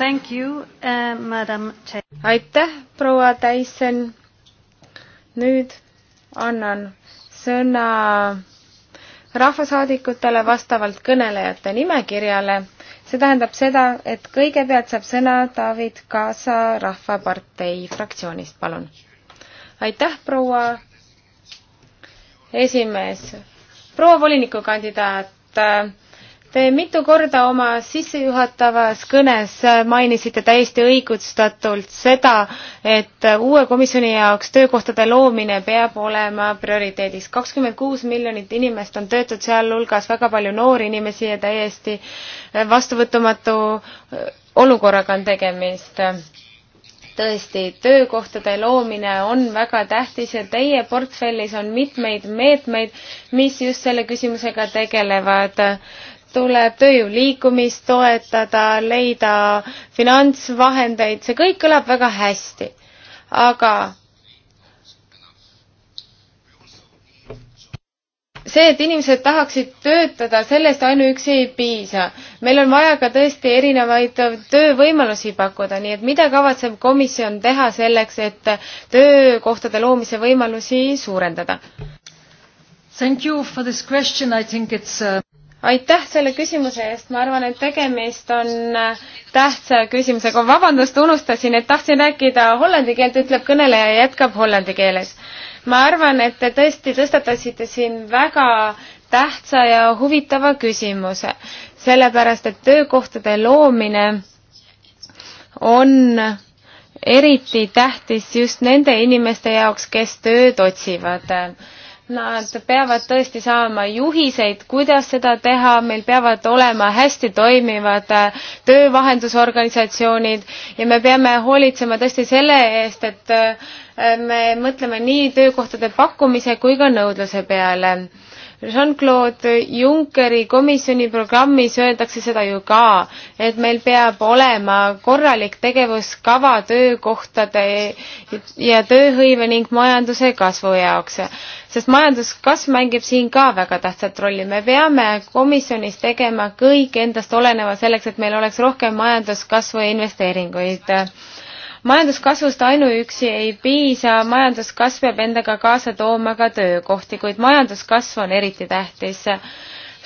Thank you uh,, madam. aitäh, proua Tyson. nüüd annan sõna rahvasaadikutele vastavalt kõnelejate nimekirjale. see tähendab seda, et kõigepealt saab sõna David Kaasa Rahvapartei fraktsioonist, palun. aitäh, proua esimees. proua volinikukandidaat Te mitu korda oma sissejuhatavas kõnes mainisite täiesti õigustatult seda, et uue komisjoni jaoks töökohtade loomine peab olema prioriteediks. kakskümmend kuus miljonit inimest on töötud, sealhulgas väga palju noori inimesi ja täiesti vastuvõtumatu olukorraga on tegemist tõesti, töökohtade loomine on väga tähtis ja teie portfellis on mitmeid meetmeid, mis just selle küsimusega tegelevad tuleb tööjõu liikumist toetada, leida finantsvahendeid, see kõik kõlab väga hästi. aga see, et inimesed tahaksid töötada, sellest ainuüksi ei piisa. meil on vaja ka tõesti erinevaid töövõimalusi pakkuda, nii et mida kavatseb komisjon teha selleks, et töökohtade loomise võimalusi suurendada? Thank you for this question, I think it's uh aitäh selle küsimuse eest, ma arvan, et tegemist on äh, tähtsa küsimusega. vabandust, unustasin, et tahtsin rääkida hollandi keelt, ütleb kõneleja ja jätkab hollandi keeles. ma arvan, et te tõesti tõstatasite siin väga tähtsa ja huvitava küsimuse, sellepärast et töökohtade loomine on eriti tähtis just nende inimeste jaoks, kes tööd otsivad Nad peavad tõesti saama juhiseid, kuidas seda teha, meil peavad olema hästi toimivad äh, töövahendusorganisatsioonid ja me peame hoolitsema tõesti selle eest, et äh, me mõtleme nii töökohtade pakkumise kui ka nõudluse peale. Jean-Claude Junckeri komisjoni programmis öeldakse seda ju ka, et meil peab olema korralik tegevuskava töökohtade ja tööhõive ning majanduse kasvu jaoks sest majanduskasv mängib siin ka väga tähtsat rolli. me peame komisjonis tegema kõik endast oleneva selleks, et meil oleks rohkem majanduskasvu ja investeeringuid majanduskasvust ainuüksi ei piisa, majanduskasv peab endaga kaasa tooma ka töökohti, kuid majanduskasv on eriti tähtis.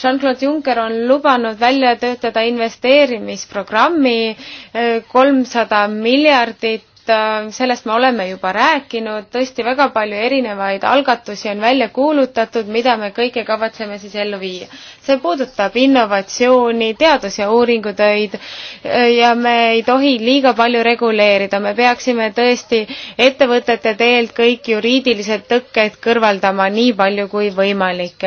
Jean-Claude Juncker on lubanud välja töötada investeerimisprogrammi eh, kolmsada miljardit Äh, sellest me oleme juba rääkinud, tõesti väga palju erinevaid algatusi on välja kuulutatud, mida me kõike kavatseme siis ellu viia. see puudutab innovatsiooni, teadus- ja uuringutöid äh, ja me ei tohi liiga palju reguleerida, me peaksime tõesti ettevõtete teelt kõik juriidilised tõkked kõrvaldama nii palju kui võimalik.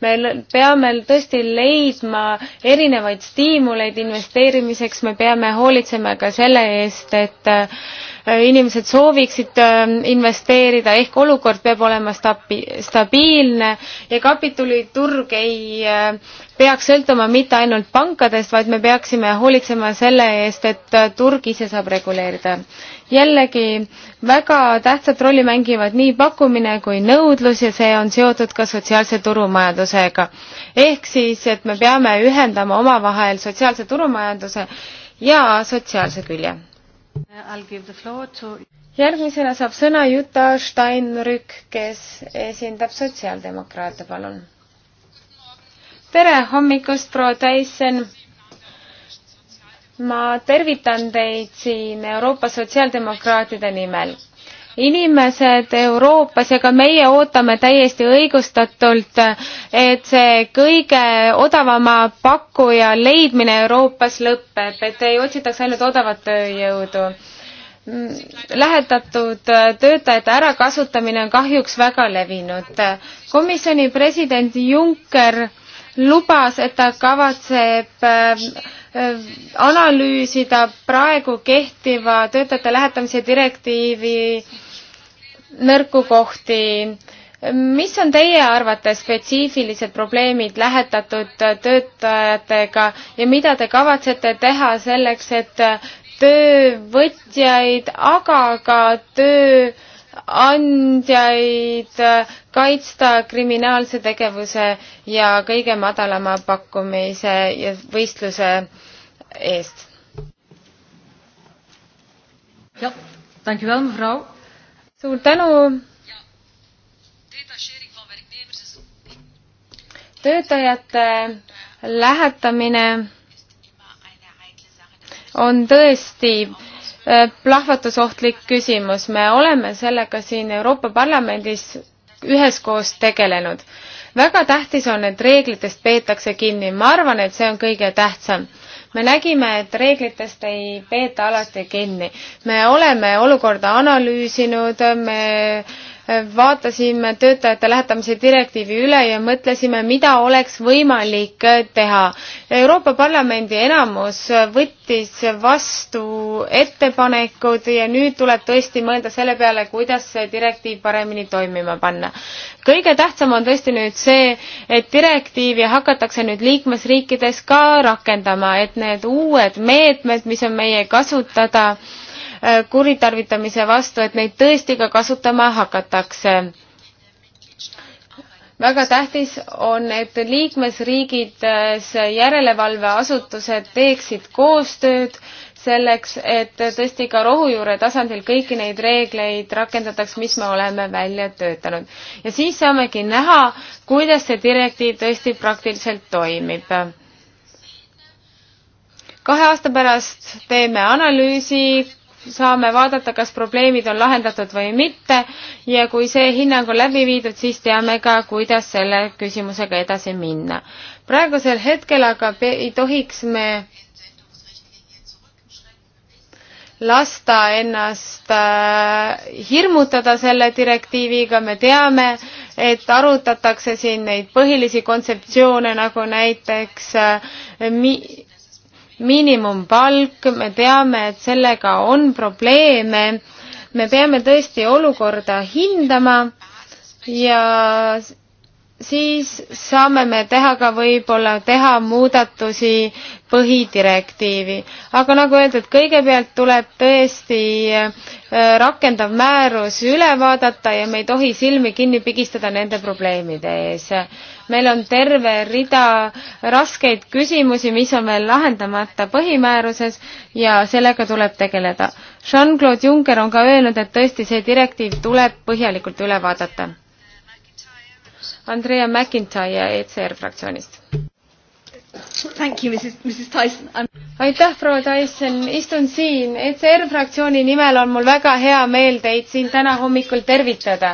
me peame tõesti leidma erinevaid stiimuleid investeerimiseks, me peame hoolitsema ka selle eest, et äh, Äh, inimesed sooviksid äh, investeerida ehk olukord peab olema stabi stabiilne ja kapitaliturg ei äh, peaks sõltuma mitte ainult pankadest vaid me peaksime hoolitsema selle eest et turg ise saab reguleerida jällegi väga tähtsat rolli mängivad nii pakkumine kui nõudlus ja see on seotud ka sotsiaalse turumajandusega ehk siis et me peame ühendama omavahel sotsiaalse turumajanduse ja sotsiaalse külje järgmisena saab sõna Juta Steinrück, kes esindab sotsiaaldemokraate, palun. tere hommikust, proua Tyson ma tervitan teid siin Euroopa sotsiaaldemokraatide nimel inimesed Euroopas ja ka meie ootame täiesti õigustatult, et see kõige odavama pakkuja leidmine Euroopas lõpeb, et ei otsitaks ainult odavat tööjõudu. Lähetatud töötajate ärakasutamine on kahjuks väga levinud. komisjoni president Juncker lubas, et ta kavatseb analüüsida praegu kehtiva töötajate lähetamise direktiivi nõrku kohti. mis on teie arvates spetsiifilised probleemid lähetatud töötajatega ja mida te kavatsete teha selleks, et töövõtjaid, aga ka töö andjaid kaitsta kriminaalse tegevuse ja kõige madalama pakkumise ja võistluse eest. jah, tänan, Frau. suur tänu. töötajate lähetamine on tõesti Äh, plahvatusohtlik küsimus, me oleme sellega siin Euroopa Parlamendis üheskoos tegelenud. väga tähtis on, et reeglitest peetakse kinni, ma arvan, et see on kõige tähtsam. me nägime, et reeglitest ei peeta alati kinni. me oleme olukorda analüüsinud, me vaatasime töötajate lähetamise direktiivi üle ja mõtlesime, mida oleks võimalik teha. Euroopa Parlamendi enamus võttis vastu ettepanekud ja nüüd tuleb tõesti mõelda selle peale, kuidas see direktiiv paremini toimima panna. kõige tähtsam on tõesti nüüd see, et direktiivi hakatakse nüüd liikmesriikides ka rakendama, et need uued meetmed, mis on meie kasutada, Äh, kuritarvitamise vastu, et neid tõesti ka kasutama hakatakse väga tähtis on, et liikmesriigides järelevalveasutused teeksid koostööd selleks, et tõesti ka rohujuure tasandil kõiki neid reegleid rakendataks, mis me oleme välja töötanud. ja siis saamegi näha, kuidas see direktiiv tõesti praktiliselt toimib. kahe aasta pärast teeme analüüsi saame vaadata, kas probleemid on lahendatud või mitte ja kui see hinnang on läbi viidud, siis teame ka, kuidas selle küsimusega edasi minna. praegusel hetkel aga ei tohiks me lasta ennast äh, hirmutada selle direktiiviga, me teame, et arutatakse siin neid põhilisi kontseptsioone nagu näiteks äh, mi-, miinimumpalk, me teame, et sellega on probleeme, me peame tõesti olukorda hindama ja siis saame me teha ka võib-olla teha muudatusi põhidirektiivi. aga nagu öeldud, kõigepealt tuleb tõesti äh, rakendav määrus üle vaadata ja me ei tohi silmi kinni pigistada nende probleemide ees. meil on terve rida raskeid küsimusi, mis on veel lahendamata põhimääruses ja sellega tuleb tegeleda. Jean-Claude Juncker on ka öelnud, et tõesti see direktiiv tuleb põhjalikult üle vaadata Andrea McIntyre ECR fraktsioonist. aitäh, proua Tyson, istun siin. ECR fraktsiooni nimel on mul väga hea meel teid siin täna hommikul tervitada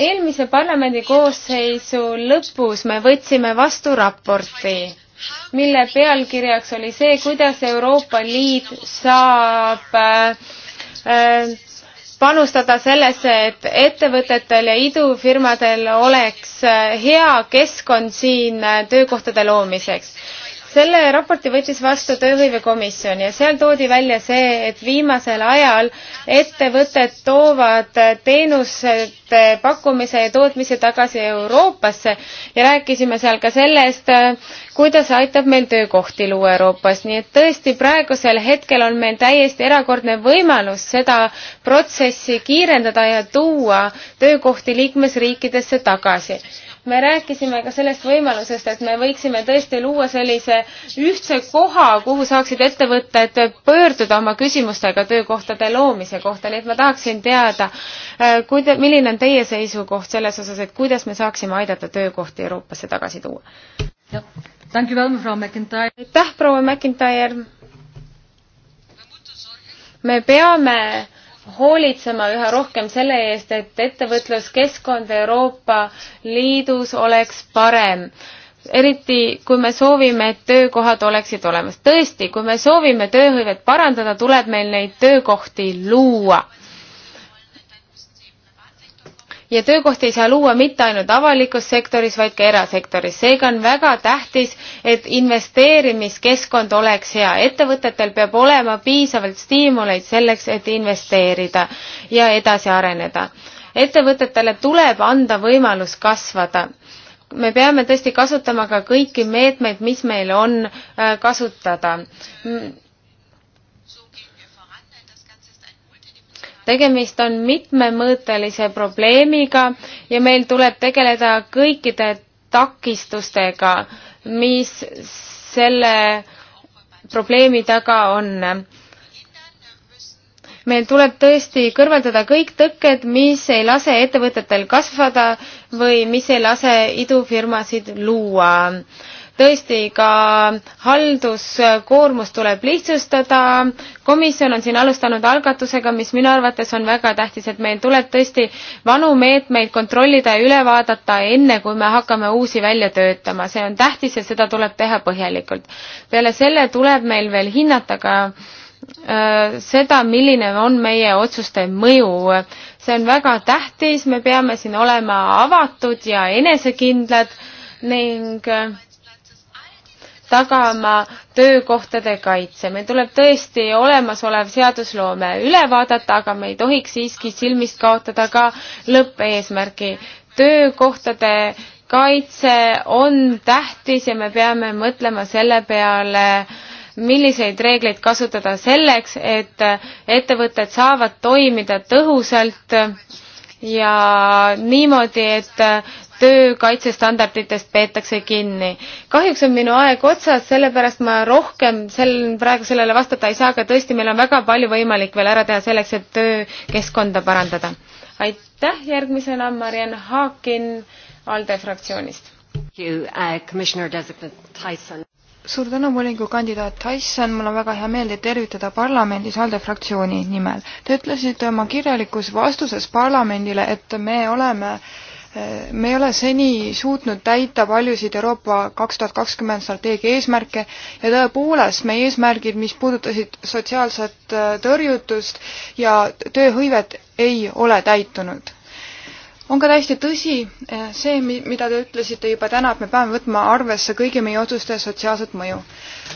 eelmise parlamendi koosseisu lõpus me võtsime vastu raporti, mille pealkirjaks oli see, kuidas Euroopa Liit saab äh, äh, panustada sellesse, et ettevõtetel ja idufirmadel oleks hea keskkond siin töökohtade loomiseks selle raporti võttis vastu Tööhõivekomisjon ja seal toodi välja see, et viimasel ajal ettevõtted toovad teenuste pakkumise ja tootmise tagasi Euroopasse ja rääkisime seal ka sellest, kuidas aitab meil töökohti luua Euroopas, nii et tõesti praegusel hetkel on meil täiesti erakordne võimalus seda protsessi kiirendada ja tuua töökohti liikmesriikidesse tagasi me rääkisime ka sellest võimalusest, et me võiksime tõesti luua sellise ühtse koha, kuhu saaksid ettevõtted et pöörduda oma küsimustega töökohtade loomise kohta, nii et ma tahaksin teada, äh, kuida-, milline on teie seisukoht selles osas, et kuidas me saaksime aidata töökohti Euroopasse tagasi tuua? aitäh, proua McIntyre! me peame hoolitsema üha rohkem selle eest, et ettevõtluskeskkond Euroopa Liidus oleks parem. eriti, kui me soovime, et töökohad oleksid olemas. tõesti, kui me soovime tööhõivet parandada, tuleb meil neid töökohti luua ja töökohti ei saa luua mitte ainult avalikus sektoris, vaid ka erasektoris. seega on väga tähtis, et investeerimiskeskkond oleks hea. ettevõtetel peab olema piisavalt stiimuleid selleks, et investeerida ja edasi areneda. ettevõtetele tuleb anda võimalus kasvada me peame tõesti kasutama ka kõiki meetmeid, mis meil on äh, kasutada tegemist on mitmemõõtelise probleemiga ja meil tuleb tegeleda kõikide takistustega, mis selle probleemi taga on meil tuleb tõesti kõrvaldada kõik tõkked, mis ei lase ettevõtetel kasvada või mis ei lase idufirmasid luua tõesti ka halduskoormust tuleb lihtsustada. komisjon on siin alustanud algatusega, mis minu arvates on väga tähtis, et meil tuleb tõesti vanu meetmeid kontrollida ja üle vaadata, enne kui me hakkame uusi välja töötama. see on tähtis ja seda tuleb teha põhjalikult. peale selle tuleb meil veel hinnata ka äh, seda, milline on meie otsuste mõju. see on väga tähtis, me peame siin olema avatud ja enesekindlad ning äh, tagama töökohtade kaitse. meil tuleb tõesti olemasolev seadusloome üle vaadata, aga me ei tohiks siiski silmist kaotada ka lõppeesmärgi. töökohtade kaitse on tähtis ja me peame mõtlema selle peale, milliseid reegleid kasutada selleks, et ettevõtted saavad toimida tõhusalt ja niimoodi, et töökaitsestandarditest peetakse kinni. kahjuks on minu aeg otsas, sellepärast ma rohkem sel, praegu sellele vastata ei saa, aga tõesti, meil on väga palju võimalik veel ära teha selleks, et töökeskkonda parandada. aitäh, järgmisena Mariann Haakin ALDE fraktsioonist. Uh, suur tänu, volikogu kandidaat Tyson, mul on väga hea meel teid tervitada parlamendis ALDE fraktsiooni nimel. Te ütlesite oma kirjalikus vastuses parlamendile, et me oleme äh, me ei ole seni suutnud täita paljusid Euroopa kaks tuhat kakskümmend strateegia eesmärke ja tõepoolest meie eesmärgid, mis puudutasid sotsiaalset äh, tõrjutust ja tööhõivet, ei ole täitunud on ka täiesti tõsi eh, see, mida te ütlesite juba täna, et me peame võtma arvesse kõigi meie otsuste sotsiaalset mõju.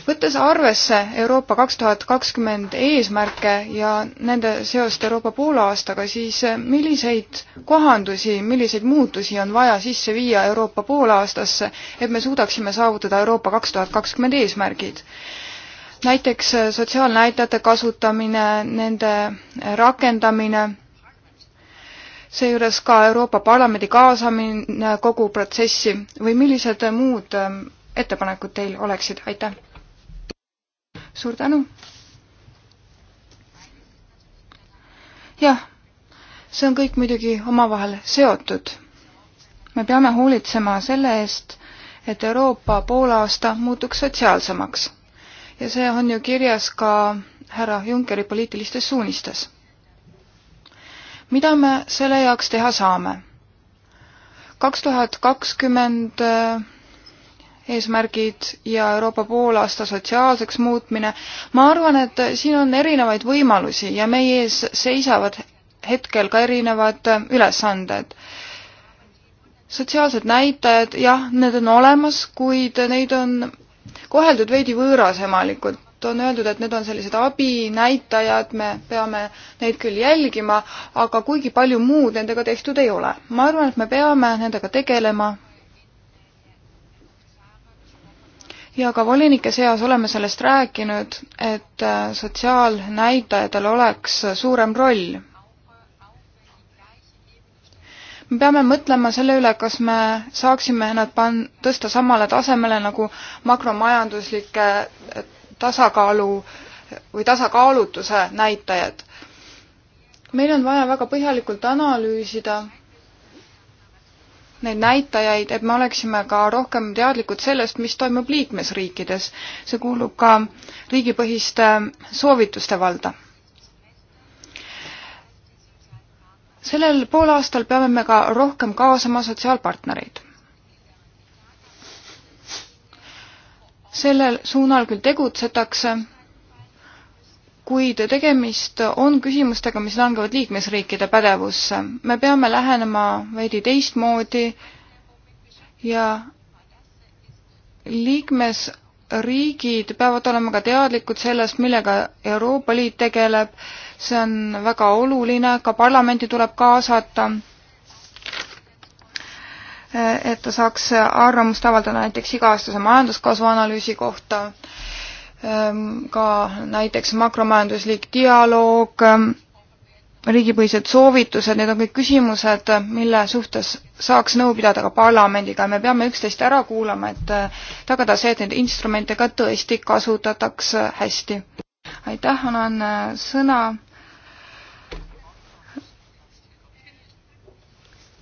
võttes arvesse Euroopa kaks tuhat kakskümmend eesmärke ja nende seost Euroopa poolaastaga, siis eh, milliseid kohandusi, milliseid muutusi on vaja sisse viia Euroopa poolaastasse, et me suudaksime saavutada Euroopa kaks tuhat kakskümmend eesmärgid? näiteks eh, sotsiaalnäitajate kasutamine, nende rakendamine seejuures ka Euroopa Parlamendi kaasamine kogu protsessi või millised muud ähm, ettepanekud teil oleksid, aitäh! suur tänu! jah, see on kõik muidugi omavahel seotud. me peame hoolitsema selle eest, et Euroopa poolaasta muutuks sotsiaalsemaks ja see on ju kirjas ka härra Junckeri poliitilistes suunistes mida me selle jaoks teha saame? kaks tuhat kakskümmend äh, eesmärgid ja Euroopa poolaasta sotsiaalseks muutmine. ma arvan, et siin on erinevaid võimalusi ja meie ees seisavad hetkel ka erinevad äh, ülesanded. sotsiaalsed näitajad, jah, need on olemas, kuid neid on koheldud veidi võõrasemalikult poolt on öeldud, et need on sellised abinäitajad, me peame neid küll jälgima, aga kuigi palju muud nendega tehtud ei ole. ma arvan, et me peame nendega tegelema. ja ka volinike seas oleme sellest rääkinud, et sotsiaalnäitajatel oleks suurem roll. me peame mõtlema selle üle, kas me saaksime nad pan-, tõsta samale tasemele nagu makromajanduslike tasakaalu või tasakaalutuse näitajad. meil on vaja väga põhjalikult analüüsida neid näitajaid, et me oleksime ka rohkem teadlikud sellest, mis toimub liikmesriikides. see kuulub ka riigipõhiste soovituste valda. sellel poolaastal peame me ka rohkem kaasama sotsiaalpartnereid. sellel suunal küll tegutsetakse, kuid tegemist on küsimustega, mis langevad liikmesriikide pädevusse. me peame lähenema veidi teistmoodi ja liikmesriigid peavad olema ka teadlikud sellest, millega Euroopa Liit tegeleb, see on väga oluline, ka parlamenti tuleb kaasata Eh, et ta saaks arvamust avaldada näiteks iga-aastase majanduskasvu analüüsi kohta, ehm, ka näiteks makromajanduslik dialoog, ehm, riigipõhised soovitused, need on kõik küsimused, mille suhtes saaks nõu pidada ka parlamendiga ja me peame üksteist ära kuulama, et eh, tagada see, et neid instrumente ka tõesti kasutataks eh, hästi. aitäh, annan sõna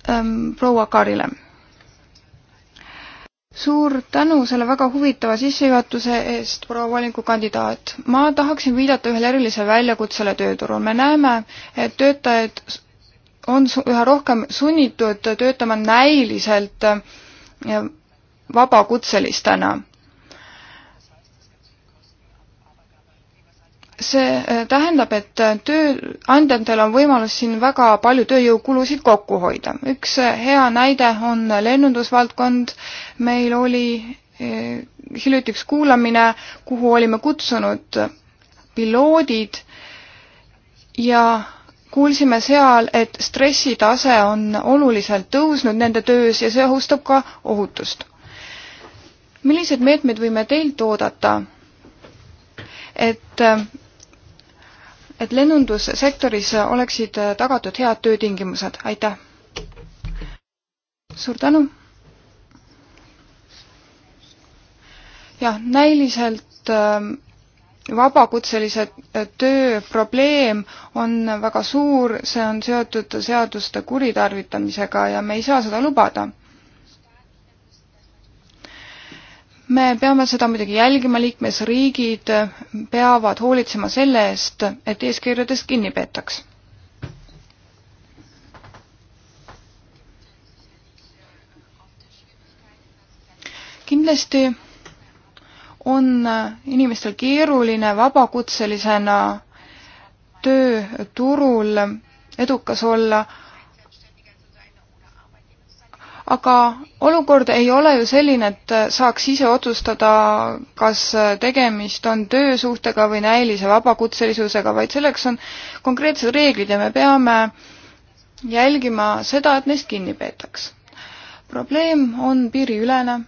ehm, proua Karile suur tänu selle väga huvitava sissejuhatuse eest, proua volinikukandidaat. ma tahaksin viidata ühele erilisele väljakutsele tööturul. me näeme, et töötajad on üha rohkem sunnitud töötama näiliselt vabakutselistena see äh, tähendab, et äh, tööandjatel on võimalus siin väga palju tööjõukulusid kokku hoida. üks äh, hea näide on lennundusvaldkond. meil oli hiljuti üks kuulamine, kuhu olime kutsunud piloodid ja kuulsime seal, et stressitase on oluliselt tõusnud nende töös ja see ohustab ka ohutust. milliseid meetmeid võime teilt oodata, et et lennundussektoris oleksid tagatud head töötingimused, aitäh! suur tänu! jah, näiliselt ähm, vabakutselise äh, töö probleem on väga suur, see on seotud seaduste kuritarvitamisega ja me ei saa seda lubada me peame seda muidugi jälgima, liikmesriigid peavad hoolitsema selle eest, et eeskirjadest kinni peetaks. kindlasti on inimestel keeruline vabakutselisena tööturul edukas olla aga olukord ei ole ju selline, et saaks ise otsustada, kas tegemist on töösuhtega või näilise vabakutselisusega, vaid selleks on konkreetsed reeglid ja me peame jälgima seda, et neist kinni peetaks. probleem on piiriülene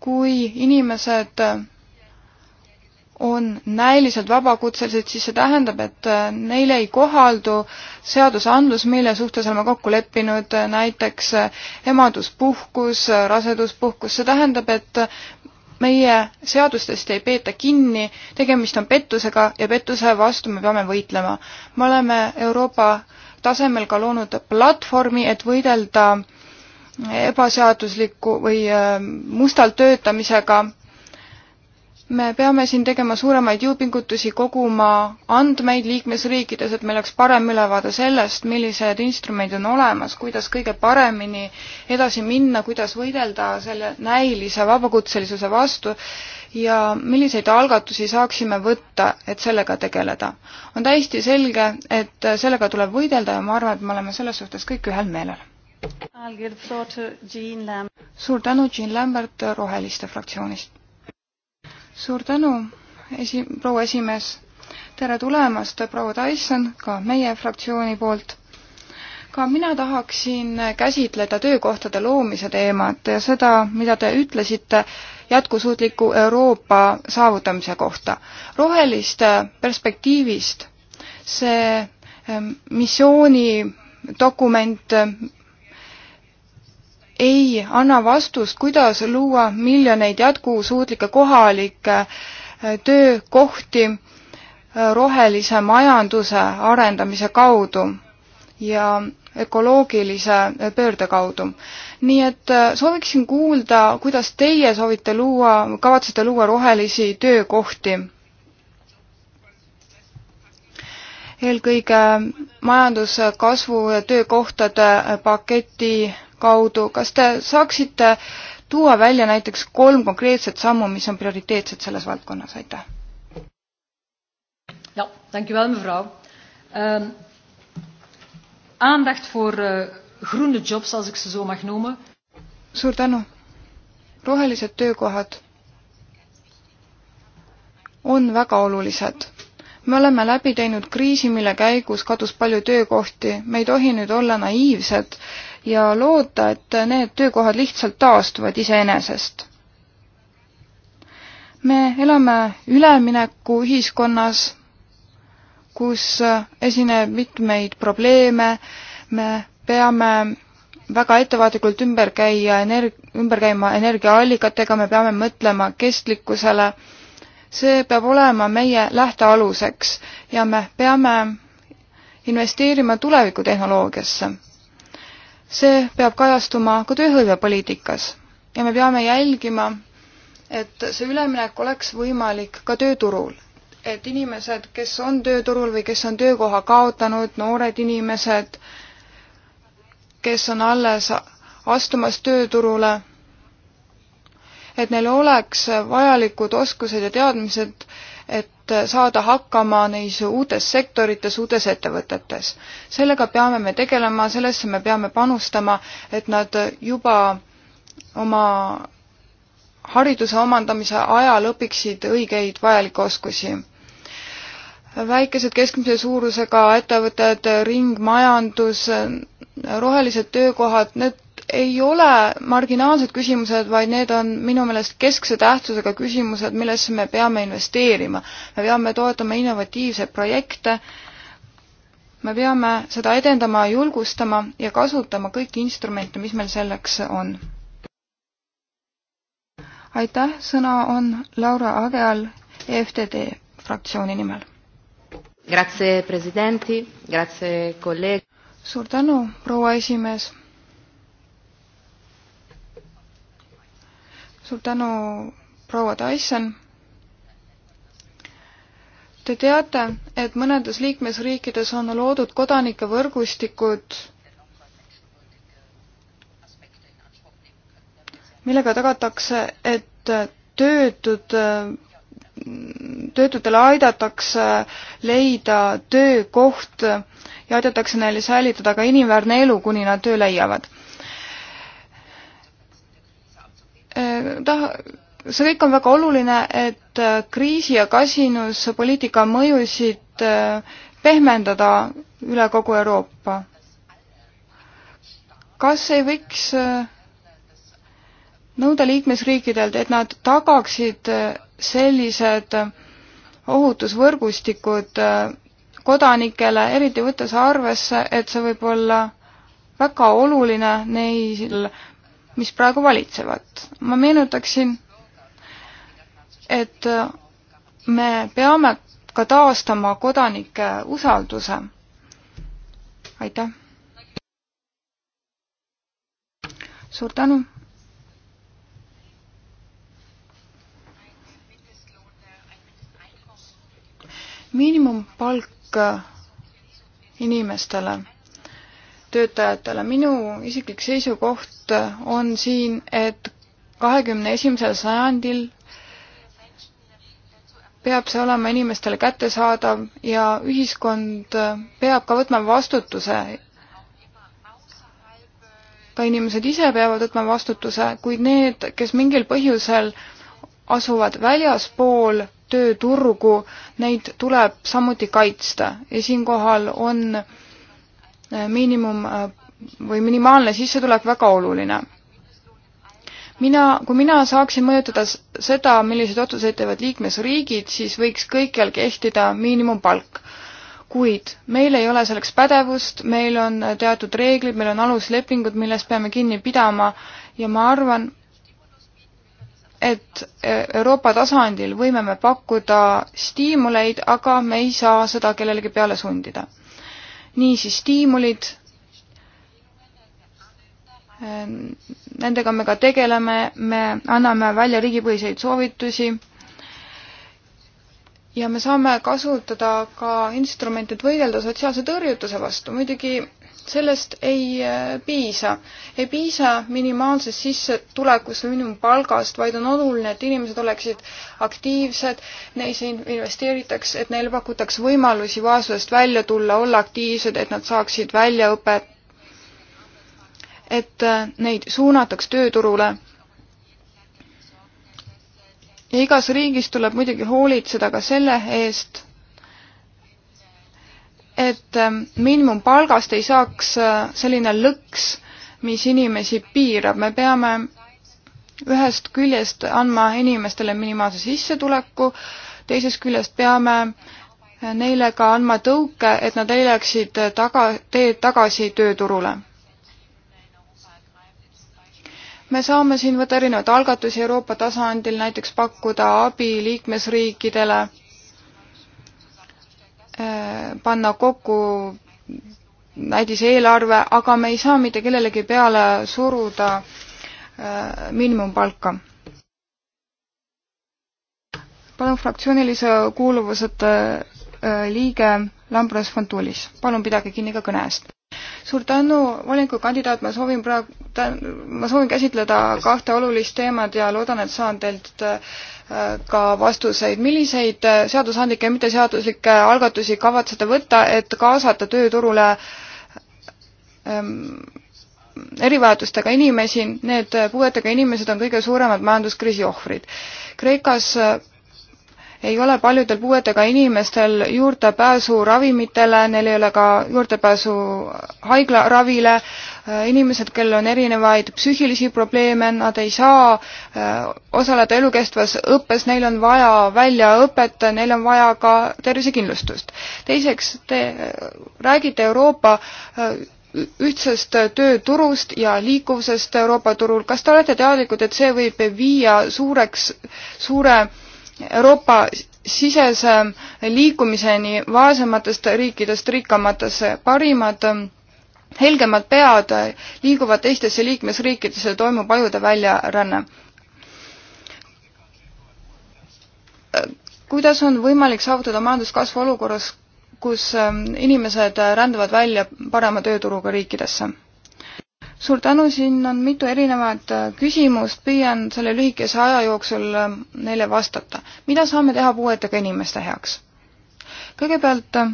kui inimesed on näiliselt vabakutselised, siis see tähendab, et äh, neile ei kohaldu seadusandlus, mille suhtes oleme kokku leppinud, äh, näiteks äh, emaduspuhkus, raseduspuhkus, see tähendab, et meie seadustest ei peeta kinni, tegemist on pettusega ja pettuse vastu me peame võitlema. me oleme Euroopa tasemel ka loonud platvormi, et võidelda ebaseadusliku või mustalt töötamisega me peame siin tegema suuremaid jõupingutusi, koguma andmeid liikmesriikides, et meil oleks parem ülevaade sellest, millised instrumendid on olemas, kuidas kõige paremini edasi minna, kuidas võidelda selle näilise vabakutselisuse vastu ja milliseid algatusi saaksime võtta, et sellega tegeleda. on täiesti selge, et sellega tuleb võidelda ja ma arvan, et me oleme selles suhtes kõik ühel meelel. suur tänu, Jean Lambert Roheliste fraktsioonist suur tänu, esi-, proua esimees. tere tulemast, proua Tyson, ka meie fraktsiooni poolt. ka mina tahaksin käsitleda töökohtade loomise teemat ja seda, mida te ütlesite jätkusuutliku Euroopa saavutamise kohta. roheliste perspektiivist see ehm, missiooni dokument, ei anna vastust, kuidas luua miljoneid jätkusuutlikke kohalikke äh, töökohti äh, rohelise majanduse arendamise kaudu ja ökoloogilise äh, pöörde kaudu. nii et sooviksin kuulda, kuidas teie soovite luua, kavatsete luua rohelisi töökohti? eelkõige majanduskasvu ja töökohtade paketi kaudu, kas te saaksite tuua välja näiteks kolm konkreetset sammu, mis on prioriteetsed selles valdkonnas, aitäh! ja, dankjewel mevrouw um,. Aandacht voor uh, groene jobs, als ik ze zo mag noemen. suur tänu! rohelised töökohad on väga olulised. me oleme läbi teinud kriisi, mille käigus kadus palju töökohti, me ei tohi nüüd olla naiivsed ja loota, et need töökohad lihtsalt taastuvad iseenesest. me elame üleminekuühiskonnas, kus esineb mitmeid probleeme, me peame väga ettevaatlikult ümber käia energ-, ümber käima energiaallikatega, me peame mõtlema kestlikkusele, see peab olema meie lähtealuseks ja me peame investeerima tulevikutehnoloogiasse see peab kajastuma ka tööhõivepoliitikas ja me peame jälgima, et see üleminek oleks võimalik ka tööturul. et inimesed, kes on tööturul või kes on töökoha kaotanud, noored inimesed, kes on alles astumas tööturule, et neil oleks vajalikud oskused ja teadmised, et et saada hakkama neis uutes sektorites, uutes ettevõtetes. sellega peame me tegelema, sellesse me peame panustama, et nad juba oma hariduse omandamise ajal õpiksid õigeid vajalikke oskusi. väikesed keskmise suurusega ettevõtted, ringmajandus, rohelised töökohad, need ei ole marginaalsed küsimused, vaid need on minu meelest keskse tähtsusega küsimused, millesse me peame investeerima. me peame toetama innovatiivseid projekte, me peame seda edendama, julgustama ja kasutama kõiki instrumente, mis meil selleks on. aitäh, sõna on Laura Ageal EFTD fraktsiooni nimel. Grazie, presidenti, grazie, kolleeg. suur tänu, proua esimees suur tänu, proua Tyson. Te teate, et mõnedes liikmesriikides on loodud kodanike võrgustikud, millega tagatakse, et töötud, töötutele aidatakse leida töökoht ja aidatakse neil säilitada ka inimväärne elu, kuni nad töö leiavad Eh, taha, see kõik on väga oluline, et eh, kriisi ja kasinuspoliitika mõjusid eh, pehmendada üle kogu Euroopa. kas ei võiks nõuda liikmesriikidelt, et nad tagaksid sellised ohutusvõrgustikud kodanikele, eriti võttes arvesse, et see võib olla väga oluline neil mis praegu valitsevad. ma meenutaksin, et me peame ka taastama kodanike usalduse. aitäh! suur tänu! miinimumpalk inimestele töötajatele. minu isiklik seisukoht on siin, et kahekümne esimesel sajandil peab see olema inimestele kättesaadav ja ühiskond peab ka võtma vastutuse. ka inimesed ise peavad võtma vastutuse, kuid need, kes mingil põhjusel asuvad väljaspool tööturgu, neid tuleb samuti kaitsta ja siinkohal on miinimum äh, või minimaalne sissetulek väga oluline. mina, kui mina saaksin mõjutada seda, milliseid otsuseid teevad liikmesriigid, siis võiks kõikjal kehtida miinimumpalk. kuid meil ei ole selleks pädevust, meil on teatud reeglid, meil on aluslepingud, millest peame kinni pidama ja ma arvan, et e-, Euroopa tasandil võime me pakkuda stiimuleid, aga me ei saa seda kellelegi peale sundida niisiis stiimulid, ähm, nendega me ka tegeleme, me anname välja riigipõhiseid soovitusi ja me saame kasutada ka instrumente, et võidelda sotsiaalse tõrjutuse vastu. muidugi toetust, sellest ei äh, piisa. ei piisa minimaalsest sissetulekust või miinimumpalgast, vaid on oluline, et inimesed oleksid aktiivsed, neisse investeeritaks, et neile pakutaks võimalusi vaesusest välja tulla, olla aktiivsed, et nad saaksid väljaõpet, et äh, neid suunataks tööturule. ja igas riigis tuleb muidugi hoolitseda ka selle eest, et ähm, miinimumpalgast ei saaks äh, selline lõks, mis inimesi piirab, me peame ühest küljest andma inimestele minimaalse sissetuleku, teisest küljest peame äh, neile ka andma tõuke, et nad leiaksid äh, taga, teed tagasi tööturule. me saame siin võtta erinevaid algatusi Euroopa tasandil, näiteks pakkuda abi liikmesriikidele Äh, panna kokku näiteks eelarve, aga me ei saa mitte kellelegi peale suruda äh, miinimumpalka. palun fraktsioonilise kuuluvuseta äh, liige Lambros Fontulis, palun pidage kinni ka kõne eest suur tänu, volinikukandidaat, ma soovin praegu, ma soovin käsitleda kahte olulist teemat ja loodan, et saan teilt äh, ka vastuseid. milliseid äh, seadusandlikke ja mitteseaduslikke algatusi kavatsete võtta, et kaasata tööturule ähm, erivajadustega inimesi, need puuetega inimesed on kõige suuremad majanduskriisi ohvrid. Kreekas äh, ei ole paljudel puuetega inimestel juurdepääsu ravimitele, neil ei ole ka juurdepääsu haiglaravile, äh, inimesed, kellel on erinevaid psüühilisi probleeme, nad ei saa äh, osaleda elukestvas õppes, neil on vaja väljaõpet, neil on vaja ka tervisekindlustust. teiseks, te äh, räägite Euroopa ühtsest tööturust ja liikuvusest Euroopa turul, kas te olete teadlikud, et see võib viia suureks, suure Euroopa sisese liikumiseni vaesematest riikidest rikkamatesse. parimad helgemad pead liiguvad teistesse liikmesriikidesse, toimub ajude väljaränne. kuidas on võimalik saavutada majanduskasvu olukorras, kus ähm, inimesed ränduvad välja parema tööturuga riikidesse? suur tänu, siin on mitu erinevat äh, küsimust, püüan selle lühikese aja jooksul äh, neile vastata. mida saame teha puuetega inimeste heaks? kõigepealt äh,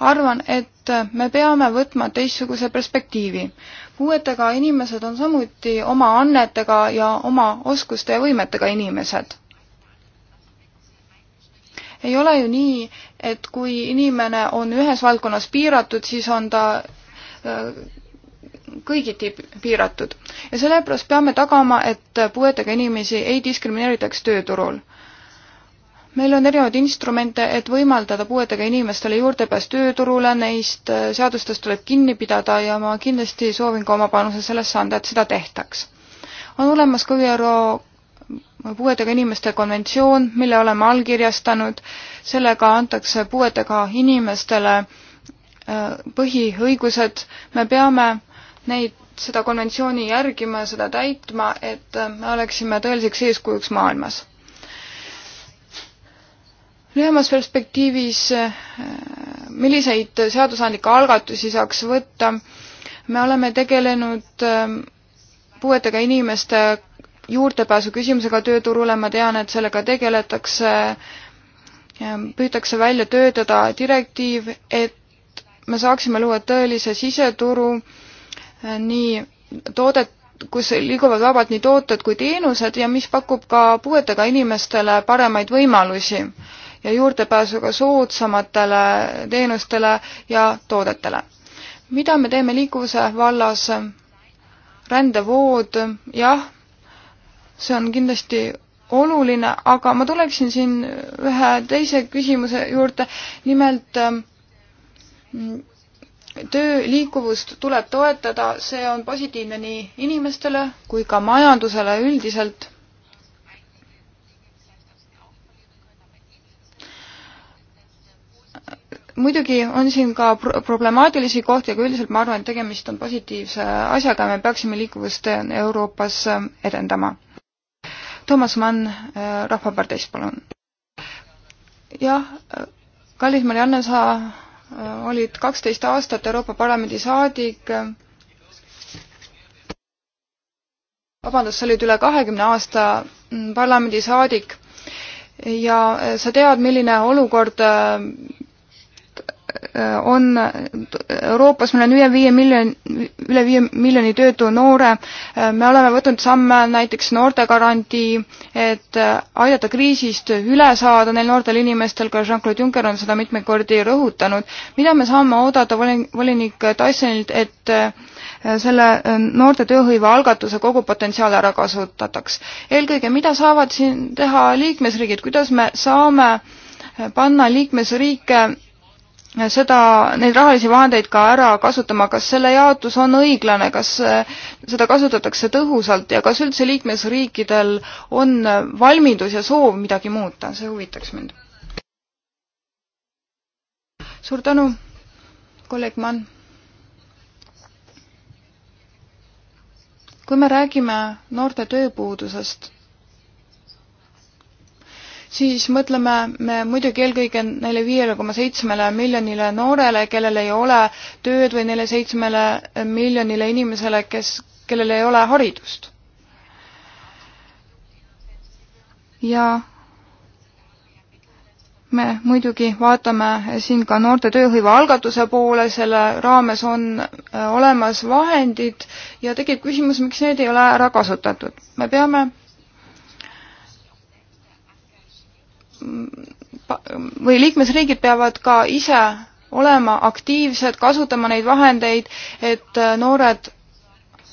arvan, et me peame võtma teistsuguse perspektiivi. puuetega inimesed on samuti oma annetega ja oma oskuste ja võimetega inimesed. ei ole ju nii, et kui inimene on ühes valdkonnas piiratud, siis on ta Äh, kõigiti piiratud. ja sellepärast peame tagama, et puuetega inimesi ei diskrimineeritaks tööturul. meil on erinevaid instrumente, et võimaldada puuetega inimestele juurdepääs tööturule, neist äh, seadustest tuleb kinni pidada ja ma kindlasti soovin ka oma panuse sellesse anda, et seda tehtaks. on olemas ka ÜRO puuetega inimeste konventsioon, mille oleme allkirjastanud, sellega antakse puuetega inimestele äh, Äh, põhiõigused, me peame neid, seda konventsiooni järgima, seda täitma, et äh, me oleksime tõeliseks eeskujuks maailmas. lühemas perspektiivis, äh, milliseid seadusandlikke algatusi saaks võtta, me oleme tegelenud puuetega inimeste juurdepääsu küsimusega tööturule, ma tean, et sellega tegeletakse, püütakse välja töötada direktiiv, et me saaksime luua tõelise siseturu äh, nii toodet, kus liiguvad vabalt nii tooted kui teenused ja mis pakub ka puuetega inimestele paremaid võimalusi ja juurdepääsu ka soodsamatele teenustele ja toodetele. mida me teeme liikuvuse vallas? rändevood, jah, see on kindlasti oluline, aga ma tuleksin siin ühe teise küsimuse juurde, nimelt ähm, töö liikuvust tuleb toetada, see on positiivne nii inimestele kui ka majandusele üldiselt. muidugi on siin ka pro problemaatilisi kohti, aga üldiselt ma arvan, et tegemist on positiivse asjaga ja me peaksime liikuvust Euroopas edendama. Toomas Mann äh, Rahvaparteist, palun. jah, äh, kallis Marianne, sa Äh, olid kaksteist aastat Euroopa Parlamendi saadik. vabandust, sa olid üle kahekümne aasta mm, parlamendi saadik ja äh, sa tead, milline olukord äh, Äh, on Euroopas, meil on üle viie miljoni, üle viie miljoni töötu noore, äh, me oleme võtnud samme näiteks noortegarantii, et äh, aidata kriisist üle saada neil noortel inimestel, ka Jean-Claude Juncker on seda mitmeid kordi rõhutanud. mida me saame oodata volin-, volinik Tysonilt, et selle noorte tööhõive algatuse kogu potentsiaal ära kasutataks? eelkõige, mida saavad siin teha liikmesriigid, kuidas me saame panna liikmesriike seda, neid rahalisi vahendeid ka ära kasutama, kas selle jaotus on õiglane, kas eh, seda kasutatakse tõhusalt ja kas üldse liikmesriikidel on valmidus ja soov midagi muuta, see huvitaks mind. suur tänu, kolleeg Mann. kui me räägime noorte tööpuudusest siis mõtleme me muidugi eelkõige neile viiele koma seitsmele miljonile noorele, kellel ei ole tööd või neile seitsmele miljonile inimesele, kes, kellel ei ole haridust. ja me muidugi vaatame siin ka noorte tööhõive algatuse poole, selle raames on äh, olemas vahendid ja tekib küsimus, miks need ei ole ära kasutatud. me peame või liikmesriigid peavad ka ise olema aktiivsed, kasutama neid vahendeid, et äh, noored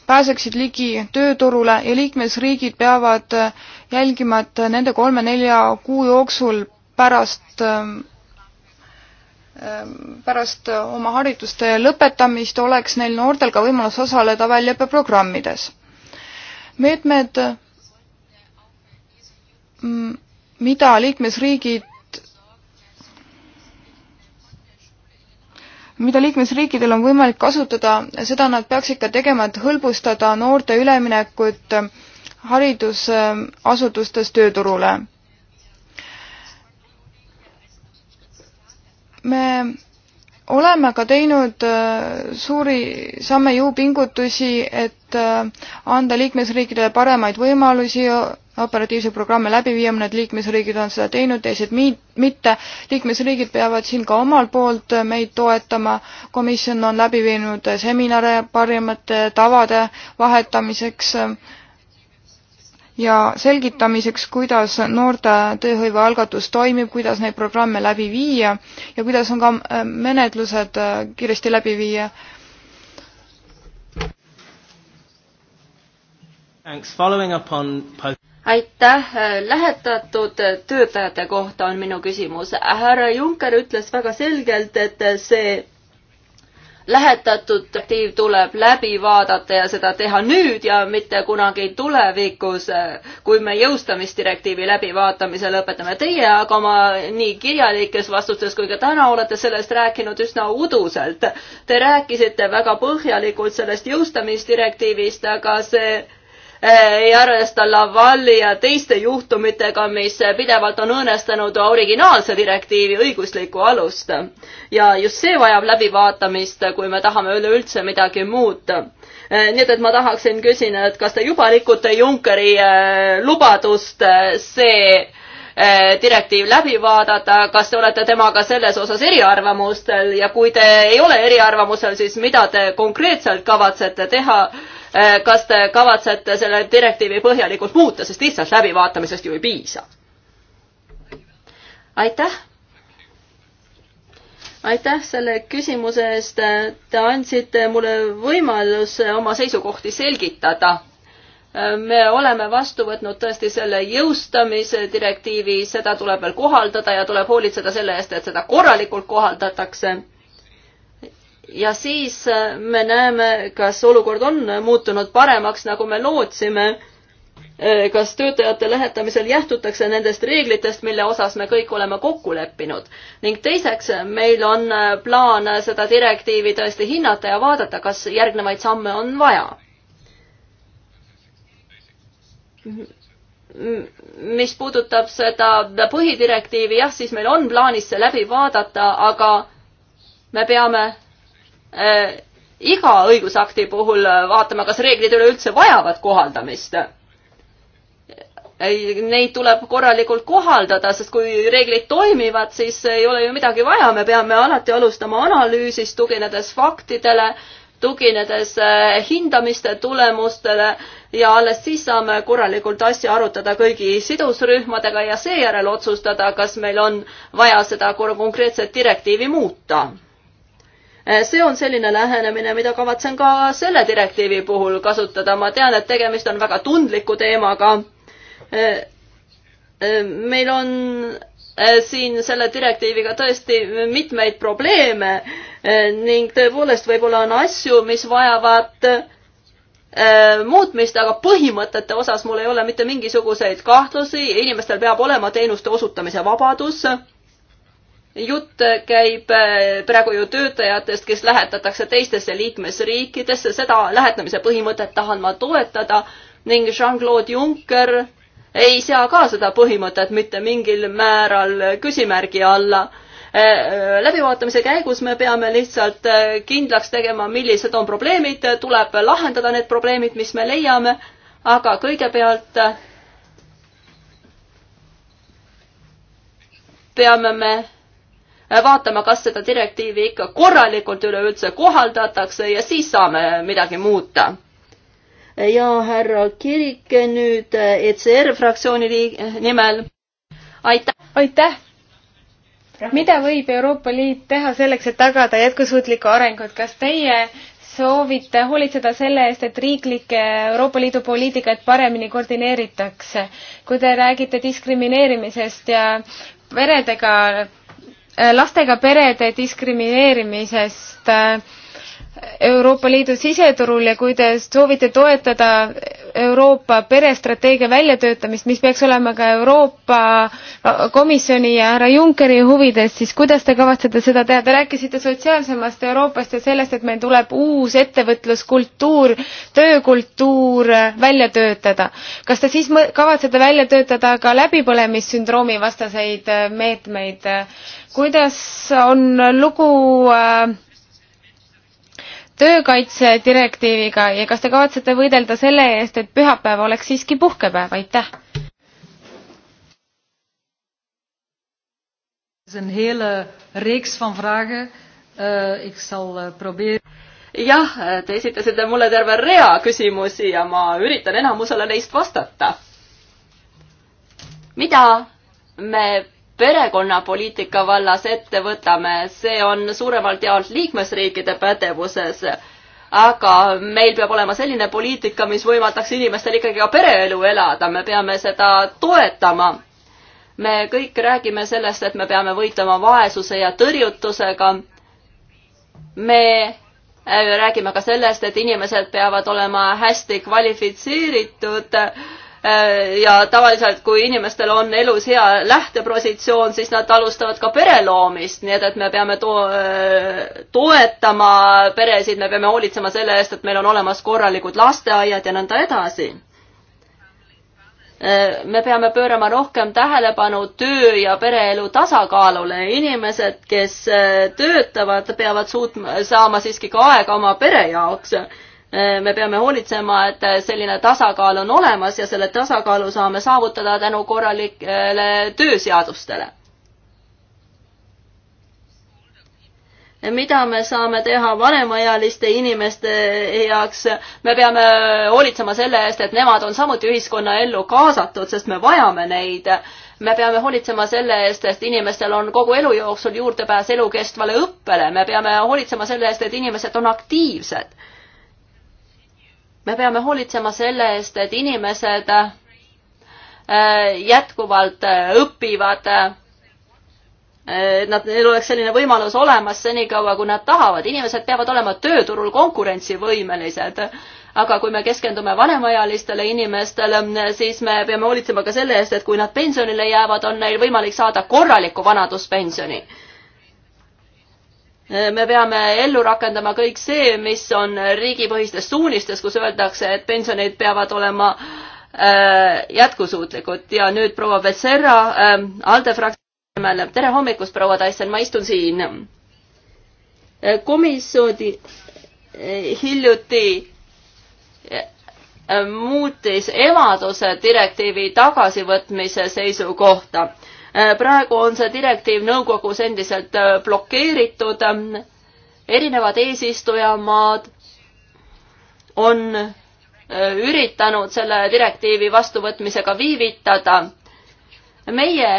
pääseksid ligi tööturule ja liikmesriigid peavad äh, jälgima, et äh, nende kolme-nelja kuu jooksul pärast ähm, ähm, pärast oma harjutuste lõpetamist oleks neil noortel ka võimalus osaleda väljaõppeprogrammides. meetmed mm, mida liikmesriigid, mida liikmesriikidel on võimalik kasutada, seda nad peaksid ka tegema, et hõlbustada noorte üleminekut haridusasutustes tööturule. me oleme ka teinud äh, suuri samme jõupingutusi, et äh, anda liikmesriikidele paremaid võimalusi operatiivseid programme läbi viia, mõned liikmesriigid on seda teinud, teised mitte. liikmesriigid peavad siin ka omalt poolt äh, meid toetama. komisjon on läbi viinud seminare parimate tavade vahetamiseks ja selgitamiseks, kuidas noorte tööhõive algatus toimib, kuidas neid programme läbi viia ja kuidas on ka äh, menetlused äh, kiiresti läbi viia. aitäh, lähetatud töötajate kohta on minu küsimus. härra Juncker ütles väga selgelt, et see lähetatud tiiv tuleb läbi vaadata ja seda teha nüüd ja mitte kunagi tulevikus, kui me jõustamisdirektiivi läbivaatamise lõpetame. Teie aga oma nii kirjalikes vastustes kui ka täna olete sellest rääkinud üsna uduselt. Te rääkisite väga põhjalikult sellest jõustamisdirektiivist, aga see Eh, ei arvesta Lavalli ja teiste juhtumitega, mis pidevalt on õõnestanud originaalse direktiivi õiguslikku alust. ja just see vajab läbivaatamist, kui me tahame üleüldse midagi muuta. Eh, nii et, et ma tahaksin küsida, et kas te juba rikute Junckeri eh, lubadust see direktiiv läbi vaadata, kas te olete temaga selles osas eriarvamustel ja kui te ei ole eriarvamusel, siis mida te konkreetselt kavatsete teha Äh, kas te kavatsete selle direktiivi põhjalikult muuta, sest lihtsalt läbivaatamisest ju ei piisa? aitäh! aitäh selle küsimuse eest, te andsite mulle võimaluse oma seisukohti selgitada äh, me oleme vastu võtnud tõesti selle jõustamise direktiivi, seda tuleb veel kohaldada ja tuleb hoolitseda selle eest, et seda korralikult kohaldatakse ja siis äh, me näeme, kas olukord on muutunud paremaks, nagu me lootsime. Äh, kas töötajate lähetamisel jähtutakse nendest reeglitest, mille osas me kõik oleme kokku leppinud ning teiseks, meil on äh, plaan seda direktiivi tõesti hinnata ja vaadata, kas järgnevaid samme on vaja mis puudutab seda põhidirektiivi, jah, siis meil on plaanis see läbi vaadata, aga me peame Äh, iga õigusakti puhul äh, vaatama, kas reeglid üleüldse vajavad kohaldamist. Neid tuleb korralikult kohaldada, sest kui reeglid toimivad, siis ei ole ju midagi vaja, me peame alati alustama analüüsist, tuginedes faktidele, tuginedes äh, hindamiste tulemustele ja alles siis saame korralikult asja arutada kõigi sidusrühmadega ja seejärel otsustada, kas meil on vaja seda konkreetset direktiivi muuta Äh, see on selline lähenemine, mida kavatsen ka selle direktiivi puhul kasutada, ma tean, et tegemist on väga tundliku teemaga. Äh, äh, meil on siin selle direktiiviga tõesti mitmeid probleeme ning tõepoolest võib-olla on asju, mis vajavad muutmist, aga põhimõtete osas mul ei ole mitte mingisuguseid kahtlusi, inimestel peab olema teenuste osutamise vabadus jutt käib äh, praegu ju töötajatest, kes lähetatakse teistesse liikmesriikidesse, seda lähetamise põhimõtet tahan ma toetada ning Jean-Claude Juncker ei sea ka seda põhimõtet mitte mingil määral küsimärgi alla. Äh, äh, läbivaatamise käigus me peame lihtsalt kindlaks tegema, millised on probleemid, tuleb lahendada need probleemid, mis me leiame, aga kõigepealt peame me Äh, vaatama, kas seda direktiivi ikka korralikult üleüldse kohaldatakse ja siis saame midagi muuta. ja härra Kirik nüüd äh, ECR fraktsiooni liig-, äh, nimel. aitäh! aitäh! mida võib Euroopa Liit teha selleks, et tagada jätkusuutlikku arengut, kas teie soovite hoolitseda selle eest, et riiklikke Euroopa Liidu poliitikaid paremini koordineeritakse? kui te räägite diskrimineerimisest ja peredega lastega perede diskrimineerimisest äh, Euroopa Liidu siseturul ja kui te soovite toetada Euroopa perestrateegia väljatöötamist, mis peaks olema ka Euroopa Komisjoni ja härra Junckeri huvides, siis kuidas te kavatsete seda teha? Te rääkisite sotsiaalsemast Euroopast ja sellest, et meil tuleb uus ettevõtluskultuur, töökultuur välja töötada. kas te siis kavatsete välja töötada ka läbipõlemissündroomi vastaseid meetmeid? kuidas on lugu äh, töökaitse direktiiviga ja kas te kavatsete võidelda selle eest, et pühapäev oleks siiski puhkepäev, aitäh! Eh, eh, jah, te esitasite mulle terve rea küsimusi ja ma üritan enamusele neist vastata. mida me perekonnapoliitika vallas ette võtame, see on suuremalt jaolt liikmesriikide pädevuses. aga meil peab olema selline poliitika, mis võimaldaks inimestel ikkagi ka pereelu elada, me peame seda toetama. me kõik räägime sellest, et me peame võitlema vaesuse ja tõrjutusega. me räägime ka sellest, et inimesed peavad olema hästi kvalifitseeritud Äh, ja tavaliselt, kui inimestel on elus hea lähtepositsioon, siis nad alustavad ka pere loomist, nii et, et me peame to äh, toetama peresid, me peame hoolitsema selle eest, et meil on olemas korralikud lasteaiad ja nõnda edasi äh, me peame pöörama rohkem tähelepanu töö ja pereelu tasakaalule. inimesed, kes töötavad, peavad suutma, saama siiski ka aega oma pere jaoks Eh, me peame hoolitsema, et eh, selline tasakaal on olemas ja selle tasakaalu saame saavutada tänu korralikele tööseadustele. mida me saame teha vanemaealiste inimeste heaks, me peame hoolitsema selle eest, et nemad on samuti ühiskonnaellu kaasatud, sest me vajame neid. me peame hoolitsema selle eest, et inimestel on kogu elu jooksul juurdepääs elukestvale õppele, me peame hoolitsema selle eest, et inimesed on aktiivsed me peame hoolitsema selle eest, et inimesed äh, jätkuvalt äh, õpivad, äh, et nad, neil oleks selline võimalus olemas senikaua, kui nad tahavad. inimesed peavad olema tööturul konkurentsivõimelised. aga kui me keskendume vanemaealistele inimestele, siis me peame hoolitsema ka selle eest, et kui nad pensionile jäävad, on neil võimalik saada korralikku vanaduspensioni me peame ellu rakendama kõik see, mis on riigipõhistes suunistes, kus öeldakse, et pensionid peavad olema äh, jätkusuutlikud ja nüüd proua Becerra ähm, ALDE fraktsiooni nimel. tere hommikust, proua Tyson, ma istun siin. Äh, komisjoni äh, hiljuti muutis emaduse direktiivi tagasivõtmise seisukohta Äh, praegu on see direktiiv nõukogus endiselt äh, blokeeritud. erinevad eesistujamaad on äh, üritanud selle direktiivi vastuvõtmisega viivitada meie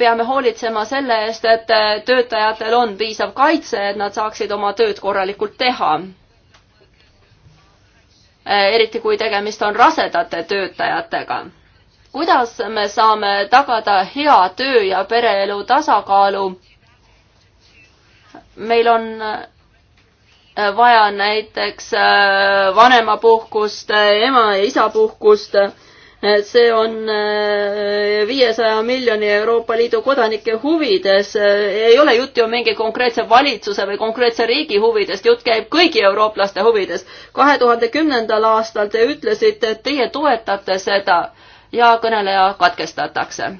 peame hoolitsema selle eest, et töötajatel on piisav kaitse, et nad saaksid oma tööd korralikult teha. eriti kui tegemist on rasedate töötajatega kuidas me saame tagada hea töö ja pereelu tasakaalu. meil on äh, vaja näiteks äh, vanemapuhkust, äh, ema ja isa puhkust. see on viiesaja miljoni Euroopa Liidu kodanike huvides. ei ole jutt ju mingi konkreetse valitsuse või konkreetse riigi huvidest, jutt käib kõigi eurooplaste huvides. kahe tuhande kümnendal aastal te ütlesite, et teie toetate seda ja kõneleja katkestatakse.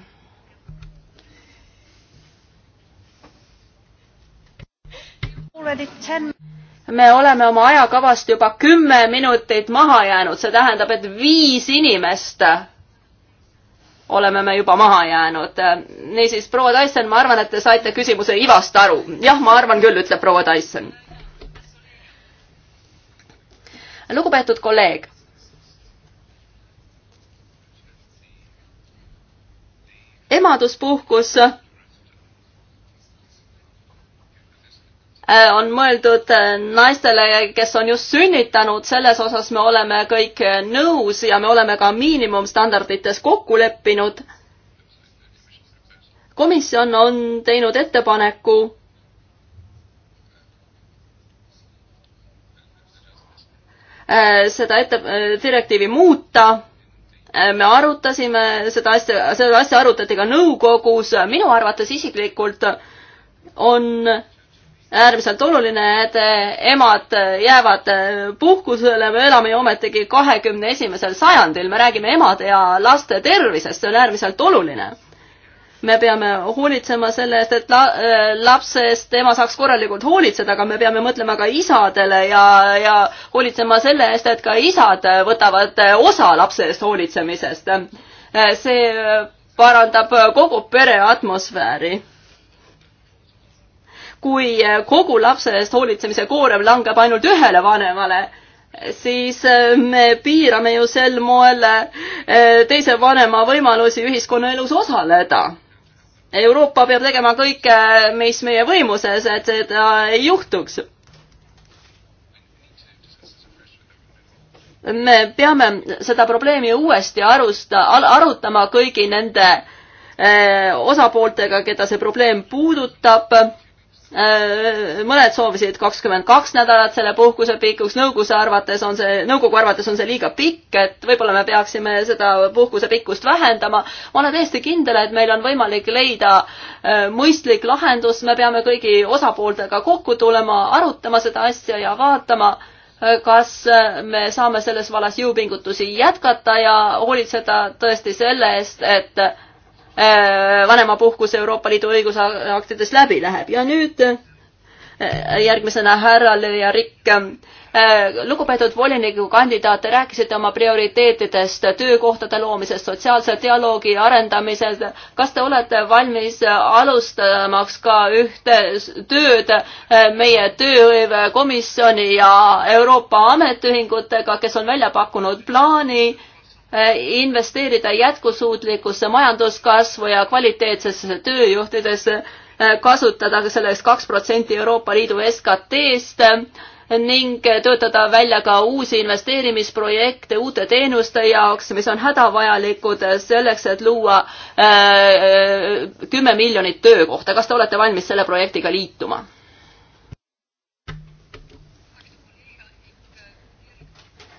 me oleme oma ajakavast juba kümme minutit maha jäänud, see tähendab, et viis inimest oleme me juba maha jäänud. niisiis, proua Tyson, ma arvan, et te saite küsimuse ivast aru. jah, ma arvan küll, ütleb proua Tyson. lugupeetud kolleeg emaduspuhkus äh, on mõeldud äh, naistele, kes on just sünnitanud, selles osas me oleme kõik äh, nõus ja me oleme ka miinimumstandardites kokku leppinud. komisjon on teinud ettepaneku seda ette, direktiivi muuta me arutasime seda asja, seda asja arutati ka nõukogus, minu arvates isiklikult on äärmiselt oluline, et emad jäävad puhkusele, me elame ju ometigi kahekümne esimesel sajandil, me räägime emade ja laste tervisest, see on äärmiselt oluline me peame hoolitsema selle eest, et la, äh, lapse eest ema saaks korralikult hoolitseda, aga me peame mõtlema ka isadele ja, ja hoolitsema selle eest, et ka isad võtavad osa lapse eest hoolitsemisest. Äh, see parandab kogu pere atmosfääri. kui äh, kogu lapse eest hoolitsemise koorem langeb ainult ühele vanemale, siis me piirame ju sel moel teise vanema võimalusi ühiskonnaelus osaleda Euroopa peab tegema kõike, mis meie võimuses, et seda ei juhtuks. me peame seda probleemi uuesti arusta, arutama kõigi nende eh, osapooltega, keda see probleem puudutab Äh, mõned soovisid kakskümmend kaks nädalat selle puhkuse pikuks, nõukoguse arvates on see, nõukogu arvates on see liiga pikk, et võib-olla me peaksime seda puhkuse pikkust vähendama. ma olen täiesti kindel, et meil on võimalik leida äh, mõistlik lahendus, me peame kõigi osapooltega kokku tulema, arutama seda asja ja vaatama, äh, kas me saame selles vallas jõupingutusi jätkata ja hoolitseda tõesti selle eest, et Äh, vanemapuhkus Euroopa Liidu õigusaktides läbi läheb ja nüüd äh, järgmisena härrale ja Rikk. Äh, lugupeetud volinikukandidaat, te rääkisite oma prioriteetidest, töökohtade loomisest, sotsiaalse dialoogi arendamisest. kas te olete valmis alustamaks ka ühte tööd meie tööhõivekomisjoni ja Euroopa ametiühingutega, kes on välja pakkunud plaani investeerida jätkusuutlikkusse majanduskasvu ja kvaliteetsesse tööjuhtidesse, kasutada selleks kaks protsenti Euroopa Liidu SKT-st ning töötada välja ka uusi investeerimisprojekte uute teenuste jaoks, mis on hädavajalikud selleks, et luua äh, kümme miljonit töökohta. kas te olete valmis selle projektiga liituma?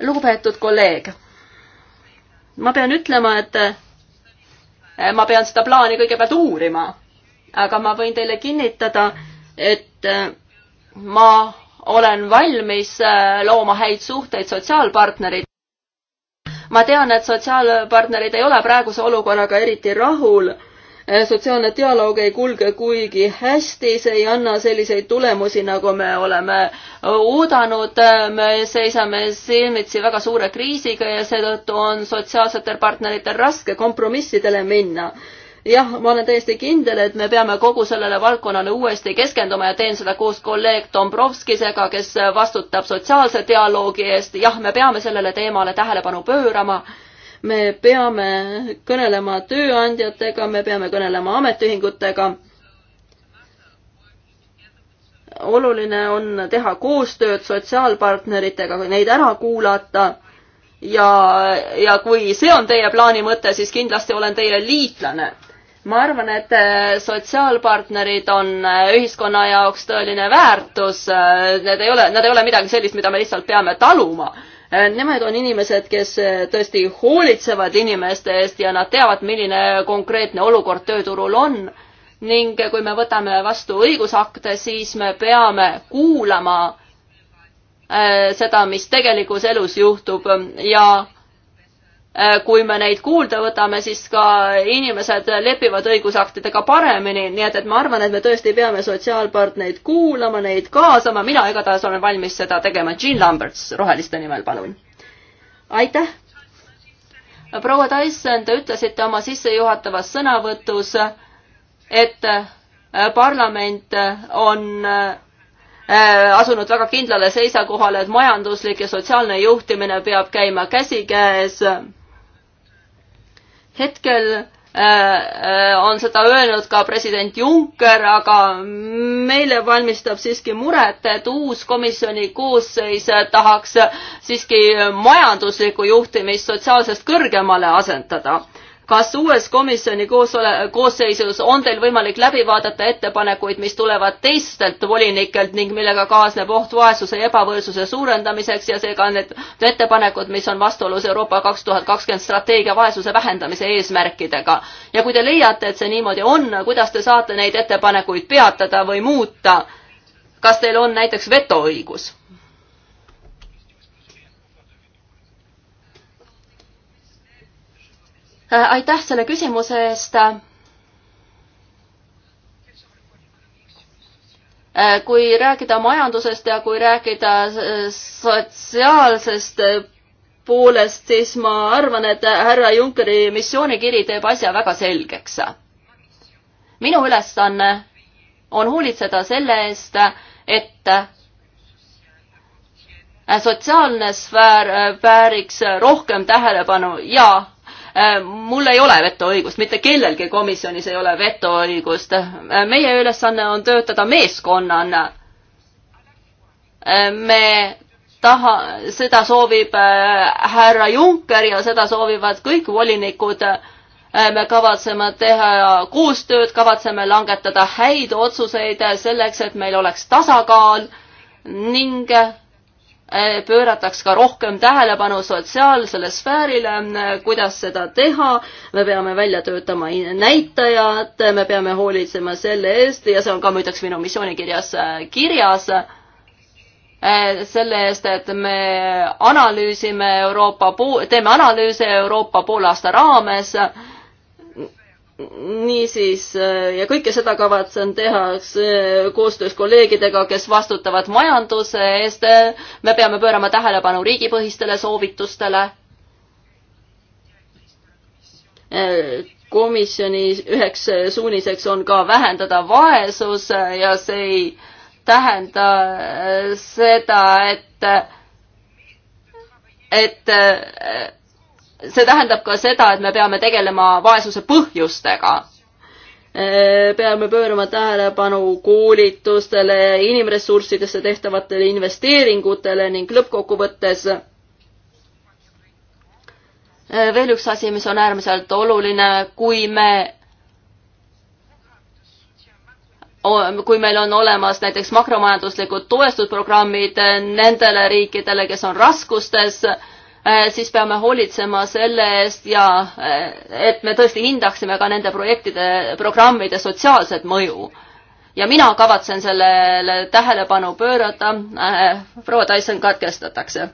lugupeetud kolleeg ma pean ütlema, et eh, ma pean seda plaani kõigepealt uurima, aga ma võin teile kinnitada, et eh, ma olen valmis eh, looma häid suhteid sotsiaalpartnerid. ma tean, et sotsiaalpartnerid ei ole praeguse olukorraga eriti rahul Äh, sotsiaalne dialoog ei kulge kuigi hästi, see ei anna selliseid tulemusi, nagu me oleme äh, oodanud. Äh, me seisame silmitsi väga suure kriisiga ja seetõttu on sotsiaalsetel partneritel raske kompromissidele minna jah, ma olen täiesti kindel, et me peame kogu sellele valdkonnale uuesti keskenduma ja teen seda koos kolleeg Dombrovskisega, kes vastutab sotsiaalse dialoogi eest. jah, me peame sellele teemale tähelepanu pöörama me peame kõnelema tööandjatega, me peame kõnelema ametiühingutega. oluline on teha koostööd sotsiaalpartneritega, neid ära kuulata ja, ja kui see on teie plaani mõte, siis kindlasti olen teie liitlane. ma arvan, et äh, sotsiaalpartnerid on äh, ühiskonna jaoks tõeline väärtus, äh, need ei ole, nad ei ole midagi sellist, mida me lihtsalt peame taluma Äh, nemad on inimesed, kes äh, tõesti hoolitsevad inimeste eest ja nad teavad, milline konkreetne olukord tööturul on ning kui me võtame vastu õigusakte, siis me peame kuulama äh, seda, mis tegelikus elus juhtub ja Äh, kui me neid kuulda võtame, siis ka inimesed lepivad õigusaktidega paremini, nii et, et ma arvan, et me tõesti peame sotsiaalpartnereid kuulama, neid kaasama, mina igatahes olen valmis seda tegema. Jean Lamberts Roheliste nimel, palun. aitäh. proua Tyson, te ütlesite oma sissejuhatavas sõnavõtus, et äh, parlament äh, on asunud väga kindlale seisakohale, et majanduslik ja sotsiaalne juhtimine peab käima käsikäes hetkel äh, äh, on seda öelnud ka president Juncker, aga meile valmistab siiski muret, et uus komisjoni koosseis tahaks siiski majanduslikku juhtimist sotsiaalsest kõrgemale asendada kas uues komisjoni koosole-, koosseisus on teil võimalik läbi vaadata ettepanekuid, mis tulevad teistelt volinikelt ning millega kaasneb oht vaesuse ja ebavõrdsuse suurendamiseks ja seega need ettepanekud, mis on vastuolus Euroopa kaks tuhat kakskümmend strateegia vaesuse vähendamise eesmärkidega. ja kui te leiate, et see niimoodi on, kuidas te saate neid ettepanekuid peatada või muuta? kas teil on näiteks vetoõigus? Äh, aitäh selle küsimuse eest. Äh, kui rääkida majandusest ja kui rääkida sotsiaalsest poolest, siis ma arvan, et härra Junckeri missioonikiri teeb asja väga selgeks. minu ülesanne on hoolitseda selle eest, et sotsiaalne sfäär äh, vääriks rohkem tähelepanu ja Äh, mul ei ole vetoõigust, mitte kellelgi komisjonis ei ole vetoõigust. Äh, meie ülesanne on töötada meeskonnana. Äh, me taha, seda soovib härra Juncker ja seda soovivad kõik volinikud. me kavatseme teha koostööd, kavatseme langetada häid otsuseid selleks, et meil oleks tasakaal ning Eh, pöörataks ka rohkem tähelepanu sotsiaalsele sfäärile, eh, kuidas seda teha. me peame välja töötama näitajad, me peame hoolitsema selle eest ja see on ka muideks minu missioonikirjas eh, kirjas selle eest, et me analüüsime Euroopa, teeme analüüse Euroopa poolaasta raames niisiis äh, ja kõike seda kavatsen teha äh, koostöös kolleegidega, kes vastutavad majanduse eest. me peame pöörama tähelepanu riigipõhistele soovitustele. Äh, komisjoni üheks suuniseks on ka vähendada vaesus ja see ei tähenda seda, et, et see tähendab ka seda, et me peame tegelema vaesuse põhjustega. peame pöörama tähelepanu koolitustele, inimressurssidesse tehtavatele investeeringutele ning lõppkokkuvõttes veel üks asi, mis on äärmiselt oluline, kui me kui meil on olemas näiteks makromajanduslikud toestusprogrammid nendele riikidele, kes on raskustes äh,, Äh, siis peame hoolitsema selle eest ja äh, et me tõesti hindaksime ka nende projektide, programmide sotsiaalset mõju. ja mina kavatsen sellele tähelepanu pöörata. Äh, proua Tyson katkestatakse.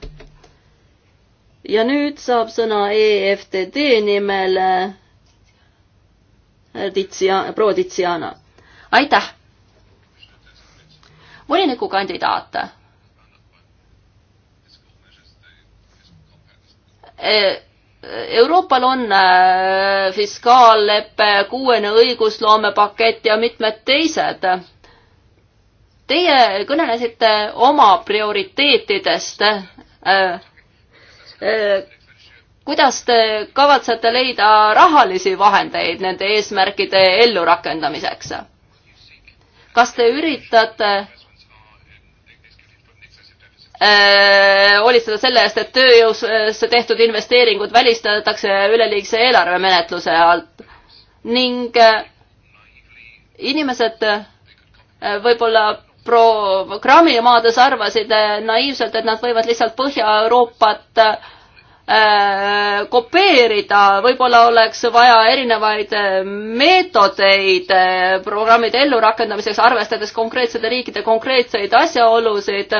ja nüüd saab sõna EFTD nimel Titsia-, proua Titsiana. aitäh! volinikukandidaat Euroopal on äh, fiskaallepe, kuuene õigusloomepakett ja mitmed teised. Teie kõnelesite oma prioriteetidest. Äh, äh, kuidas te kavatsete leida rahalisi vahendeid nende eesmärkide ellurakendamiseks? kas te üritate Äh, hoolitseda selle eest, et tööjõusse tehtud investeeringud välistatakse üleliigse eelarvemenetluse alt ning äh, inimesed äh, võib-olla programmimaades arvasid naiivselt, et nad võivad lihtsalt Põhja-Euroopat kopeerida, võib-olla oleks vaja erinevaid meetodeid programmide ellurakendamiseks, arvestades konkreetsete riikide konkreetseid asjaolusid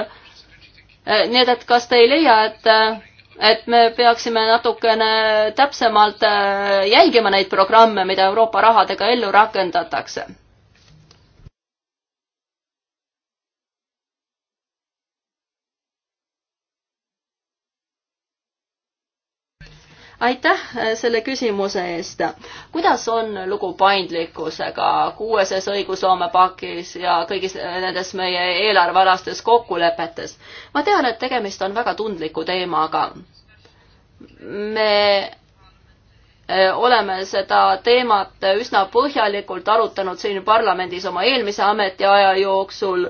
Äh, nii et, et kas te ei leia, et, äh, et me peaksime natukene täpsemalt äh, jälgima neid programme, mida Euroopa rahadega ellu rakendatakse? aitäh äh, selle küsimuse eest. kuidas on lugu paindlikkusega kuueses õigusloomepakis ja kõigis äh, nendes meie eelarvealastes kokkulepetes? ma tean, et tegemist on väga tundliku teemaga. me äh, oleme seda teemat üsna põhjalikult arutanud siin parlamendis oma eelmise ametiaja jooksul.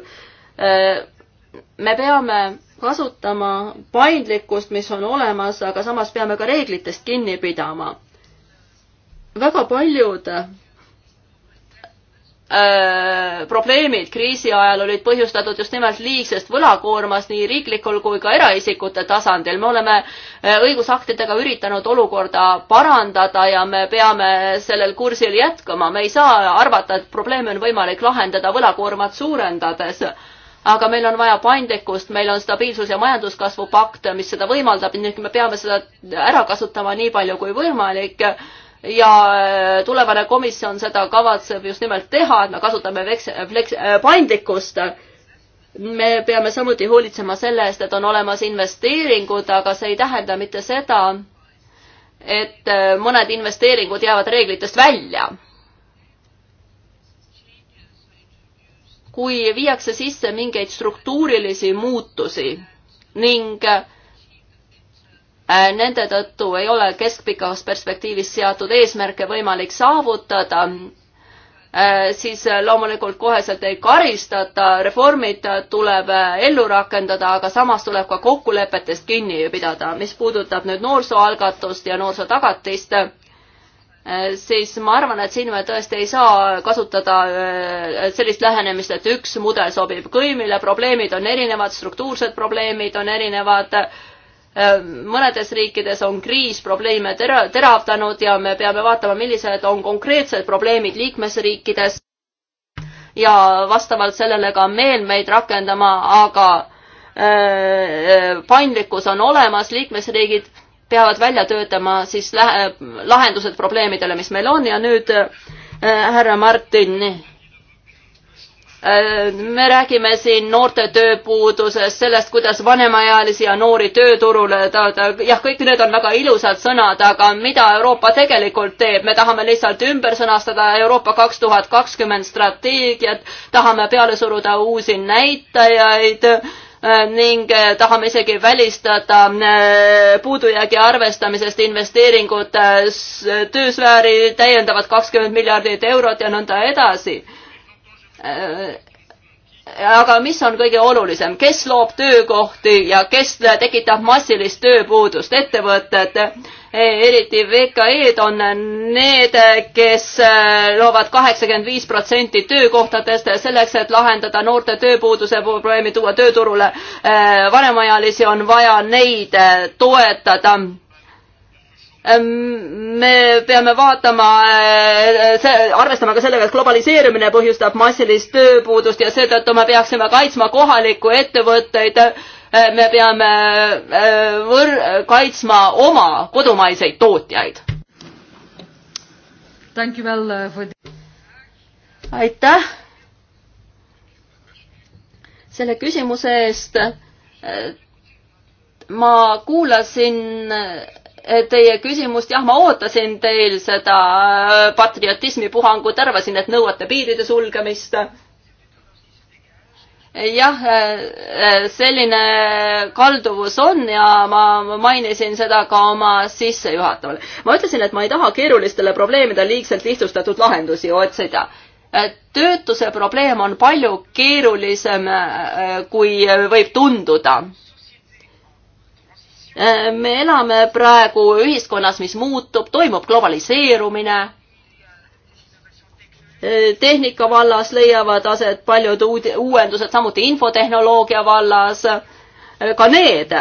me peame kasutama paindlikkust, mis on olemas, aga samas peame ka reeglitest kinni pidama. väga paljud Öö, äh, probleemid kriisi ajal olid põhjustatud just nimelt liigsest võlakoormast nii riiklikul kui ka eraisikute tasandil. me oleme äh, õigusaktidega üritanud olukorda parandada ja me peame sellel kursil jätkama. me ei saa arvata, et probleeme on võimalik lahendada võlakoormat suurendades aga meil on vaja paindlikkust, meil on stabiilsus- ja majanduskasvu pakt, mis seda võimaldab, nii et me peame seda ära kasutama nii palju kui võimalik ja äh, tulevane komisjon seda kavatseb just nimelt teha, et me kasutame veks-, fleks-, äh, paindlikkust. me peame samuti hoolitsema selle eest, et on olemas investeeringud, aga see ei tähenda mitte seda, et äh, mõned investeeringud jäävad reeglitest välja kui viiakse sisse mingeid struktuurilisi muutusi ning äh, nende tõttu ei ole keskpikas perspektiivis seatud eesmärke võimalik saavutada, äh, siis loomulikult koheselt ei karistata, reformid tuleb äh, ellu rakendada, aga samas tuleb ka kokkulepetest kinni pidada. mis puudutab nüüd noorsooalgatust ja noorsootagatist, Äh, siis ma arvan, et siin me tõesti ei saa kasutada äh, sellist lähenemist, et üks mudel sobib kõimile, probleemid on erinevad, struktuursed probleemid on erinevad. Äh, mõnedes riikides on kriis probleeme tera-, teravdanud ja me peame vaatama, millised on konkreetsed probleemid liikmesriikides ja vastavalt sellele ka meelmeid rakendama, aga paindlikkus on olemas, liikmesriigid peavad välja töötama siis lahendused probleemidele, mis meil on ja nüüd äh, härra Martin. Äh, me räägime siin noorte tööpuudusest, sellest, kuidas vanemaealisi ja noori tööturule taoda, jah, kõik need on väga ilusad sõnad, aga mida Euroopa tegelikult teeb, me tahame lihtsalt ümber sõnastada Euroopa kaks tuhat kakskümmend strateegiat, tahame peale suruda uusi näitajaid Äh, ning äh, tahame isegi välistada äh, puudujäägi arvestamisest investeeringud töösfääri täiendavad kakskümmend miljardit eurot ja nõnda edasi aga mis on kõige olulisem, kes loob töökohti ja kes tekitab massilist tööpuudust, ettevõtted, e, eriti VKE-d on need, kes e, loovad kaheksakümmend viis protsenti töökohtadest selleks, et lahendada noorte tööpuuduse probleemi, tuua tööturule e, vanemaealisi, on vaja neid toetada Ehm, me peame vaatama, eh, arvestama ka sellega, et globaliseerumine põhjustab massilist tööpuudust ja seetõttu me peaksime kaitsma kohalikku ettevõtteid. Eh, me peame eh, võr-, kaitsma oma kodumaiseid tootjaid. aitäh selle küsimuse eest. ma kuulasin teie küsimust, jah, ma ootasin teil seda äh, patriotismipuhangut, arvasin, et nõuate piiride sulgemist. jah, äh, äh, selline kalduvus on ja ma mainisin seda ka oma sissejuhataval. ma ütlesin, et ma ei taha keerulistele probleemidele liigselt lihtsustatud lahendusi otsida töötuse probleem on palju keerulisem, kui võib tunduda Äh, me elame praegu ühiskonnas, mis muutub, toimub globaliseerumine äh, tehnika vallas leiavad aset paljud uuendused, samuti infotehnoloogia vallas, äh, ka need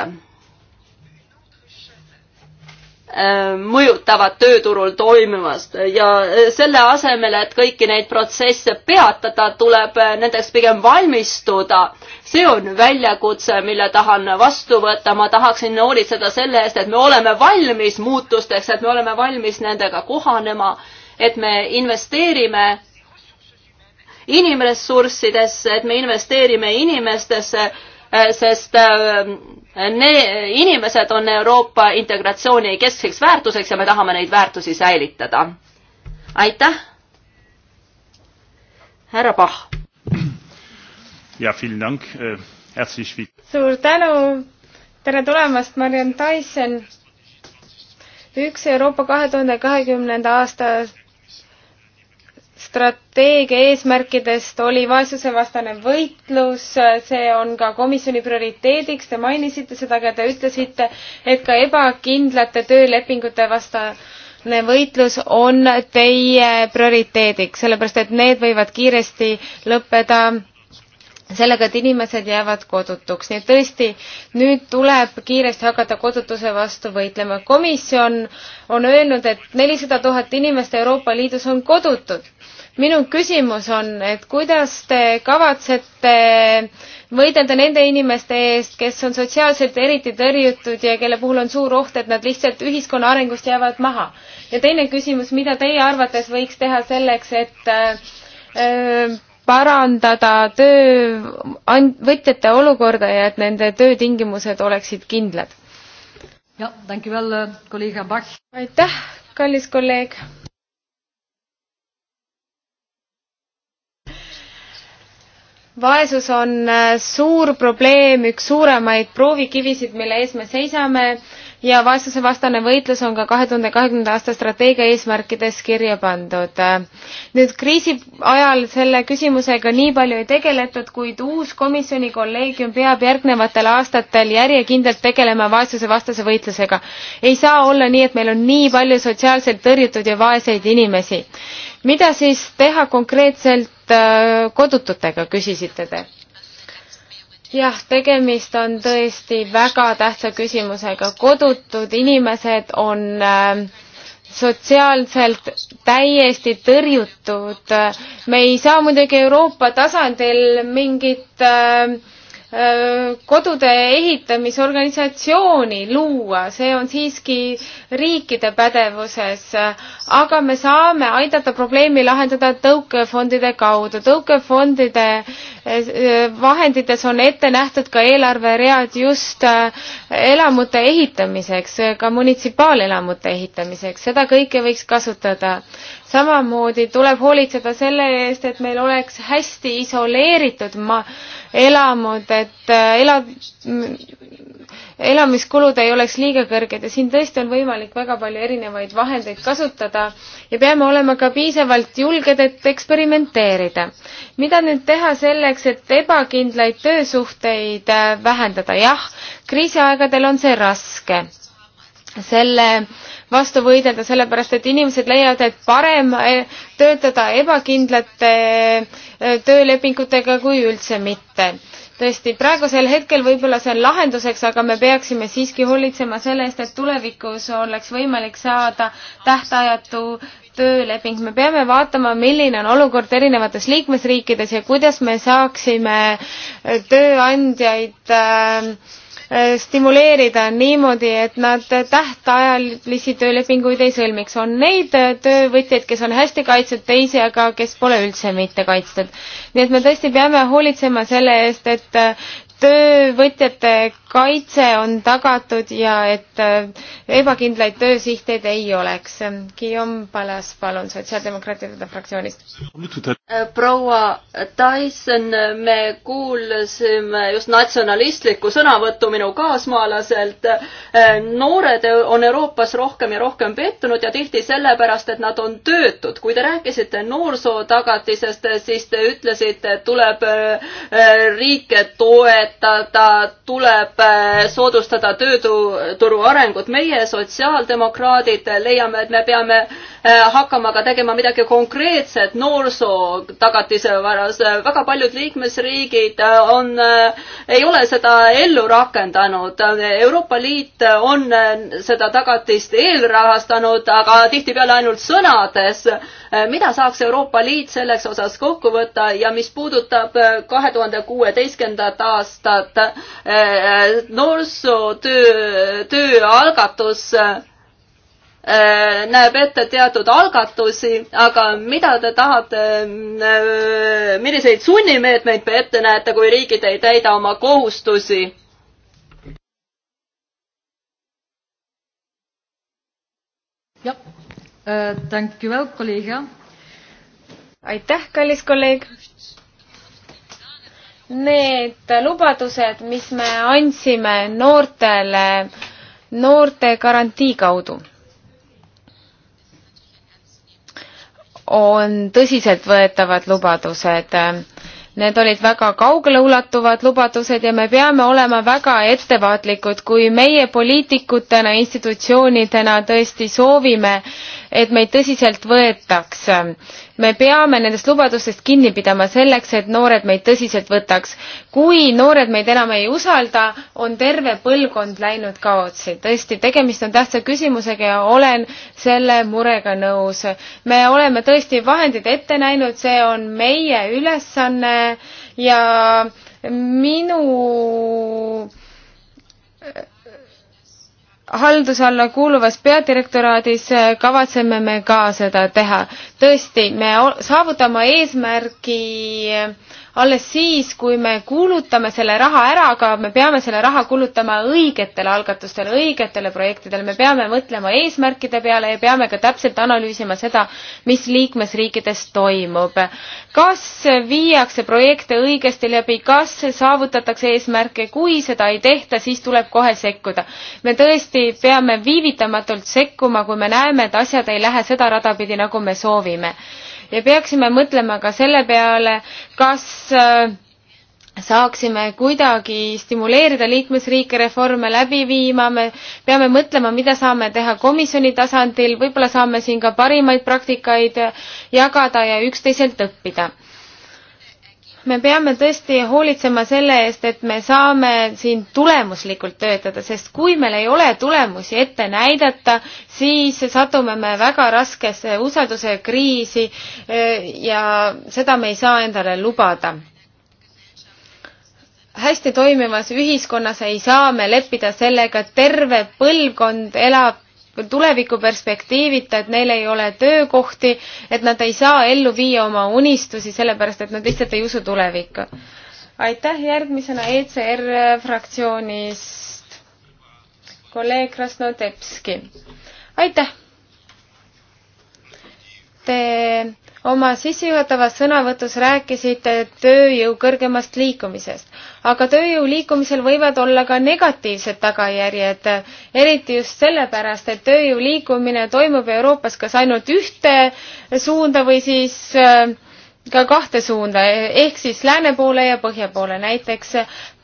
Äh, mõjutavad tööturul toimuvast ja äh, selle asemel, et kõiki neid protsesse peatada, tuleb äh, nendeks pigem valmistuda. see on väljakutse, mille tahan vastu võtta, ma tahaksin hoolitseda selle eest, et me oleme valmis muutusteks, et me oleme valmis nendega kohanema, et me investeerime inimressurssidesse, et me investeerime inimestesse, sest Need inimesed on Euroopa integratsiooni keskseks väärtuseks ja me tahame neid väärtusi säilitada. aitäh. härra Pahh. ja, äh, suur tänu. tere tulemast, Mariann Tyson. üks Euroopa kahe tuhande kahekümnenda aasta strateegia eesmärkidest oli vaesusevastane võitlus, see on ka komisjoni prioriteediks, te mainisite seda, aga te ütlesite, et ka ebakindlate töölepingute vastane võitlus on teie prioriteediks, sellepärast et need võivad kiiresti lõppeda sellega, et inimesed jäävad kodutuks, nii et tõesti, nüüd tuleb kiiresti hakata kodutuse vastu võitlema. komisjon on öelnud, et nelisada tuhat inimest Euroopa Liidus on kodutud minu küsimus on, et kuidas te kavatsete võidelda nende inimeste eest, kes on sotsiaalselt eriti tõrjutud ja kelle puhul on suur oht, et nad lihtsalt ühiskonna arengust jäävad maha. ja teine küsimus, mida teie arvates võiks teha selleks, et äh, parandada töövõtjate olukorda ja et nende töötingimused oleksid kindlad? jah, tänki veel, kolleeg eh, Bach. aitäh, kallis kolleeg vaesus on äh, suur probleem, üks suuremaid proovikivisid, mille ees me seisame ja vaesusevastane võitlus on ka kahe tuhande kahekümnenda aasta strateegia eesmärkides kirja pandud. nüüd kriisi ajal selle küsimusega nii palju ei tegeletud, kuid uus komisjoni kolleegium peab järgnevatel aastatel järjekindlalt tegelema vaesusevastase võitlusega. ei saa olla nii, et meil on nii palju sotsiaalselt tõrjutud ja vaeseid inimesi. mida siis teha konkreetselt äh, kodututega, küsisite te? jah, tegemist on tõesti väga tähtsa küsimusega. kodutud inimesed on ähm, sotsiaalselt täiesti tõrjutud. me ei saa muidugi Euroopa tasandil mingit äh, Äh, kodude ehitamisorganisatsiooni luua, see on siiski riikide pädevuses, aga me saame aidata probleemi lahendada tõukefondide kaudu. tõukefondide äh, vahendites on ette nähtud ka eelarveread just äh, elamute ehitamiseks, ka munitsipaalelamute ehitamiseks, seda kõike võiks kasutada samamoodi tuleb hoolitseda selle eest, et meil oleks hästi isoleeritud ma-, elamud, et äh, ela-, mm, elamiskulud ei oleks liiga kõrged ja siin tõesti on võimalik väga palju erinevaid vahendeid kasutada ja peame olema ka piisavalt julged, et eksperimenteerida. mida nüüd teha selleks, et ebakindlaid töösuhteid äh, vähendada? jah, kriisiaegadel on see raske selle vastu võidelda, sellepärast et inimesed leiavad, et parem eh, töötada ebakindlate eh, töölepingutega kui üldse mitte tõesti, praegusel hetkel võib-olla see on lahenduseks, aga me peaksime siiski hoolitsema selle eest, et tulevikus oleks võimalik saada tähtajatu tööleping. me peame vaatama, milline on olukord erinevates liikmesriikides ja kuidas me saaksime eh, tööandjaid äh, Äh, stimuleerida niimoodi, et nad tähtajalisi töölepinguid ei sõlmiks. on neid äh, töövõtjaid, kes on hästi kaitstud, teisi aga, kes pole üldse mitte kaitstud. nii et me tõesti peame hoolitsema selle eest, et äh, töövõtjate kaitse on tagatud ja et äh, ebakindlaid töösihteid ei oleks. Guillaume Palas, palun, Sotsiaaldemokraatide fraktsioonist. Äh, proua Tyson, me kuulsime just natsionalistlikku sõnavõttu minu kaasmaalaselt. Äh, noored on Euroopas rohkem ja rohkem pettunud ja tihti sellepärast, et nad on töötud. kui te rääkisite noorsootagatisest, siis te ütlesite, et tuleb riike toetada, tuleb soodustada tööturu arengut. meie, sotsiaaldemokraadid, leiame, et me peame äh, hakkama ka tegema midagi konkreetset noorsootagatise varas. Äh, väga paljud liikmesriigid äh, on, ei ole seda ellu rakendanud. Euroopa Liit on seda tagatist eelrahastanud, aga tihtipeale ainult sõnades. mida saaks Euroopa Liit selles osas kokku võtta ja mis puudutab kahe tuhande kuueteistkümnendat aastat, noorsootöö, tööalgatus äh, näeb ette teatud algatusi, aga mida te tahate, äh, milliseid sunnimeetmeid te ette näete, kui riigid ei täida oma kohustusi? jah, äh, tänku veel, kolleeg, jah. aitäh, kallis kolleeg need lubadused, mis me andsime noortele, noorte garantii kaudu, on tõsiseltvõetavad lubadused. Need olid väga kaugeleulatuvad lubadused ja me peame olema väga ettevaatlikud, kui meie poliitikutena, institutsioonidena tõesti soovime äh, et meid tõsiselt võetaks. me peame nendest lubadustest kinni pidama selleks, et noored meid tõsiselt võtaks. kui noored meid enam ei usalda, on terve põlvkond läinud kaotsi. tõesti, tegemist on tähtsa küsimusega ja olen selle murega nõus. me oleme tõesti vahendid ette näinud, see on meie ülesanne ja minu halduse alla kuuluvas peadirektoraadis äh, kavatseme me ka seda teha. tõesti, me saavutame eesmärgi äh, alles siis, kui me kulutame selle raha ära, aga me peame selle raha kulutama õigetele algatustele, õigetele projektidele, me peame mõtlema eesmärkide peale ja peame ka täpselt analüüsima seda, mis liikmesriikides toimub. kas viiakse projekte õigesti läbi, kas saavutatakse eesmärke, kui seda ei tehta, siis tuleb kohe sekkuda. me tõesti peame viivitamatult sekkuma, kui me näeme, et asjad ei lähe seda rada pidi, nagu me soovime ja peaksime mõtlema ka selle peale, kas äh, saaksime kuidagi stimuleerida liikmesriike reforme läbi viima, me peame mõtlema, mida saame teha komisjoni tasandil, võib-olla saame siin ka parimaid praktikaid jagada ja üksteiselt õppida me peame tõesti hoolitsema selle eest, et me saame siin tulemuslikult töötada, sest kui meil ei ole tulemusi ette näidata, siis satume me väga raskesse usalduse kriisi eh, ja seda me ei saa endale lubada hästi toimivas ühiskonnas ei saa me leppida sellega, et terve põlvkond elab tulevikuperspektiivita, et neil ei ole töökohti, et nad ei saa ellu viia oma unistusi, sellepärast et nad lihtsalt ei usu tulevikku. aitäh, järgmisena ECR fraktsioonist kolleeg Krasnodebski. aitäh! Te oma sissejuhatavas sõnavõtus rääkisite tööjõu kõrgemast liikumisest, aga tööjõu liikumisel võivad olla ka negatiivsed tagajärjed, eriti just sellepärast, et tööjõu liikumine toimub Euroopas kas ainult ühte suunda või siis äh, ka kahte suunda, ehk siis lääne poole ja põhja poole. näiteks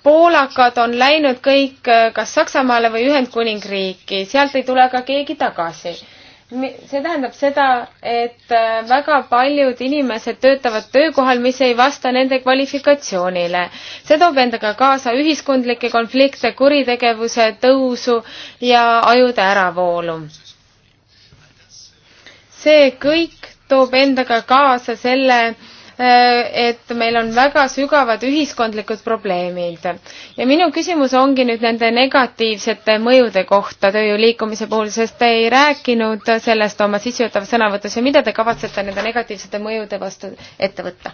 poolakad on läinud kõik äh, kas Saksamaale või Ühendkuningriiki, sealt ei tule ka keegi tagasi see tähendab seda, et äh, väga paljud inimesed töötavad töökohal, mis ei vasta nende kvalifikatsioonile. see toob endaga kaasa ühiskondlikke konflikte, kuritegevuse tõusu ja ajude äravoolu. see kõik toob endaga kaasa selle, Äh, et meil on väga sügavad ühiskondlikud probleemid. ja minu küsimus ongi nüüd nende negatiivsete mõjude kohta tööjõu liikumise puhul, sest te ei rääkinud sellest oma sissejuhatavas sõnavõtus ja mida te kavatsete nende negatiivsete mõjude vastu ette võtta?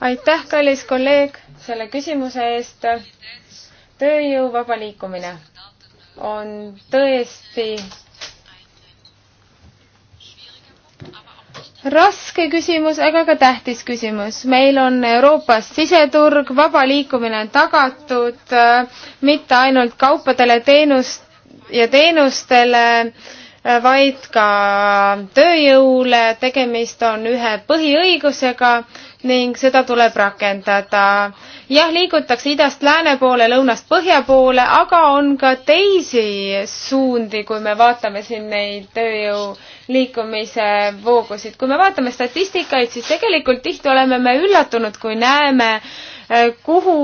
aitäh, kallis kolleeg, selle küsimuse eest. tööjõu vaba liikumine on tõesti raske küsimus, aga ka tähtis küsimus. meil on Euroopas siseturg, vaba liikumine on tagatud äh, mitte ainult kaupadele, teenust ja teenustele äh,, Äh, vaid ka tööjõule, tegemist on ühe põhiõigusega ning seda tuleb rakendada. jah, liigutakse idast lääne poole, lõunast põhja poole, aga on ka teisi suundi, kui me vaatame siin neid tööjõu liikumise voogusid. kui me vaatame statistikaid, siis tegelikult tihti oleme me üllatunud, kui näeme, äh, kuhu,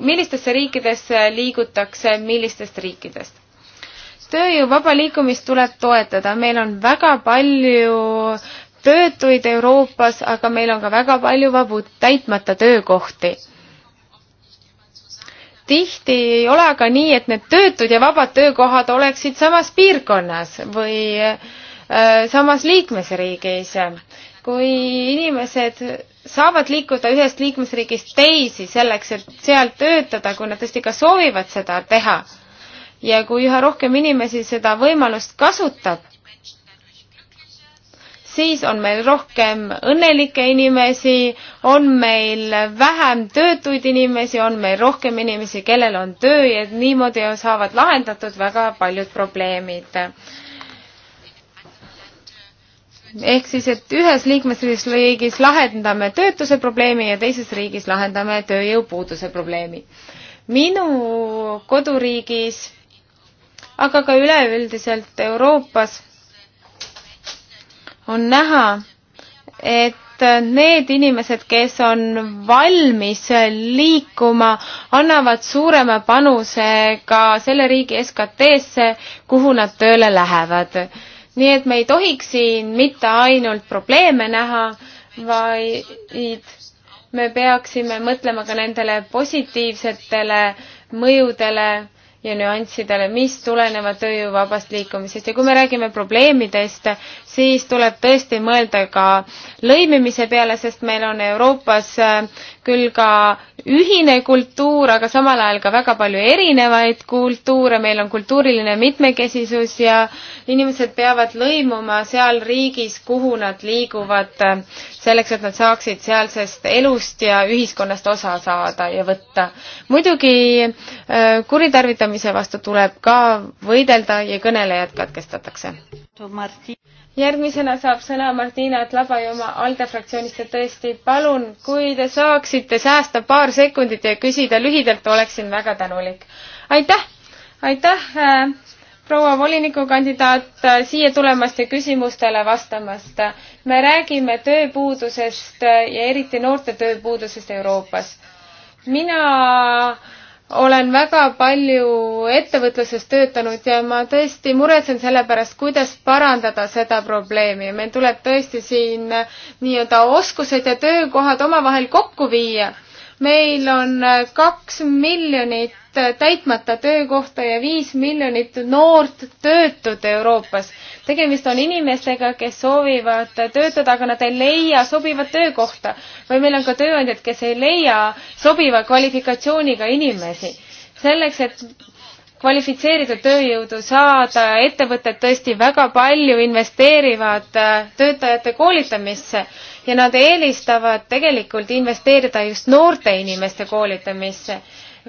millistesse riikidesse liigutakse, millistest riikidest tööjõu vaba liikumist tuleb toetada, meil on väga palju töötuid Euroopas, aga meil on ka väga palju vabu täitmata töökohti. tihti ei ole aga nii, et need töötud ja vabad töökohad oleksid samas piirkonnas või äh, samas liikmesriigis. kui inimesed saavad liikuda ühest liikmesriigist teisi selleks, et seal töötada, kui nad tõesti ka soovivad seda teha ja kui üha rohkem inimesi seda võimalust kasutab, siis on meil rohkem õnnelikke inimesi, on meil vähem töötuid inimesi, on meil rohkem inimesi, kellel on töö ja niimoodi saavad lahendatud väga paljud probleemid. ehk siis, et ühes liikmesriigis lahendame töötuse probleemi ja teises riigis lahendame tööjõupuuduse probleemi. minu koduriigis aga ka üleüldiselt Euroopas on näha, et need inimesed, kes on valmis liikuma, annavad suurema panuse ka selle riigi SKT-sse, kuhu nad tööle lähevad. nii et me ei tohiks siin mitte ainult probleeme näha, vaid me peaksime mõtlema ka nendele positiivsetele mõjudele ja nüanssidele, mis tulenevad tööjõu vabast liikumisest ja kui me räägime probleemidest, siis tuleb tõesti mõelda ka lõimimise peale, sest meil on Euroopas äh, küll ka ühine kultuur, aga samal ajal ka väga palju erinevaid kultuure, meil on kultuuriline mitmekesisus ja inimesed peavad lõimuma seal riigis, kuhu nad liiguvad, selleks et nad saaksid sealsest elust ja ühiskonnast osa saada ja võtta. muidugi äh, kuritarvitamise vastu tuleb ka võidelda ja kõnelejad katkestatakse järgmisena saab sõna Martina Tlabajõma ALDE fraktsioonist ja tõesti palun, kui te saaksite säästa paar sekundit ja küsida lühidalt, oleksin väga tänulik. aitäh, aitäh äh, proua volinikukandidaat äh, siia tulemast ja küsimustele vastamast. me räägime tööpuudusest äh, ja eriti noorte tööpuudusest Euroopas. mina äh, olen väga palju ettevõtluses töötanud ja ma tõesti muretsen selle pärast, kuidas parandada seda probleemi. meil tuleb tõesti siin nii-öelda oskused ja töökohad omavahel kokku viia. meil on kaks miljonit täitmata töökohta ja viis miljonit noort töötut Euroopas tegemist on inimestega, kes soovivad töötada, aga nad ei leia sobivat töökohta või meil on ka tööandjad, kes ei leia sobiva kvalifikatsiooniga inimesi. selleks, et kvalifitseeritud tööjõudu saada, ettevõtted tõesti väga palju investeerivad äh, töötajate koolitamisse ja nad eelistavad tegelikult investeerida just noorte inimeste koolitamisse.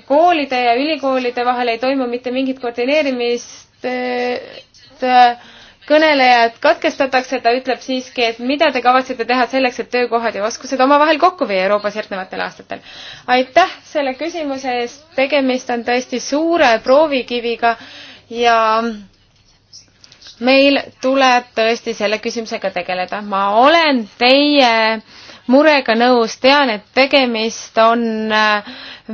koolide ja ülikoolide vahel ei toimu mitte mingit koordineerimist, et äh, kõnelejad katkestatakse, ta ütleb siiski, et mida te kavatsete teha selleks, et töökohad ja oskused omavahel kokku viia Euroopas järgnevatel aastatel. aitäh selle küsimuse eest, tegemist on tõesti suure proovikiviga ja meil tuleb tõesti selle küsimusega tegeleda. ma olen teie murega nõus, tean, et tegemist on äh,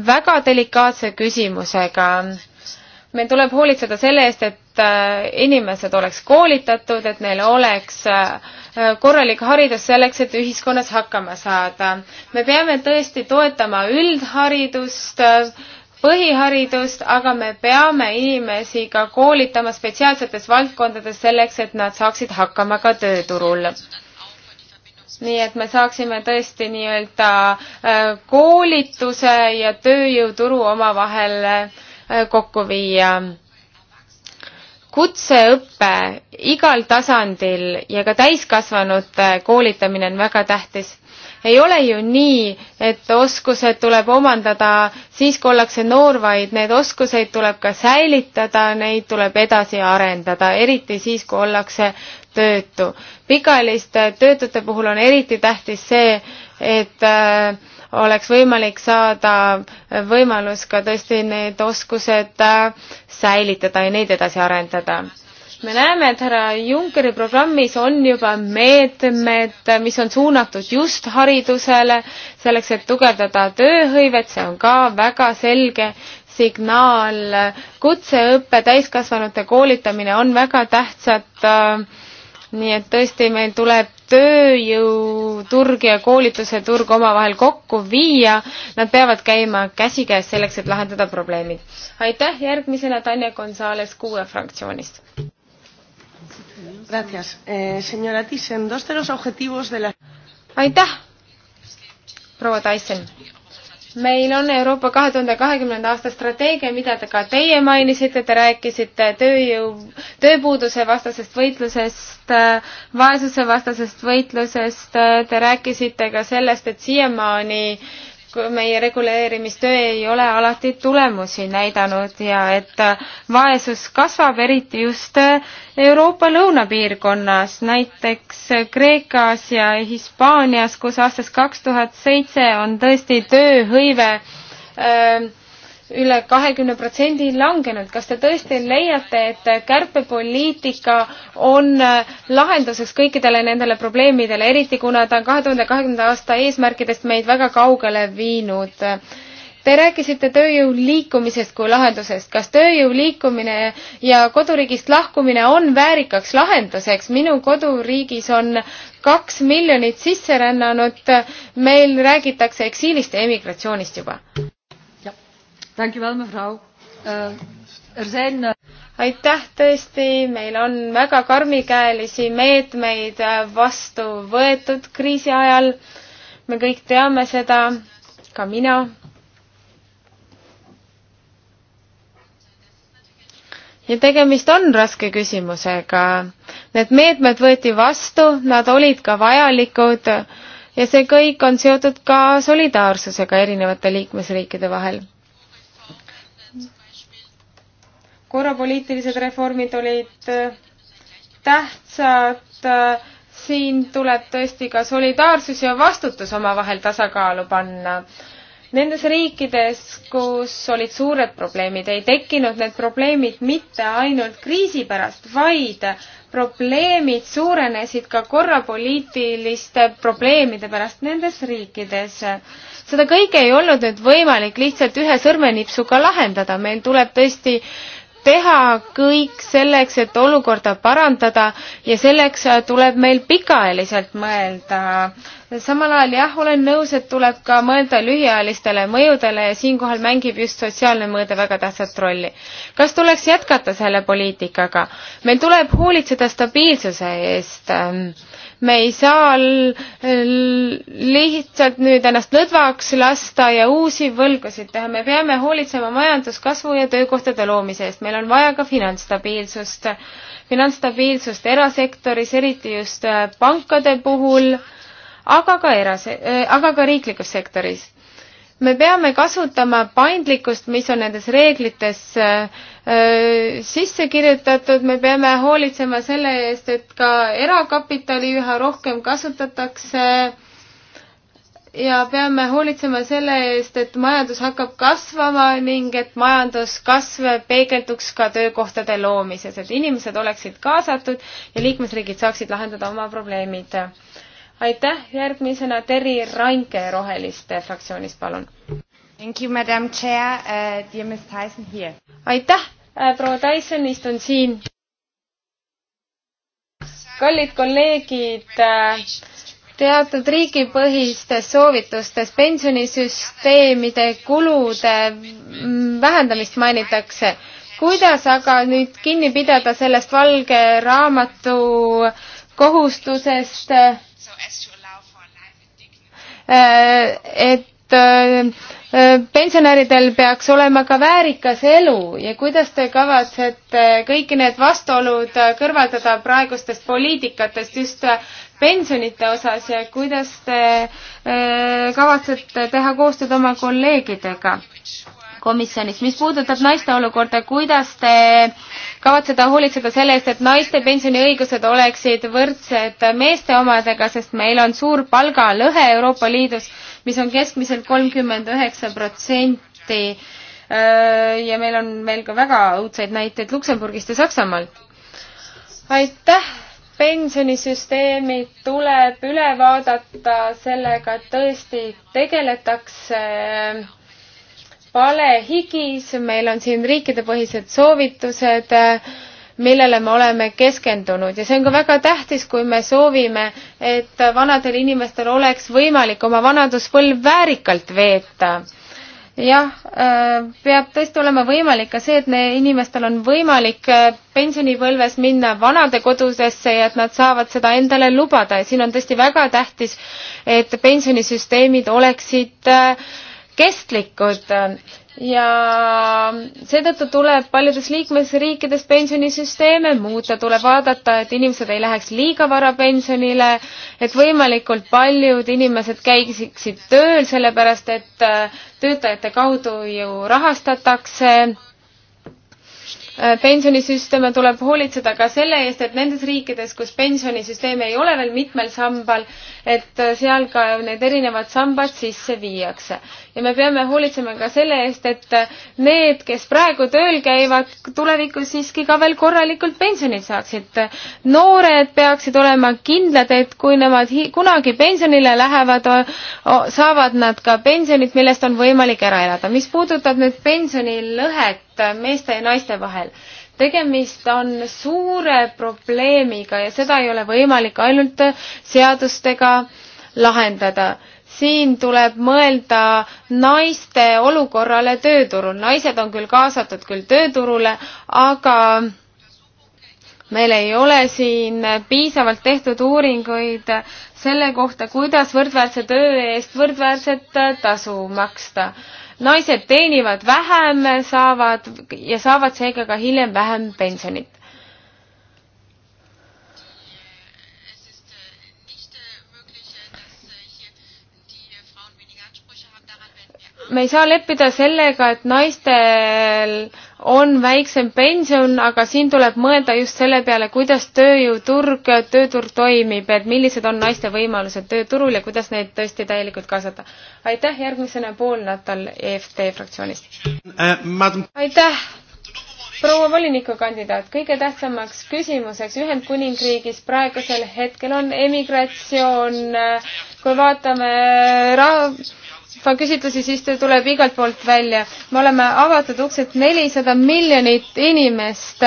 väga delikaatse küsimusega. meil tuleb hoolitseda selle eest, et Äh, inimesed oleks koolitatud, et neil oleks äh, korralik haridus selleks, et ühiskonnas hakkama saada. me peame tõesti toetama üldharidust, põhiharidust, aga me peame inimesi ka koolitama spetsiaalsetes valdkondades selleks, et nad saaksid hakkama ka tööturul nii et me saaksime tõesti nii-öelda äh, koolituse ja tööjõuturu omavahel kokku viia kutseõpe igal tasandil ja ka täiskasvanute koolitamine on väga tähtis. ei ole ju nii, et oskused tuleb omandada siis, kui ollakse noor, vaid need oskuseid tuleb ka säilitada, neid tuleb edasi arendada, eriti siis, kui ollakse töötu. pikaajaliste töötute puhul on eriti tähtis see, et äh, oleks võimalik saada võimalus ka tõesti need oskused äh, säilitada ja neid edasi arendada. me näeme, et härra Junckeri programmis on juba meetmed, äh, mis on suunatud just haridusele, selleks et tugevdada tööhõivet, see on ka väga selge signaal. kutseõpe, täiskasvanute koolitamine on väga tähtsad äh, nii et tõesti, meil tuleb tööjõuturg ja koolituse turg omavahel kokku viia. Nad peavad käima käsikäes selleks, et lahendada probleemid. aitäh, järgmisena Tanja Gonzalez kuue fraktsioonist. Gracias. Eh, señora Thyssen, dos de los objetivos de la... Aitäh, proua Tyson meil on Euroopa kahe tuhande kahekümnenda aasta strateegia, mida te ka teie mainisite, te rääkisite tööjõu, tööpuuduse vastasest võitlusest, vaesuse vastasest võitlusest, te rääkisite ka sellest, et siiamaani äh, meie reguleerimistöö ei ole alati tulemusi näidanud ja et äh, vaesus kasvab, eriti just äh, Euroopa lõunapiirkonnas, näiteks äh, Kreekas ja Hispaanias, kus aastast kaks tuhat seitse on tõesti tööhõive öö, üle kahekümne protsendi langenud. kas te tõesti leiate, et kärpepoliitika on äh, lahenduseks kõikidele nendele probleemidele, eriti kuna ta on kahe tuhande kahekümnenda aasta eesmärkidest meid väga kaugele viinud? Te rääkisite tööjõu liikumisest kui lahendusest. kas tööjõu liikumine ja koduriigist lahkumine on väärikaks lahenduseks? minu koduriigis on kaks miljonit sisserännanut. meil räägitakse eksiilist ja emigratsioonist juba. Eh, er eh, aitäh, tõesti, meil on väga karmikäelisi meetmeid eh, vastu võetud kriisi ajal. me kõik teame seda, ka mina. ja tegemist on raske küsimusega. Need meetmed võeti vastu, nad olid ka vajalikud ja see kõik on seotud ka solidaarsusega erinevate liikmesriikide vahel korrapoliitilised reformid olid äh, tähtsad, äh, siin tuleb tõesti ka solidaarsus ja vastutus omavahel tasakaalu panna. Nendes riikides, kus olid suured probleemid, ei tekkinud need probleemid mitte ainult kriisi pärast, vaid probleemid suurenesid ka korrapoliitiliste probleemide pärast nendes riikides. seda kõike ei olnud nüüd võimalik lihtsalt ühe sõrmenipsuga lahendada, meil tuleb tõesti teha kõik selleks, et olukorda parandada ja selleks tuleb meil pikaajaliselt mõelda. samal ajal jah, olen nõus, et tuleb ka mõelda lühiajalistele mõjudele ja siinkohal mängib just sotsiaalne mõõde väga tähtsat rolli. kas tuleks jätkata selle poliitikaga? meil tuleb hoolitseda stabiilsuse eest me ei saa lihtsalt nüüd ennast lõdvaks lasta ja uusi võlgasid teha, me peame hoolitsema majanduskasvu ja töökohtade loomise eest, meil on vaja ka finantsstabiilsust, finantsstabiilsust erasektoris, eriti just pankade puhul, aga ka eras-, aga ka riiklikus sektoris me peame kasutama paindlikkust, mis on nendes reeglites äh, äh, sisse kirjutatud, me peame hoolitsema selle eest, et ka erakapitali üha rohkem kasutatakse ja peame hoolitsema selle eest, et majandus hakkab kasvama ning et majanduskasv peegelduks ka töökohtade loomises, et inimesed oleksid kaasatud ja liikmesriigid saaksid lahendada oma probleemid aitäh, järgmisena Terri Rainke Roheliste fraktsioonist, palun. Thank you, madam chair uh,, dear Miss Tyson here. aitäh, äh, proua Tyson, istun siin. kallid kolleegid äh,, teatud riigipõhistes soovitustes pensionisüsteemide kulude vähendamist mainitakse. kuidas aga nüüd kinni pidada sellest valge raamatu äh, kohustusest, äh, et äh, pensionäridel peaks olema ka väärikas elu ja kuidas te kavatsete kõiki need vastuolud kõrvaldada praegustest poliitikatest just pensionite osas ja kuidas te äh, kavatsete teha koostööd oma kolleegidega? komisjonis. mis puudutab naiste olukorda, kuidas te kavatseda hoolitseda selle eest, et naiste pensioniõigused oleksid võrdsed meeste omadega, sest meil on suur palgalõhe Euroopa Liidus, mis on keskmiselt kolmkümmend üheksa protsenti ja meil on veel ka väga õudseid näiteid Luksemburgist ja Saksamaalt. aitäh! pensionisüsteemid tuleb üle vaadata, sellega tõesti tegeletakse äh, palehigis, meil on siin riikidepõhised soovitused, äh, millele me oleme keskendunud ja see on ka väga tähtis, kui me soovime, et vanadel inimestel oleks võimalik oma vanaduspõlv väärikalt veeta jah, äh, peab tõesti olema võimalik ka see, et inimestel on võimalik äh, pensionipõlves minna vanadekodusesse ja et nad saavad seda endale lubada ja siin on tõesti väga tähtis, et pensionisüsteemid oleksid äh, kestlikud ja seetõttu tuleb paljudes liikmesriikides pensionisüsteeme muuta, tuleb vaadata, et inimesed ei läheks liiga vara pensionile, et võimalikult paljud inimesed käiksid tööl, sellepärast et äh, töötajate kaudu ju rahastatakse äh, pensionisüsteeme tuleb hoolitseda ka selle eest, et nendes riikides, kus pensionisüsteem ei ole veel mitmel sambal, et äh, seal ka need erinevad sambad sisse viiakse ja me peame hoolitsema ka selle eest, et need, kes praegu tööl käivad, tulevikus siiski ka veel korralikult pensionit saaksid. noored peaksid olema kindlad, et kui nemad kunagi pensionile lähevad, saavad nad ka pensionit, millest on võimalik ära elada. mis puudutab nüüd pensionilõhet meeste ja naiste vahel tegemist on suure probleemiga ja seda ei ole võimalik ainult seadustega lahendada siin tuleb mõelda naiste olukorrale tööturul. naised on küll kaasatud küll tööturule, aga meil ei ole siin piisavalt tehtud uuringuid selle kohta, kuidas võrdväärse töö eest võrdväärset tasu maksta. naised teenivad vähem, saavad ja saavad seega ka hiljem vähem pensionit me ei saa leppida sellega, et naistel on väiksem pension, aga siin tuleb mõelda just selle peale, kuidas tööjõuturg, tööturg toimib, et millised on naiste võimalused tööturul ja kuidas neid tõesti täielikult kaasata. aitäh, järgmisena pool Natal EFT fraktsioonist äh,. aitäh proua volinikukandidaat, kõige tähtsamaks küsimuseks Ühendkuningriigis praegusel hetkel on emigratsioon. kui vaatame ra-, küsitlusi, siis ta tuleb igalt poolt välja. me oleme avatud uksed, nelisada miljonit inimest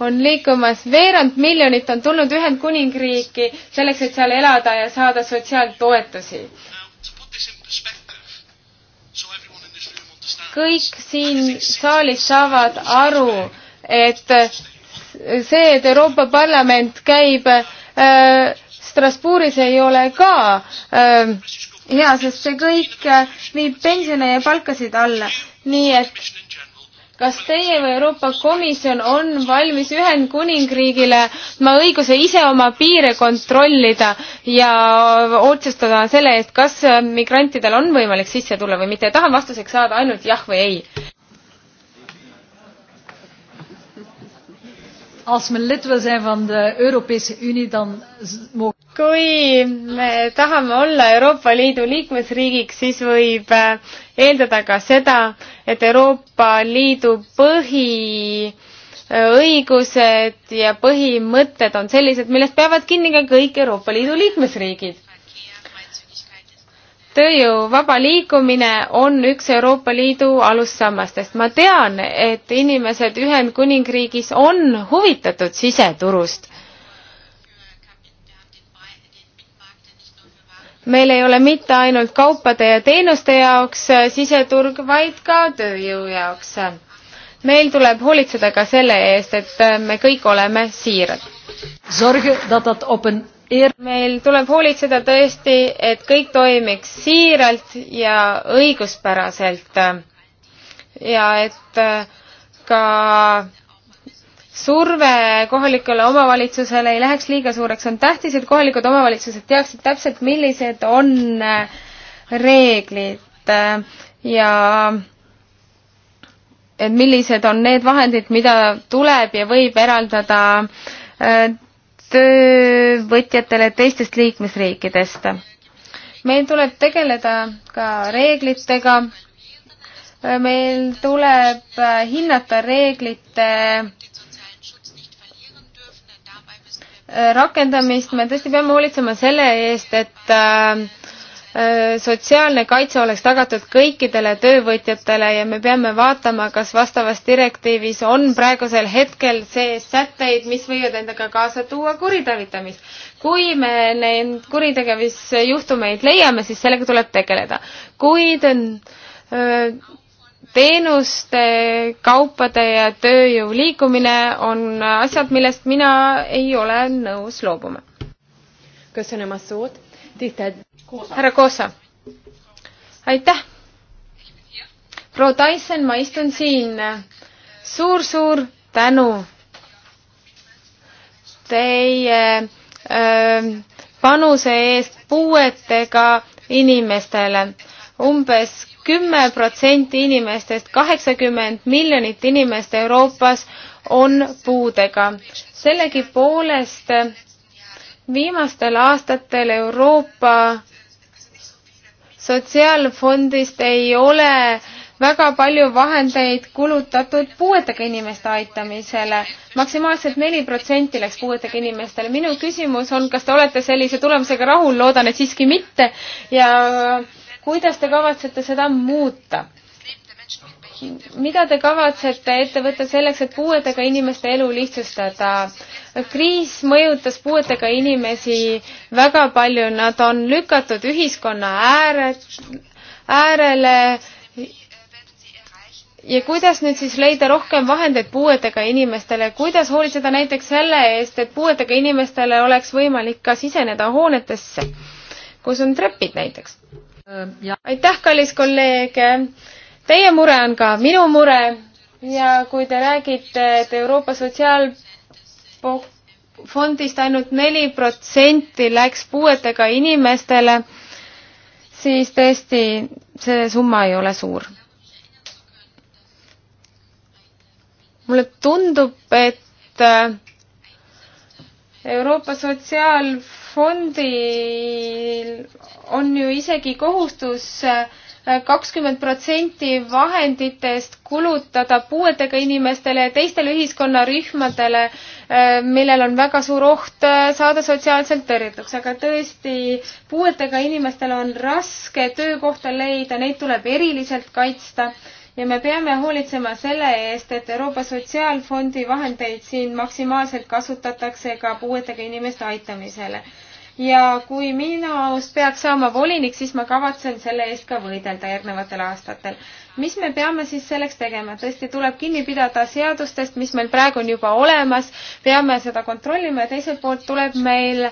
on liikumas, veerand miljonit on tulnud Ühendkuningriiki selleks, et seal elada ja saada sotsiaaltoetusi. kõik siin saalis saavad aru, et see, et Euroopa Parlament käib äh, Strasbourgis ei ole ka äh, hea, sest see kõik äh, viib pensione ja palkasid alla. nii et kas teie või Euroopa Komisjon on valmis Ühendkuningriigile ma õiguse ise oma piire kontrollida ja otsustada selle eest, kas migrantidel on võimalik sisse tulla või mitte. tahan vastuseks saada ainult jah või ei. als me lid wil zijn van de Europese Unie, dan mogen kui me tahame olla Euroopa Liidu liikmesriigiks, siis võib eh, eeldada ka seda, et Euroopa Liidu põhiõigused eh, ja põhimõtted on sellised, millest peavad kinni ka kõik Euroopa Liidu liikmesriigid tööjõu vaba liikumine on üks Euroopa Liidu alussammastest. ma tean, et inimesed Ühendkuningriigis on huvitatud siseturust. meil ei ole mitte ainult kaupade ja teenuste jaoks siseturg, vaid ka tööjõu jaoks. meil tuleb hoolitseda ka selle eest, et me kõik oleme siirad. Zorgen dat dat op een meil tuleb hoolitseda tõesti, et kõik toimiks siiralt ja õiguspäraselt ja et äh, ka surve kohalikule omavalitsusele ei läheks liiga suureks, on tähtis, et kohalikud omavalitsused teaksid täpselt, millised on äh, reeglid äh, ja et millised on need vahendid, mida tuleb ja võib eraldada töövõtjatele teistest liikmesriikidest. meil tuleb tegeleda ka reeglitega, meil tuleb hinnata reeglite rakendamist, me tõesti peame hoolitsema selle eest, et äh, Äh, sotsiaalne kaitse oleks tagatud kõikidele töövõtjatele ja me peame vaatama, kas vastavas direktiivis on praegusel hetkel sees sätteid, mis võivad endaga kaasa tuua kuritarvitamist. kui me neid kuritegevusjuhtumeid leiame, siis sellega tuleb tegeleda. kuid äh, teenuste, kaupade ja tööjõu liikumine on asjad, millest mina ei ole nõus loobuma. köszönöm a szót. Tisztelt härra Koosa. aitäh. proua Tyson, ma istun siin suur,. suur-suur tänu teie öö, ähm, panuse eest puuetega inimestele. umbes kümme protsenti inimestest, kaheksakümmend miljonit inimest Euroopas on puudega. sellegipoolest viimastel aastatel Euroopa sotsiaalfondist ei ole väga palju vahendeid kulutatud puuetega inimeste aitamisele maksimaalselt. maksimaalselt neli protsenti läks puuetega inimestele. minu küsimus on, kas te olete sellise tulemusega rahul? loodan, et siiski mitte. ja kuidas te kavatsete seda muuta? mida te kavatsete ette võtta selleks, et puuetega inimeste elu lihtsustada? kriis mõjutas puuetega inimesi väga palju, nad on lükatud ühiskonna ääre, äärele. ja kuidas nüüd siis leida rohkem vahendeid puuetega inimestele, kuidas hoolitseda näiteks selle eest, et puuetega inimestele oleks võimalik ka siseneda hoonetesse, kus on trepid näiteks? Äh, aitäh, kallis kolleeg Teie mure on ka minu mure ja kui te räägite, et Euroopa Sotsiaalfondist ainult neli protsenti läks puuetega inimestele, siis tõesti see summa ei ole suur. mulle tundub, et äh, Euroopa Sotsiaalfondil on ju isegi kohustus äh, kakskümmend protsenti vahenditest kulutada puuetega inimestele ja teistele ühiskonnarühmadele, eh, millel on väga suur oht eh, saada sotsiaalselt tõrjutuks, aga tõesti, puuetega inimestel on raske töökohta leida, neid tuleb eriliselt kaitsta ja me peame hoolitsema selle eest, et Euroopa Sotsiaalfondi vahendeid siin maksimaalselt kasutatakse ka puuetega inimeste aitamisele ja kui minust peaks saama volinik, siis ma kavatsen selle eest ka võidelda järgnevatel aastatel. mis me peame siis selleks tegema? tõesti, tuleb kinni pidada seadustest, mis meil praegu on juba olemas, peame seda kontrollima ja teiselt poolt tuleb meil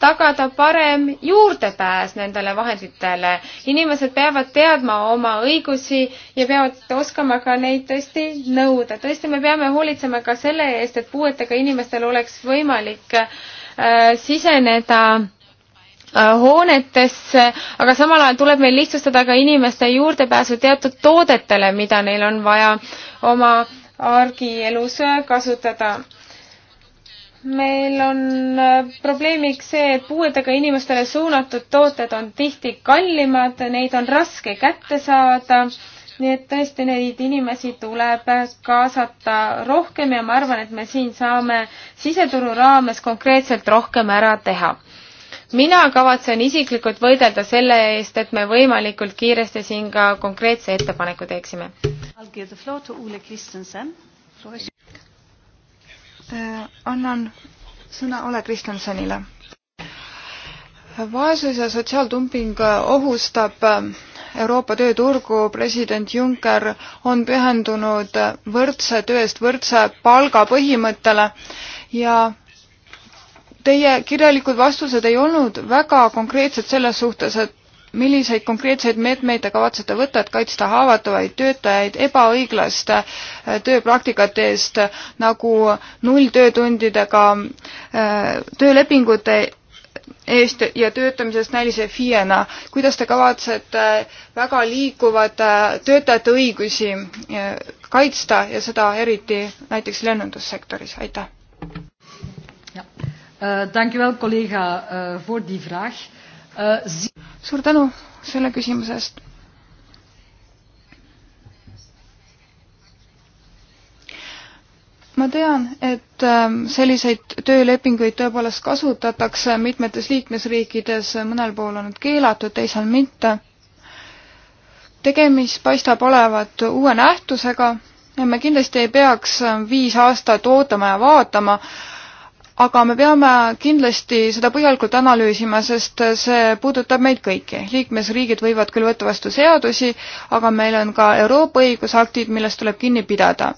tagada parem juurdepääs nendele vahenditele. inimesed peavad teadma oma õigusi ja peavad oskama ka neid tõesti nõuda. tõesti, me peame hoolitsema ka selle eest, et puuetega inimestel oleks võimalik äh, Äh, siseneda äh, hoonetesse, aga samal ajal tuleb meil lihtsustada ka inimeste juurdepääsu teatud toodetele, mida neil on vaja oma argielus kasutada. meil on äh, probleemiks see, et puuetega inimestele suunatud tooted on tihti kallimad, neid on raske kätte saada nii et tõesti neid inimesi tuleb kaasata rohkem ja ma arvan, et me siin saame siseturu raames konkreetselt rohkem ära teha mina kavatsen isiklikult võidelda selle eest, et me võimalikult kiiresti siin ka konkreetse ettepaneku teeksime. Äh, annan sõna Ole Kristjansonile. vaesus ja sotsiaaltumping ohustab äh, Euroopa tööturgu, president Juncker on pühendunud võrdse töö eest võrdse palga põhimõttele ja teie kirjalikud vastused ei olnud väga konkreetsed selles suhtes, et milliseid konkreetseid meetmeid te kavatsete võtta, et kaitsta haavatavaid töötajaid ebaõiglaste äh, tööpraktikate eest nagu nulltöötundidega äh, töölepingute eest ja töötamisest näilise FIE-na. kuidas te kavatsete äh, väga liikuvate äh, töötajate õigusi äh, kaitsta ja seda eriti näiteks lennundussektoris, aitäh! suur tänu selle küsimuse eest ma tean, et ähm, selliseid töölepinguid tõepoolest kasutatakse mitmetes liikmesriikides, mõnel pool on need keelatud, teisal mitte. tegemist paistab olevat uue nähtusega ja me kindlasti ei peaks ähm, viis aastat ootama ja vaatama, aga me peame kindlasti seda põhjalikult analüüsima, sest see puudutab meid kõiki. liikmesriigid võivad küll võtta vastu seadusi, aga meil on ka Euroopa õigusaktid, millest tuleb kinni pidada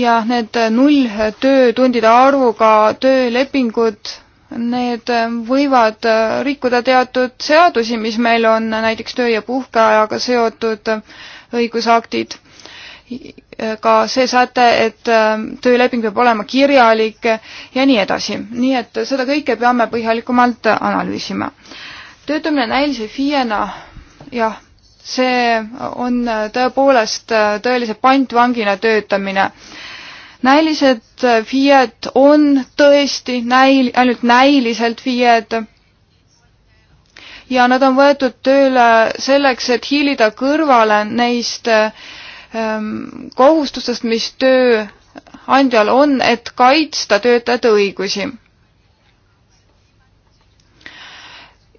ja need null töötundide arvuga töölepingud need võivad rikkuda teatud seadusi, mis meil on, näiteks töö- ja puhkeajaga seotud õigusaktid. ka see säte, et tööleping peab olema kirjalik ja nii edasi. nii et seda kõike peame põhjalikumalt analüüsima. töötamine näilise FIE-na, jah, see on tõepoolest tõelise pantvangina töötamine. näilised FIE-d on tõesti näil-, ainult näiliselt FIE-d ja nad on võetud tööle selleks, et hiilida kõrvale neist ähm, kohustustest, mis tööandjal on, et kaitsta töötajate õigusi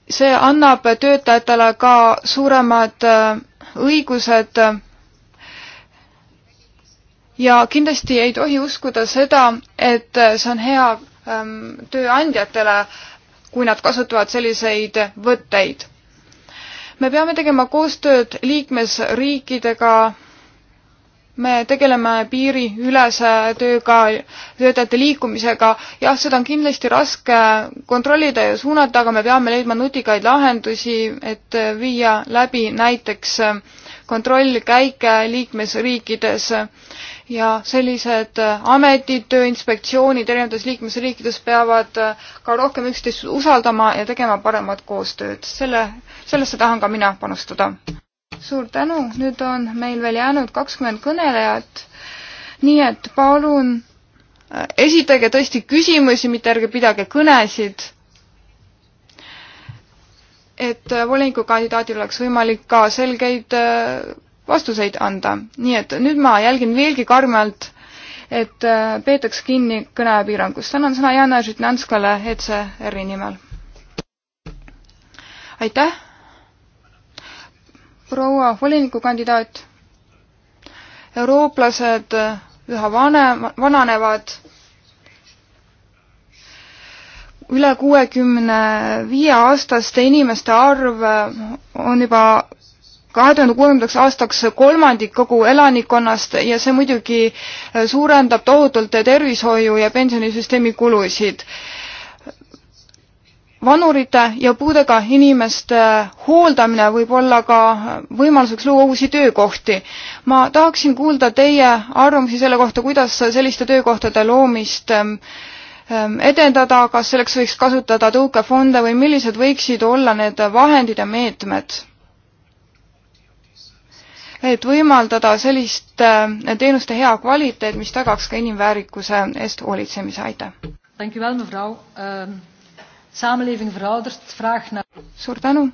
see annab töötajatele ka suuremad äh, õigused ja kindlasti ei tohi uskuda seda, et see on hea ähm, tööandjatele, kui nad kasutavad selliseid võtteid. me peame tegema koostööd liikmesriikidega me tegeleme piiriülese tööga, töötajate liikumisega, jah, seda on kindlasti raske kontrollida ja suunata, aga me peame leidma nutikaid lahendusi, et viia läbi näiteks kontrollkäike liikmesriikides ja sellised ametid, tööinspektsioonid erinevates liikmesriikides peavad ka rohkem üksteist usaldama ja tegema paremat koostööd. selle, sellesse tahan ka mina panustada suur tänu, nüüd on meil veel jäänud kakskümmend kõnelejat, nii et palun äh, esitage tõesti küsimusi, mitte ärge pidage kõnesid, et äh, volinikukandidaadil oleks võimalik ka selgeid äh, vastuseid anda. nii et nüüd ma jälgin veelgi karmalt, et peetaks kinni kõnepiirangust. annan sõna Jana Žitnanskale ECR-i nimel. aitäh proua volinikukandidaat, eurooplased üha vanem, vananevad, üle kuuekümne viie aastaste inimeste arv on juba kahe tuhande kuuekümnendaks aastaks kolmandik kogu elanikkonnast ja see muidugi suurendab tohutult tervishoiu ja pensionisüsteemi kulusid vanurite ja puudega inimeste hooldamine võib olla ka võimaluseks luua uusi töökohti. ma tahaksin kuulda teie arvamusi selle kohta, kuidas selliste töökohtade loomist ähm, ähm, edendada, kas selleks võiks kasutada tõukefonde või millised võiksid olla need vahendid ja meetmed? et võimaldada sellist äh, teenuste hea kvaliteet, mis tagaks ka inimväärikuse eest hoolitsemise, aitäh! samenleving veroudert, vraag naar. suur tänu.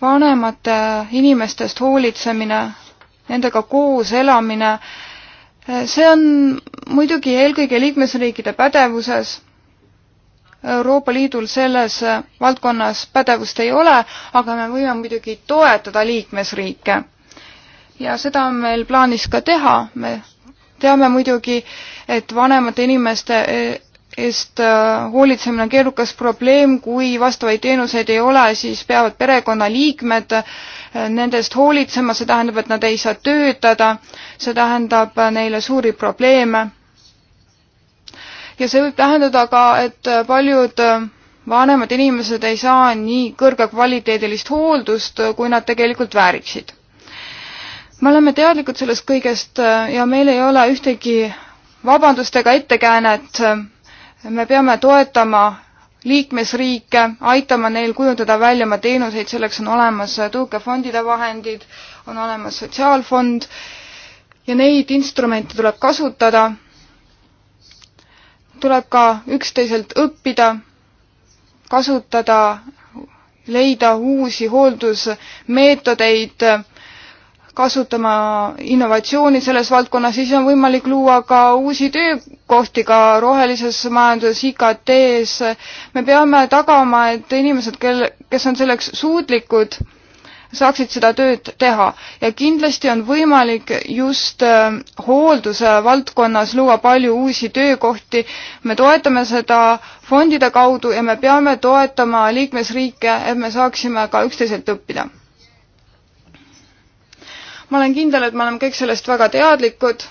vanemate inimestest hoolitsemine, nendega koos elamine, see on muidugi eelkõige liikmesriikide pädevuses Euroopa Liidul selles valdkonnas pädevust ei ole, aga me võime muidugi toetada liikmesriike. ja seda on meil plaanis ka teha, me teame muidugi, et vanemate inimeste e, eest e, hoolitsemine on keerukas probleem, kui vastavaid teenuseid ei ole, siis peavad perekonnaliikmed e, nendest hoolitsema, see tähendab, et nad ei saa töötada, see tähendab neile suuri probleeme. ja see võib tähendada ka, et paljud vanemad inimesed ei saa nii kõrgekvaliteedilist hooldust, kui nad tegelikult vääriksid me oleme teadlikud sellest kõigest äh, ja meil ei ole ühtegi vabandust ega ettekäänet. Äh, me peame toetama liikmesriike, aitama neil kujundada välja oma teenuseid, selleks on olemas äh, tõukefondide vahendid, on olemas sotsiaalfond ja neid instrumente tuleb kasutada. tuleb ka üksteiselt õppida, kasutada, leida uusi hooldusmeetodeid kasutama innovatsiooni selles valdkonnas, siis on võimalik luua ka uusi töökohti ka rohelises majanduses, IKT-s. me peame tagama, et inimesed, kel, kes on selleks suutlikud, saaksid seda tööd teha ja kindlasti on võimalik just äh, hoolduse valdkonnas luua palju uusi töökohti. me toetame seda fondide kaudu ja me peame toetama liikmesriike, et me saaksime ka üksteiselt õppida ma olen kindel, et me oleme kõik sellest väga teadlikud.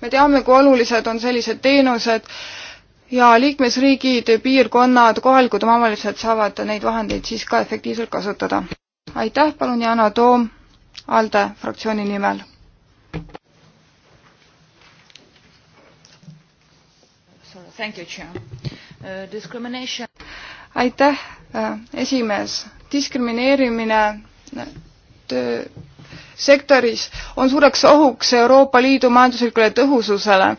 me teame, kui olulised on sellised teenused ja liikmesriigid, piirkonnad, kohalikud omavalitsused saavad neid vahendeid siis ka efektiivselt kasutada. aitäh, palun Yana Toom ALDE fraktsiooni nimel. Uh, aitäh, uh, esimees. diskrimineerimine töö sektoris on suureks ohuks Euroopa Liidu majanduslikule tõhususele.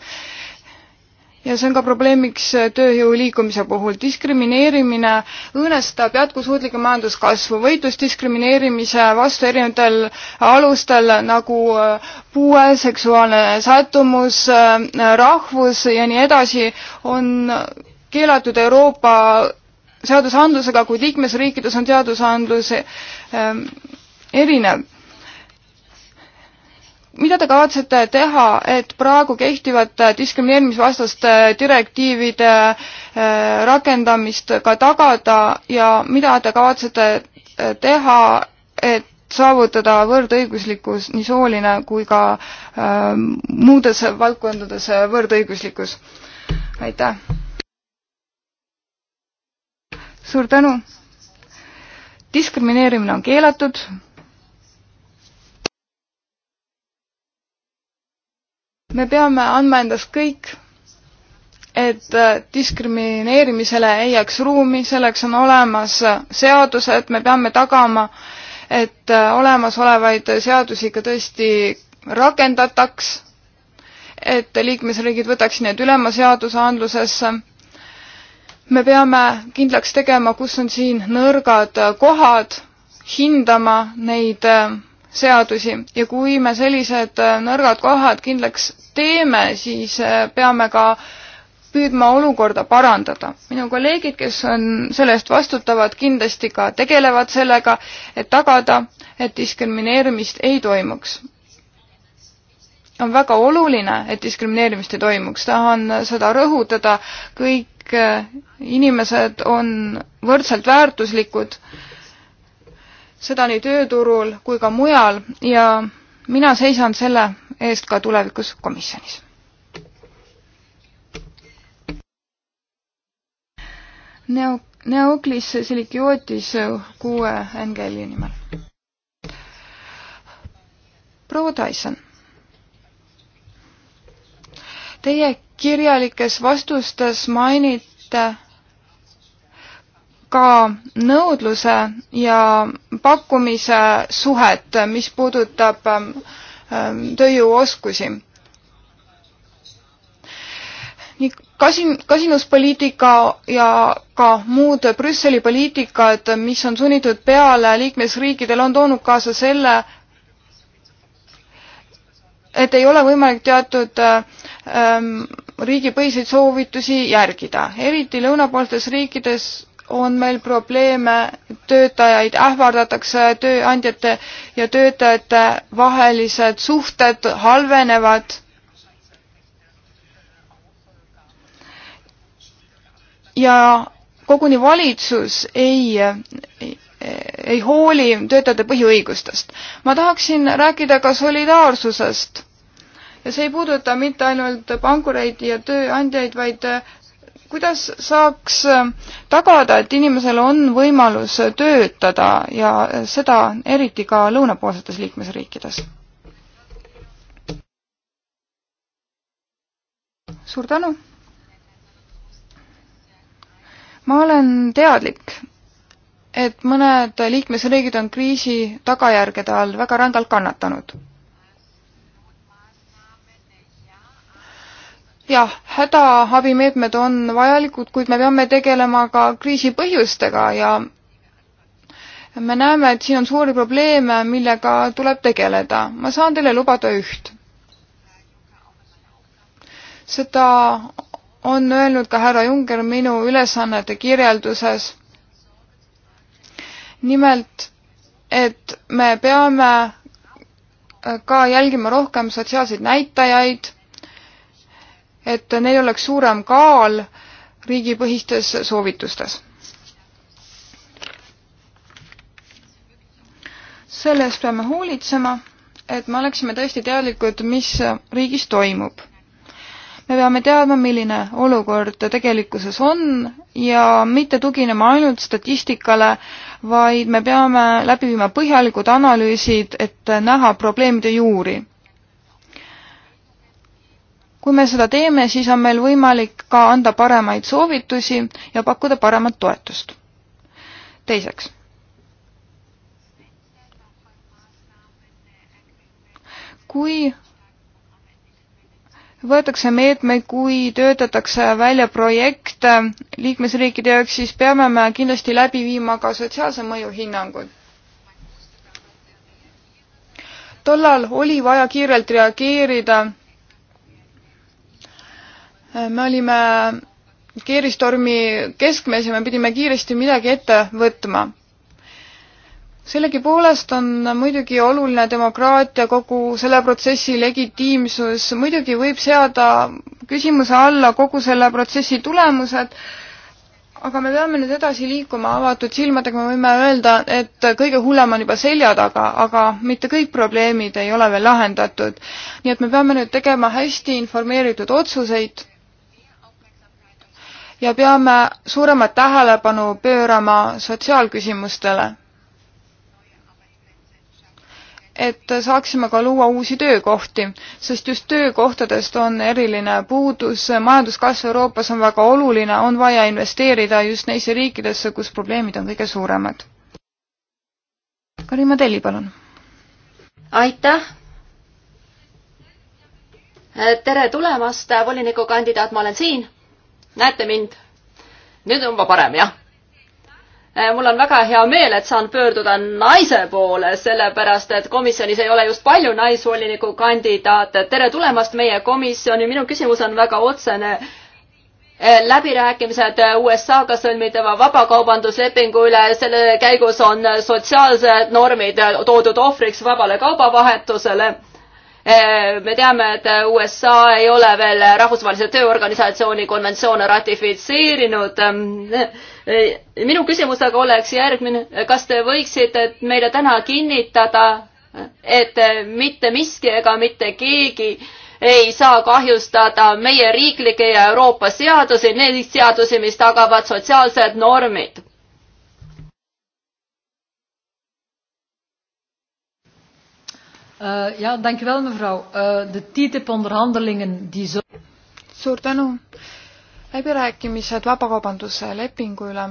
ja see on ka probleemiks tööjõu liikumise puhul. diskrimineerimine õõnestab jätkusuutlikku majanduskasvu, võitlus diskrimineerimise vastu erinevatel alustel nagu äh, puue, seksuaalne sättumus, äh, rahvus ja nii edasi on keelatud Euroopa seadusandlusega, kuid liikmesriikides on seadusandlus äh, erinev mida te kavatsete teha, et praegu kehtivate diskrimineerimisvastaste äh, direktiivide äh, rakendamist ka tagada ja mida te kavatsete äh, teha, et saavutada võrdõiguslikkus, nii sooline kui ka äh, muudes valdkondades võrdõiguslikkus. aitäh! suur tänu! diskrimineerimine on keelatud me peame andma endast kõik, et äh, diskrimineerimisele ei jääks ruumi, selleks on olemas äh, seadused, me peame tagama, et äh, olemasolevaid seadusi ka tõesti rakendataks, et liikmesriigid võtaks need üle oma seadusandlusesse. me peame kindlaks tegema, kus on siin nõrgad kohad, hindama neid seadusi ja kui me sellised nõrgad kohad kindlaks teeme, siis äh, peame ka püüdma olukorda parandada. minu kolleegid, kes on selle eest vastutavad, kindlasti ka tegelevad sellega, et tagada, et diskrimineerimist ei toimuks. on väga oluline, et diskrimineerimist ei toimuks, tahan seda rõhutada, kõik äh, inimesed on võrdselt väärtuslikud, seda nii tööturul kui ka mujal ja mina seisan selle eest ka tulevikus komisjonis. Neo-, Neoklis Silikiotis kuue NGL-i nimel. proua Tyson. Teie kirjalikes vastustes mainite ka nõudluse ja pakkumise suhet, mis puudutab äh, Ähm, tööjõuoskusi. nii kasin-, kasinuspoliitika ja ka muud Brüsseli poliitikad, mis on sunnitud peale liikmesriikidel, on toonud kaasa selle, et ei ole võimalik teatud ähm, riigipõhiseid soovitusi järgida. eriti lõunapoolsetes riikides on meil probleeme töötajaid ähvardatakse, tööandjate ja töötajate vahelised suhted halvenevad. ja koguni valitsus ei, ei hooli töötajate põhiõigustest. ma tahaksin rääkida ka solidaarsusest ja see ei puuduta mitte ainult pankureid ja tööandjaid, vaid kuidas saaks äh, tagada, et inimesel on võimalus töötada ja äh, seda eriti ka lõunapoolsetes liikmesriikides? suur tänu! ma olen teadlik, et mõned liikmesriigid on kriisi tagajärgede all väga rängalt kannatanud jah, hädaabimeetmed on vajalikud, kuid me peame tegelema ka kriisi põhjustega ja me näeme, et siin on suuri probleeme, millega tuleb tegeleda. ma saan teile lubada üht. seda on öelnud ka härra Junger minu ülesannete kirjelduses. nimelt, et me peame ka jälgima rohkem sotsiaalseid näitajaid et neil oleks suurem kaal riigipõhistes soovitustes. selle eest peame hoolitsema, et me oleksime tõesti teadlikud, mis riigis toimub. me peame teadma, milline olukord tegelikkuses on ja mitte tuginema ainult statistikale, vaid me peame läbi viima põhjalikud analüüsid, et näha probleemide juuri kui me seda teeme, siis on meil võimalik ka anda paremaid soovitusi ja pakkuda paremat toetust. teiseks. kui võetakse meetmeid, kui töötatakse välja projekte liikmesriikide jaoks, siis peame me kindlasti läbi viima ka sotsiaalse mõju hinnanguid. tollal oli vaja kiirelt reageerida me olime keeristormi keskmes ja me pidime kiiresti midagi ette võtma. sellegipoolest on muidugi oluline demokraatia, kogu selle protsessi legitiimsus, muidugi võib seada küsimuse alla kogu selle protsessi tulemused, aga me peame nüüd edasi liikuma avatud silmadega, me võime öelda, et kõige hullem on juba selja taga, aga mitte kõik probleemid ei ole veel lahendatud. nii et me peame nüüd tegema hästi informeeritud otsuseid ja peame suuremat tähelepanu pöörama sotsiaalküsimustele. et saaksime ka luua uusi töökohti, sest just töökohtadest on eriline puudus, majanduskasv Euroopas on väga oluline, on vaja investeerida just neisse riikidesse, kus probleemid on kõige suuremad. Karima Telli, palun. aitäh tere tulemast, volinikukandidaat, ma olen siin näete mind? nüüd on juba parem, jah? Äh, mul on väga hea meel, et saan pöörduda naise poole, sellepärast et komisjonis ei ole just palju naisvoliniku kandidaate. tere tulemast meie komisjoni, minu küsimus on väga otsene äh, läbirääkimised USA-ga sõlmitava vabakaubanduslepingu üle, selle käigus on sotsiaalsed normid toodud ohvriks vabale kaubavahetusele Äh, me teame, et USA ei ole veel Rahvusvahelise Tööorganisatsiooni konventsioone ratifitseerinud. Ähm, äh, minu küsimus aga oleks järgmine, kas te võiksite meile täna kinnitada, et mitte miski ega mitte keegi ei saa kahjustada meie riiklikke ja Euroopa seadusi, neid seadusi, mis tagavad sotsiaalsed normid. Uh, ja, dankjewel mevrouw. Uh, de TTIP-onderhandelingen die zo... Suur tänu. Läbirääkimised vabakaubanduse lepingu üle.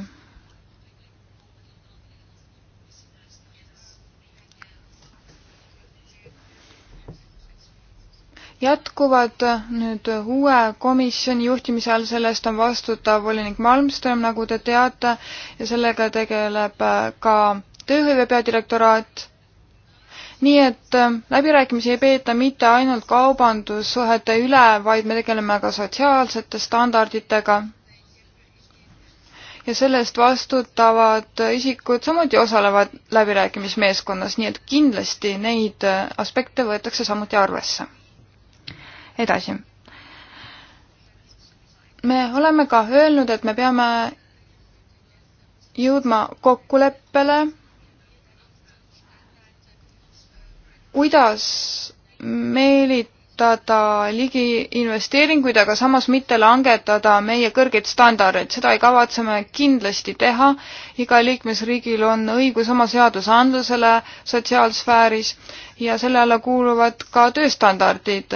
jätkuvad nüüd uue komisjoni juhtimise all, sellest on vastutav volinik Malmström, nagu te teate, ja sellega tegeleb ka tööhõive peadirektoraat nii et äh, läbirääkimisi ei peeta mitte ainult kaubandussuhete üle, vaid me tegeleme ka sotsiaalsete standarditega. ja selle eest vastutavad isikud samuti osalevad läbirääkimismeeskonnas, nii et kindlasti neid äh, aspekte võetakse samuti arvesse. edasi. me oleme ka öelnud, et me peame jõudma kokkuleppele kuidas meelitada ligi investeeringuid, aga samas mitte langetada meie kõrgeid standardeid, seda ei kavatse me kindlasti teha. igal liikmesriigil on õigus oma seadusandlusele sotsiaalsfääris ja selle alla kuuluvad ka tööstandardid.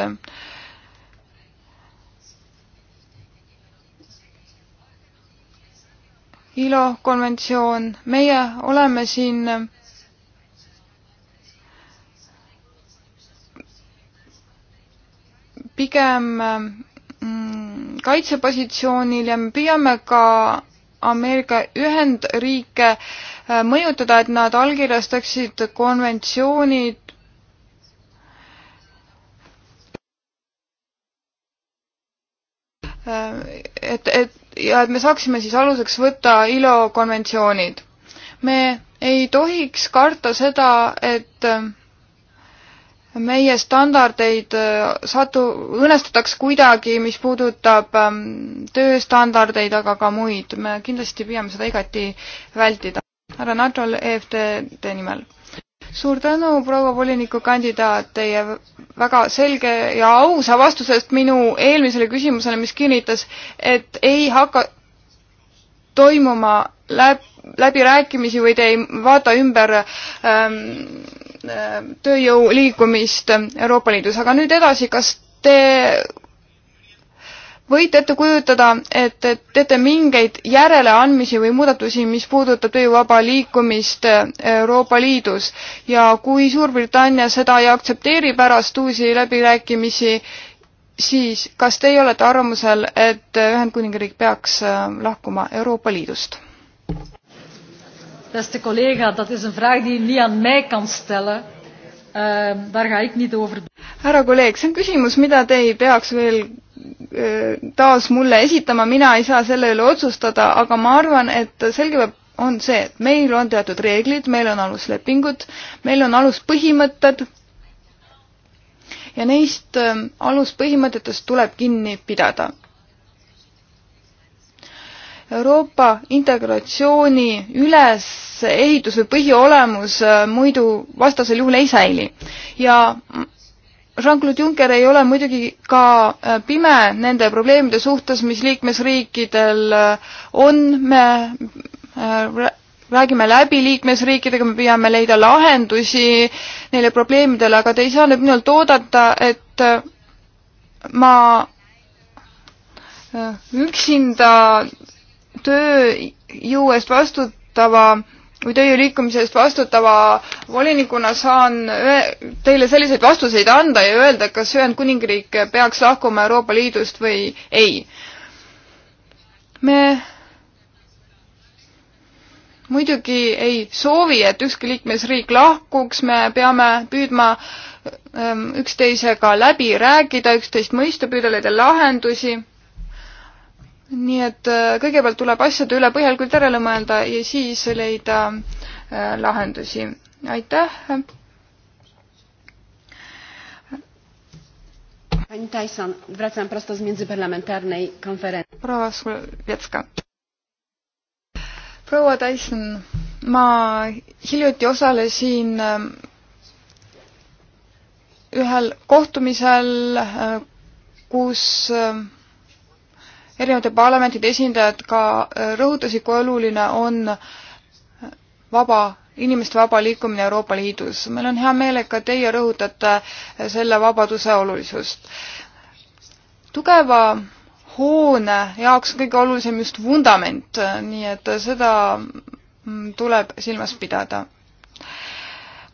ILO konventsioon, meie oleme siin pigem mm, kaitsepositsioonil ja me püüame ka Ameerika Ühendriike äh, mõjutada, et nad allkirjastaksid konventsioonid äh, et, et ja et me saaksime siis aluseks võtta ILO konventsioonid. me ei tohiks karta seda, et äh, meie standardeid äh, satu, õõnestatakse kuidagi, mis puudutab ähm, tööstandardeid, aga ka muid. me kindlasti püüame seda igati vältida. härra Natral EFTD nimel. suur tänu, proua volinikukandidaat, teie väga selge ja ausa vastuse eest minu eelmisele küsimusele, mis kinnitas, et ei hakka toimuma läb-, läbirääkimisi või te ei vaata ümber ähm, Äh, tööjõu liikumist Euroopa Liidus, aga nüüd edasi, kas te võite ette kujutada, et teete mingeid järeleandmisi või muudatusi, mis puudutab tööjõuvaba liikumist Euroopa Liidus ja kui Suurbritannia seda ei aktsepteeri pärast uusi läbirääkimisi, siis kas teie olete arvamusel, et Ühendkuningriik peaks lahkuma Euroopa Liidust? Beste collega, dat is een vraag die u niet aan mij kan stellen. Uh, daar ga ik niet over. härra kolleeg, see on küsimus, mida te ei peaks veel uh, taas mulle esitama, mina ei saa selle üle otsustada, aga ma arvan, et selge on see, et meil on teatud reeglid, meil on aluslepingud, meil on aluspõhimõtted ja neist ehm, aluspõhimõtetest tuleb kinni pidada Euroopa integratsiooni ülesehitus või põhiolemus äh, muidu vastasel juhul ei säili. ja Jean-Claude Juncker ei ole muidugi ka äh, pime nende probleemide suhtes, mis liikmesriikidel äh, on, me räägime läbi liikmesriikidega, me püüame leida lahendusi neile probleemidele, aga te ei saa nüüd minult oodata, et ma üksinda tööjõu eest vastutava või tööjõu liikumise eest vastutava volinikuna saan teile selliseid vastuseid anda ja öelda, kas Ühendkuningriik peaks lahkuma Euroopa Liidust või ei. me muidugi ei soovi, et ükski liikmesriik lahkuks, me peame püüdma ähm, üksteisega läbi rääkida, üksteist mõista, püüda leida lahendusi nii et äh, kõigepealt tuleb asjade üle põhjalikult järele mõelda ja siis leida äh, lahendusi. aitäh. Pani Tyson, wracam prosto z międzyparlamentarnej konferencji. Proua Słowiecka. proua Tyson, ma hiljuti osalesin äh, ühel kohtumisel, kus erinevate parlamentide esindajad ka äh, rõhutasid, kui oluline on vaba, inimeste vaba liikumine Euroopa Liidus. meil on hea meel, et ka teie rõhutate äh, selle vabaduse olulisust. tugeva hoone jaoks kõige olulisem just vundament, äh, nii et seda mm, tuleb silmas pidada.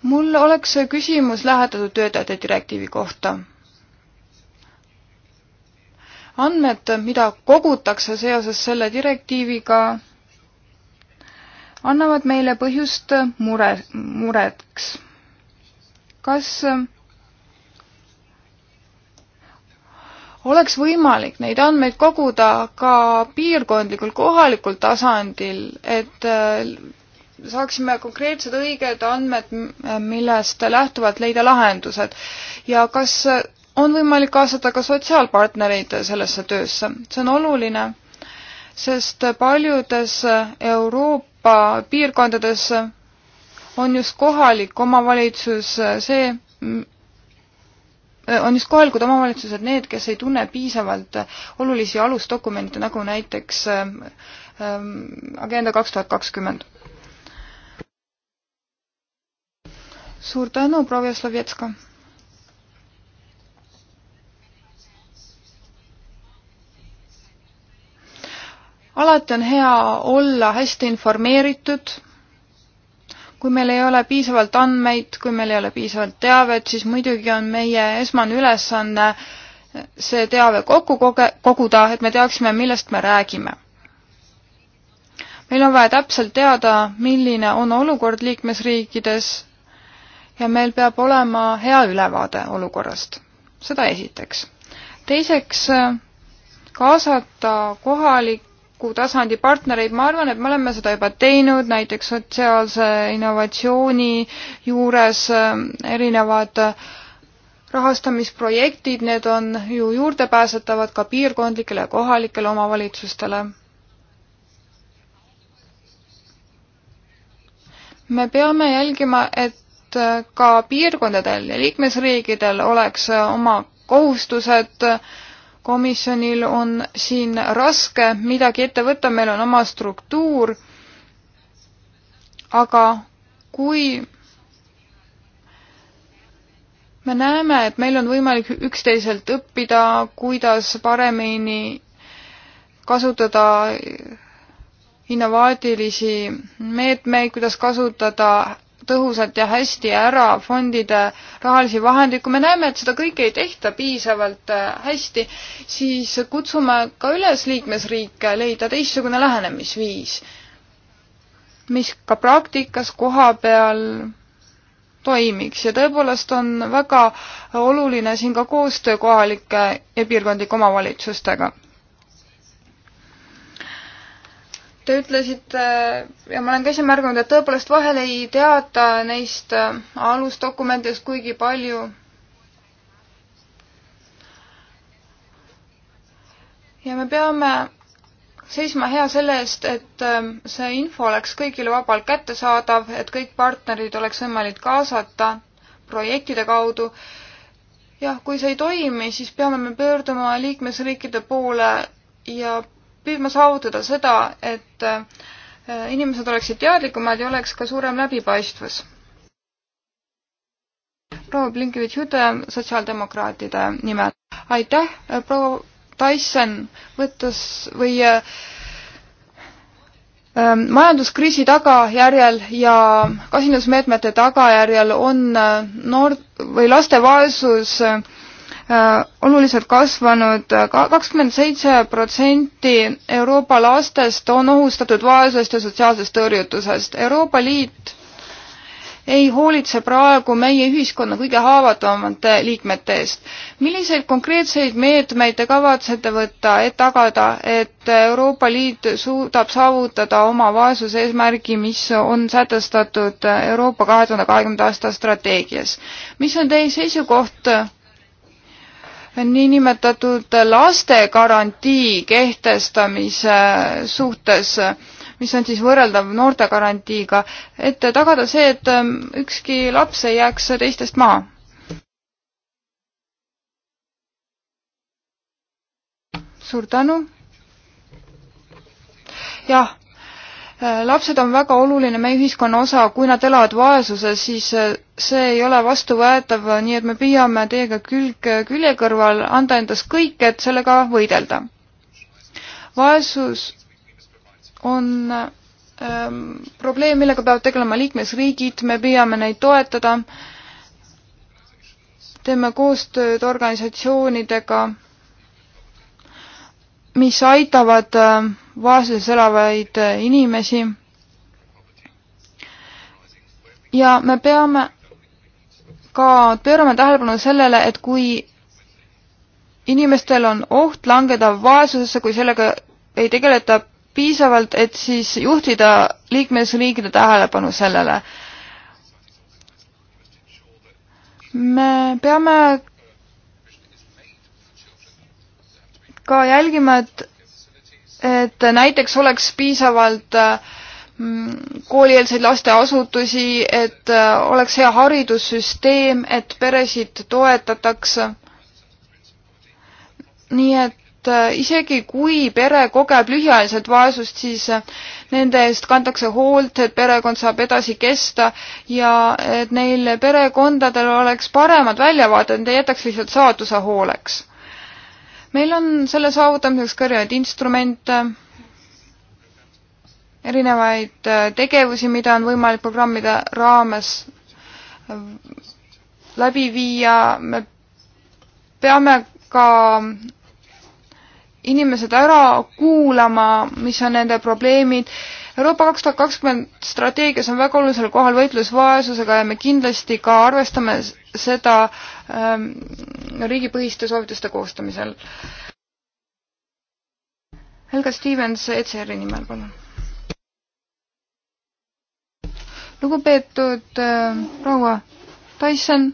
mul oleks küsimus lähetatud töötajate direktiivi kohta andmed, mida kogutakse seoses selle direktiiviga, annavad meile põhjust mure, mureks. kas oleks võimalik neid andmeid koguda ka piirkondlikul, kohalikul tasandil, et äh, saaksime konkreetsed õiged andmed, millest lähtuvalt leida lahendused. ja kas on võimalik kaasata ka sotsiaalpartnereid sellesse töösse. see on oluline, sest paljudes Euroopa piirkondades on just kohalik omavalitsus see, on just kohalikud omavalitsused need, kes ei tunne piisavalt olulisi alusdokumente, nagu näiteks ähm, ähm, Agenda kaks tuhat kakskümmend. suur tänu, proua Jaslovjetska! alati on hea olla hästi informeeritud. kui meil ei ole piisavalt andmeid, kui meil ei ole piisavalt teavet, siis muidugi on meie esmane ülesanne see teave kokku koge-, koguda, et me teaksime, millest me räägime. meil on vaja täpselt teada, milline on olukord liikmesriikides ja meil peab olema hea ülevaade olukorrast. seda esiteks. teiseks, kaasata kohalik kohaliku tasandi partnereid, ma arvan, et me oleme seda juba teinud, näiteks sotsiaalse innovatsiooni juures ähm, erinevad äh, rahastamisprojektid, need on ju juurdepääsetavad ka piirkondlikele ja kohalikele omavalitsustele. me peame jälgima, et äh, ka piirkondadel ja liikmesriigidel oleks äh, oma kohustused äh, komisjonil on siin raske midagi ette võtta, meil on oma struktuur, aga kui me näeme, et meil on võimalik üksteiselt õppida, kuidas paremini kasutada innovaatilisi meetmeid, kuidas kasutada tõhusalt ja hästi ära fondide rahalisi vahendeid, kui me näeme, et seda kõike ei tehta piisavalt äh, hästi, siis kutsume ka üles liikmesriike leida teistsugune lähenemisviis, mis ka praktikas koha peal toimiks ja tõepoolest on väga oluline siin ka koostöö kohalike ja piirkondlike omavalitsustega. Te ütlesite ja ma olen ka ise märganud, et tõepoolest vahel ei teata neist äh, alusdokumentidest kuigi palju. ja me peame seisma hea selle eest, et äh, see info oleks kõigile vabalt kättesaadav, et kõik partnerid oleks võimalik kaasata projektide kaudu. jah, kui see ei toimi, siis peame me pöörduma liikmesriikide poole ja püüdma saavutada seda, et äh, inimesed oleksid teadlikumad ja oleks ka suurem läbipaistvus. proua Blinkevitš-Jüte sotsiaaldemokraatide nimel. aitäh, proua Tyson võttis või äh, äh, majanduskriisi tagajärjel ja kasinusmeetmete tagajärjel on noor- või laste vaesus äh, Äh, oluliselt kasvanud, kakskümmend seitse protsenti Euroopa lastest on ohustatud vaesusest ja sotsiaalsest tõrjutusest. Euroopa Liit ei hoolitse praegu meie ühiskonna kõige haavatavamate liikmete eest. milliseid konkreetseid meetmeid te kavatsete võtta, et tagada, et Euroopa Liit suudab saavutada oma vaesuse eesmärgi, mis on sätestatud Euroopa kahe tuhande kahekümnenda aasta strateegias? mis on teie seisukoht niinimetatud lastegarantii kehtestamise suhtes, mis on siis võrreldav noortegarantiiga, et tagada see, et ähm, ükski laps ei jääks teistest maha. suur tänu. jah Äh, lapsed on väga oluline meie ühiskonna osa, kui nad elavad vaesuses, siis äh, see ei ole vastuvõetav, nii et me püüame teiega külg äh, külje kõrval anda endast kõik, et sellega võidelda. vaesus on ähm, probleem, millega peavad tegelema liikmesriigid, me püüame neid toetada, teeme koostööd organisatsioonidega, mis aitavad äh, vaesuses elavaid äh, inimesi. ja me peame ka pöörama tähelepanu sellele, et kui inimestel on oht langeda vaesusesse, kui sellega ei tegeleta piisavalt, et siis juhtida liikmesriikide tähelepanu sellele. me peame ka jälgima, et et näiteks oleks piisavalt mm, koolieelseid lasteasutusi, et äh, oleks hea haridussüsteem, et peresid toetatakse. nii et äh, isegi kui pere kogeb lühiajaliselt vaesust, siis äh, nende eest kantakse hoolt, et perekond saab edasi kesta ja et neil perekondadel oleks paremad väljavaated, nad ei jätaks lihtsalt saatuse hooleks meil on selle saavutamiseks kõrgeid instrumente, erinevaid äh, tegevusi, mida on võimalik programmide raames äh, läbi viia, me peame ka inimesed ära kuulama, mis on nende probleemid Euroopa kaks tuhat kakskümmend strateegias on väga olulisel kohal võitlus vaesusega ja me kindlasti ka arvestame seda ähm, riigipõhiste soovituste koostamisel. Helga Stevens ECR-i nimel, palun. lugupeetud äh, proua Tyson,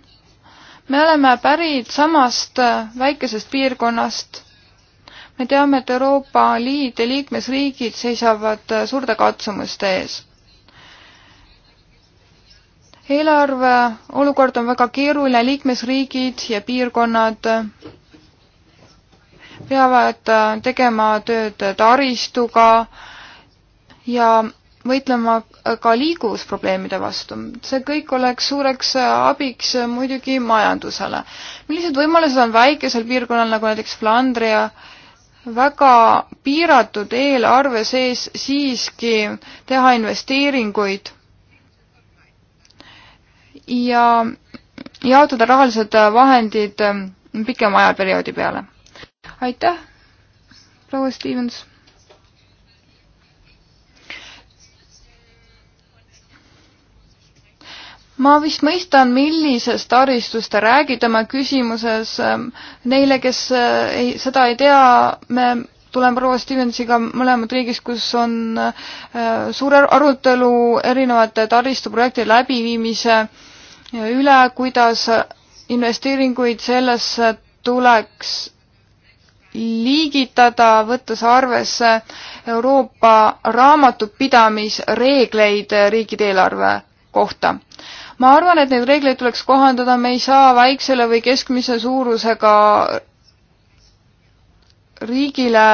me oleme pärit samast äh, väikesest piirkonnast me teame, et Euroopa Liit ja liikmesriigid seisavad äh, suurte katsumuste ees. eelarve olukord on väga keeruline, liikmesriigid ja piirkonnad peavad äh, tegema tööd taristuga ja võitlema äh, ka liikuvusprobleemide vastu. see kõik oleks suureks abiks muidugi majandusele. millised võimalused on väikesel piirkonnal nagu näiteks Flandria äh, väga piiratud eelarve sees siiski teha investeeringuid ja jaotada rahalised vahendid pikema ajaperioodi peale. aitäh, proua Stevens! ma vist mõistan, millisest taristust te räägite oma küsimuses. Ähm, neile, kes äh, ei, seda ei tea, me tuleme proua Stevensiga mõlemad riigis, kus on äh, suur arutelu erinevate taristuprojektide läbiviimise üle, kuidas investeeringuid sellesse tuleks liigitada, võttes arvesse Euroopa raamatupidamisreegleid riikide eelarve kohta ma arvan, et neid reegleid tuleks kohandada, me ei saa väiksele või keskmise suurusega riigile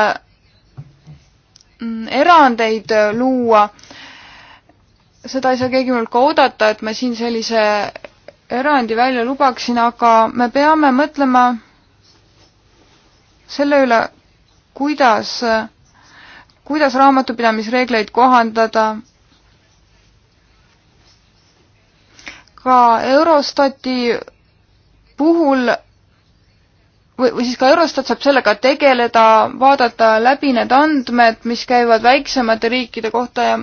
mm, erandeid luua. seda ei saa keegi meilt ka oodata, et me siin sellise erandi välja lubaksin, aga me peame mõtlema selle üle, kuidas, kuidas raamatupidamisreegleid kohandada ka Eurostati puhul või, või siis ka Eurostat saab sellega tegeleda, vaadata läbi need andmed, mis käivad väiksemate riikide kohta ja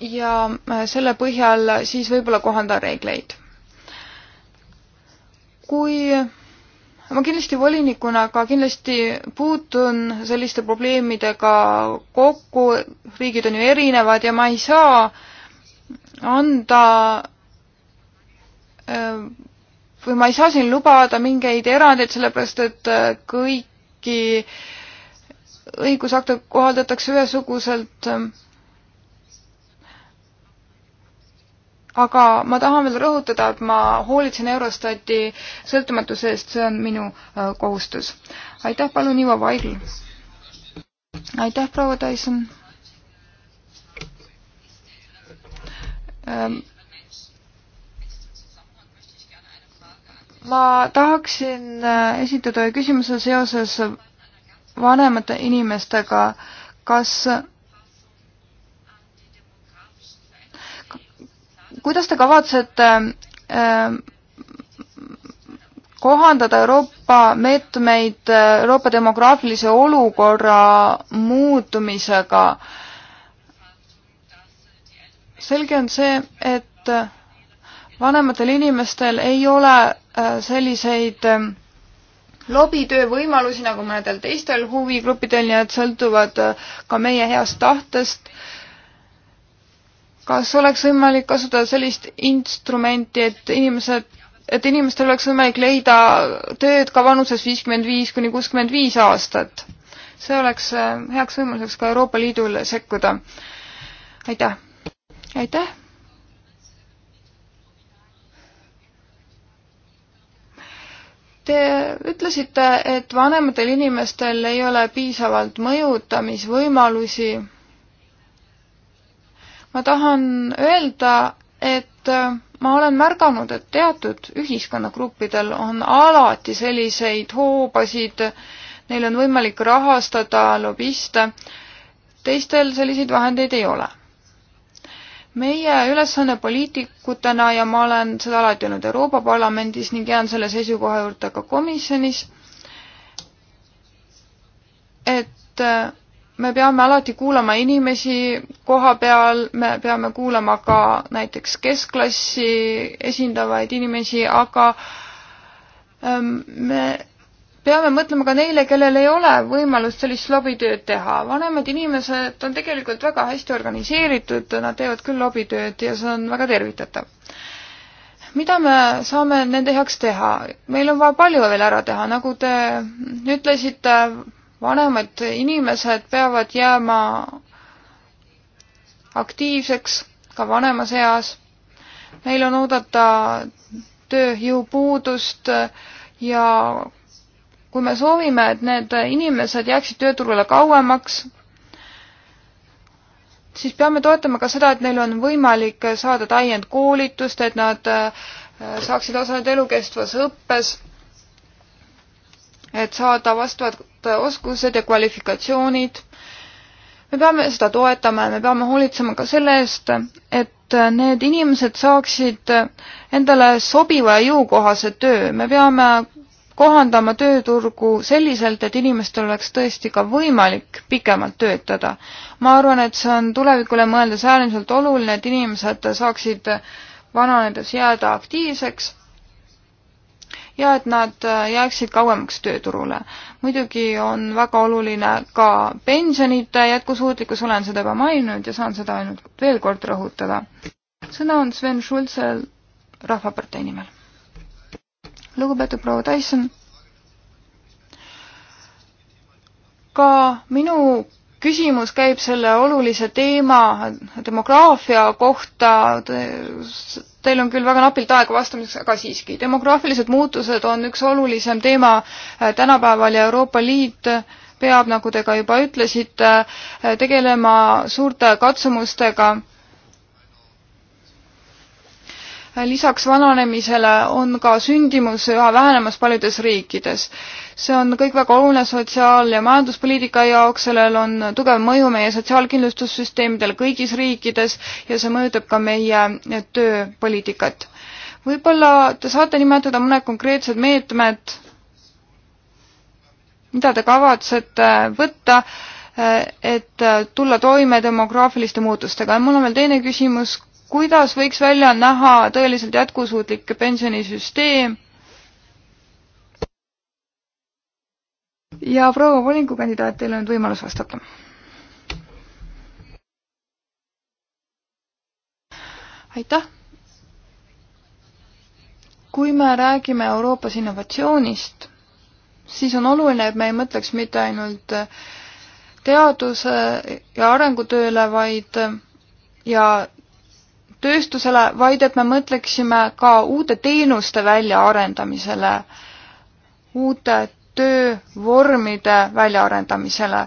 ja äh, selle põhjal siis võib-olla kohandada reegleid. kui ma kindlasti volinikuna ka kindlasti puutun selliste probleemidega kokku, riigid on ju erinevad ja ma ei saa äh, anda äh, või ma ei saa siin lubada mingeid erandeid, sellepärast et äh, kõiki õigusakte kohaldatakse ühesuguselt. Äh, aga ma tahan veel rõhutada, et ma hoolitsen Eurostati sõltumatuse eest, see on minu kohustus. aitäh, palun, Ivo Vaigl. aitäh, proua Tyson Ähm, ma tahaksin äh, esitada ühe küsimuse seoses vanemate inimestega. kas, kuidas te kavatsete ähm, kohandada Euroopa meetmeid äh, Euroopa demograafilise olukorra muutumisega äh, selge on see, et äh, vanematel inimestel ei ole äh, selliseid äh, lobitöö võimalusi nagu mõnedel teistel huvigruppidel, nii et sõltuvad ka meie heast tahtest. kas oleks võimalik kasutada sellist instrumenti, et inimesed, et inimestel oleks võimalik leida tööd ka vanuses viiskümmend viis kuni kuuskümmend viis aastat? see oleks heaks võimaluseks ka Euroopa Liidul sekkuda. aitäh! aitäh. Te ütlesite, et vanematel inimestel ei ole piisavalt mõjutamisvõimalusi. ma tahan öelda, et ma olen märganud, et teatud ühiskonnagruppidel on alati selliseid hoobasid, neil on võimalik rahastada lobiste, teistel selliseid vahendeid ei ole meie ülesanne poliitikutena ja ma olen seda alati olnud Euroopa Parlamendis ning jään selle seisukoha juurde ka komisjonis, et äh, me peame alati kuulama inimesi koha peal, me peame kuulama ka näiteks keskklassi esindavaid inimesi, aga ähm, me peame mõtlema ka neile, kellel ei ole võimalust sellist lobitööd teha. vanemad inimesed on tegelikult väga hästi organiseeritud, nad teevad küll lobitööd ja see on väga tervitatav. mida me saame nende heaks teha? meil on vaja palju veel ära teha, nagu te ütlesite, vanemad inimesed peavad jääma aktiivseks ka vanemas eas. meil on oodata tööjõupuudust ja kui me soovime, et need inimesed jääksid tööturule kauemaks, siis peame toetama ka seda, et neil on võimalik saada täiendkoolitust, et nad äh, saaksid osaleda elukestvas õppes, et saada vastavad äh, oskused ja kvalifikatsioonid. me peame seda toetama ja me peame hoolitsema ka selle eest, et äh, need inimesed saaksid endale sobiva ja jõukohase töö. me peame kohandama tööturgu selliselt, et inimestel oleks tõesti ka võimalik pikemalt töötada. ma arvan, et see on tulevikule mõeldes äärmiselt oluline, et inimesed saaksid vananedes jääda aktiivseks ja et nad jääksid kauemaks tööturule. muidugi on väga oluline ka pensionite jätkusuutlikkus, olen seda juba maininud ja saan seda ainult veel kord rõhutada. sõna on Sven Schulzel Rahvapartei nimel lugupeetud proua Tyson. ka minu küsimus käib selle olulise teema demograafia kohta. Teil on küll väga napilt aega vastamiseks, aga siiski. demograafilised muutused on üks olulisem teema äh, tänapäeval ja Euroopa Liit peab, nagu te ka juba ütlesite, äh, tegelema suurte katsumustega lisaks vananemisele on ka sündimus üha vähenemas paljudes riikides. see on kõik väga oluline sotsiaal- ja majanduspoliitika jaoks, sellel on tugev mõju meie sotsiaalkindlustussüsteemidele kõigis riikides ja see mõjutab ka meie tööpoliitikat. võib-olla te saate nimetada mõned konkreetsed meetmed, mida te kavatsete võtta, et tulla toime demograafiliste muutustega ja mul on veel teine küsimus kuidas võiks välja näha tõeliselt jätkusuutlik pensionisüsteem? ja proua volinikukandidaat, teil on nüüd võimalus vastata. aitäh. kui me räägime Euroopas innovatsioonist, siis on oluline, et me ei mõtleks mitte ainult teaduse ja arengutööle, vaid ja tööstusele, vaid et me mõtleksime ka uute teenuste väljaarendamisele, uute töövormide väljaarendamisele,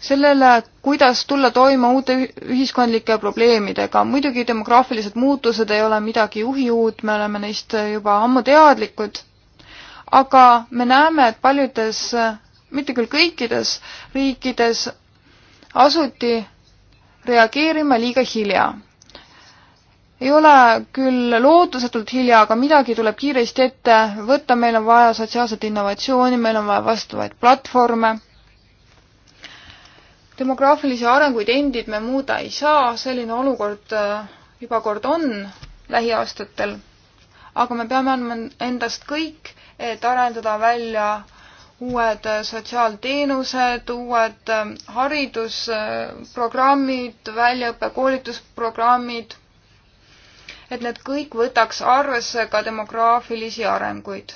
sellele, kuidas tulla toime uute ühiskondlike probleemidega. muidugi demograafilised muutused ei ole midagi uhiuut, me oleme neist juba ammu teadlikud, aga me näeme, et paljudes, mitte küll kõikides riikides asuti reageerima liiga hilja ei ole küll lootusetult hilja, aga midagi tuleb kiiresti ette võtta, meil on vaja sotsiaalset innovatsiooni, meil on vaja vastavaid platvorme. demograafilisi arenguid endid me muuda ei saa, selline olukord äh, juba kord on lähiaastatel, aga me peame andma endast kõik, et arendada välja uued äh, sotsiaalteenused, uued äh, haridusprogrammid, väljaõppe koolitusprogrammid et need kõik võtaks arvesse ka demograafilisi arenguid.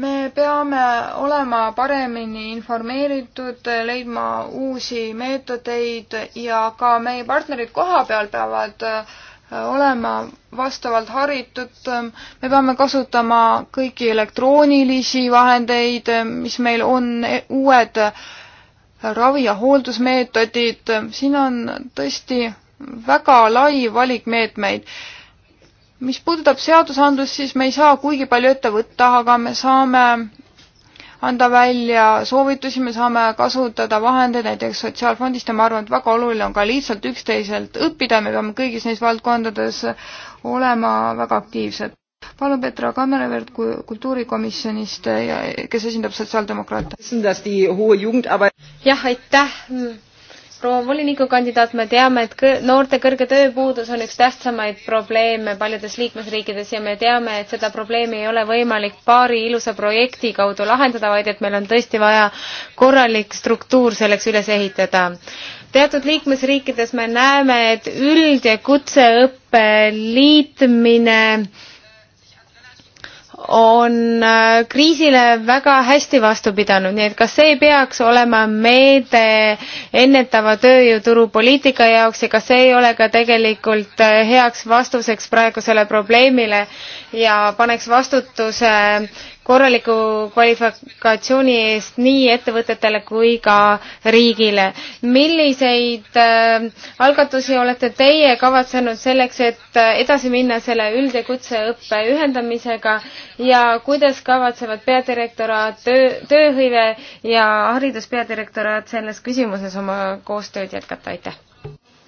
me peame olema paremini informeeritud, leidma uusi meetodeid ja ka meie partnerid kohapeal peavad äh, olema vastavalt haritud, me peame kasutama kõiki elektroonilisi vahendeid, mis meil on, e, uued ravi- ja hooldusmeetodid, siin on tõesti väga lai valik meetmeid. mis puudutab seadusandlust, siis me ei saa kuigi palju ette võtta, aga me saame anda välja soovitusi, me saame kasutada vahendeid näiteks Sotsiaalfondist ja ma arvan, et väga oluline on ka lihtsalt üksteiselt õppida, me peame kõigis neis valdkondades olema väga aktiivsed palun Petra Kammerevert kultuurikomisjonist eh, ja kes esindab sotsiaaldemokraate. jah, aitäh proua volinikukandidaat, me teame, et kõ noorte kõrge tööpuudus on üks tähtsamaid probleeme paljudes liikmesriikides ja me teame, et seda probleemi ei ole võimalik paari ilusa projekti kaudu lahendada, vaid et meil on tõesti vaja korralik struktuur selleks üles ehitada. teatud liikmesriikides me näeme, et üld- ja kutseõppe liitmine äh, on äh, kriisile väga hästi vastu pidanud, nii et kas see ei peaks olema meede ennetava tööjõuturu poliitika jaoks ja kas see ei ole ka tegelikult äh, heaks vastuseks praegusele probleemile ja paneks vastutuse korraliku kvalifikatsiooni eest nii ettevõtetele kui ka riigile. milliseid äh, algatusi olete teie kavatsenud selleks, et äh, edasi minna selle üld- ja kutseõppe ühendamisega ja kuidas kavatsevad peadirektoraat, töö, tööhõive ja hariduspeadirektoraat selles küsimuses oma koostööd jätkata, aitäh!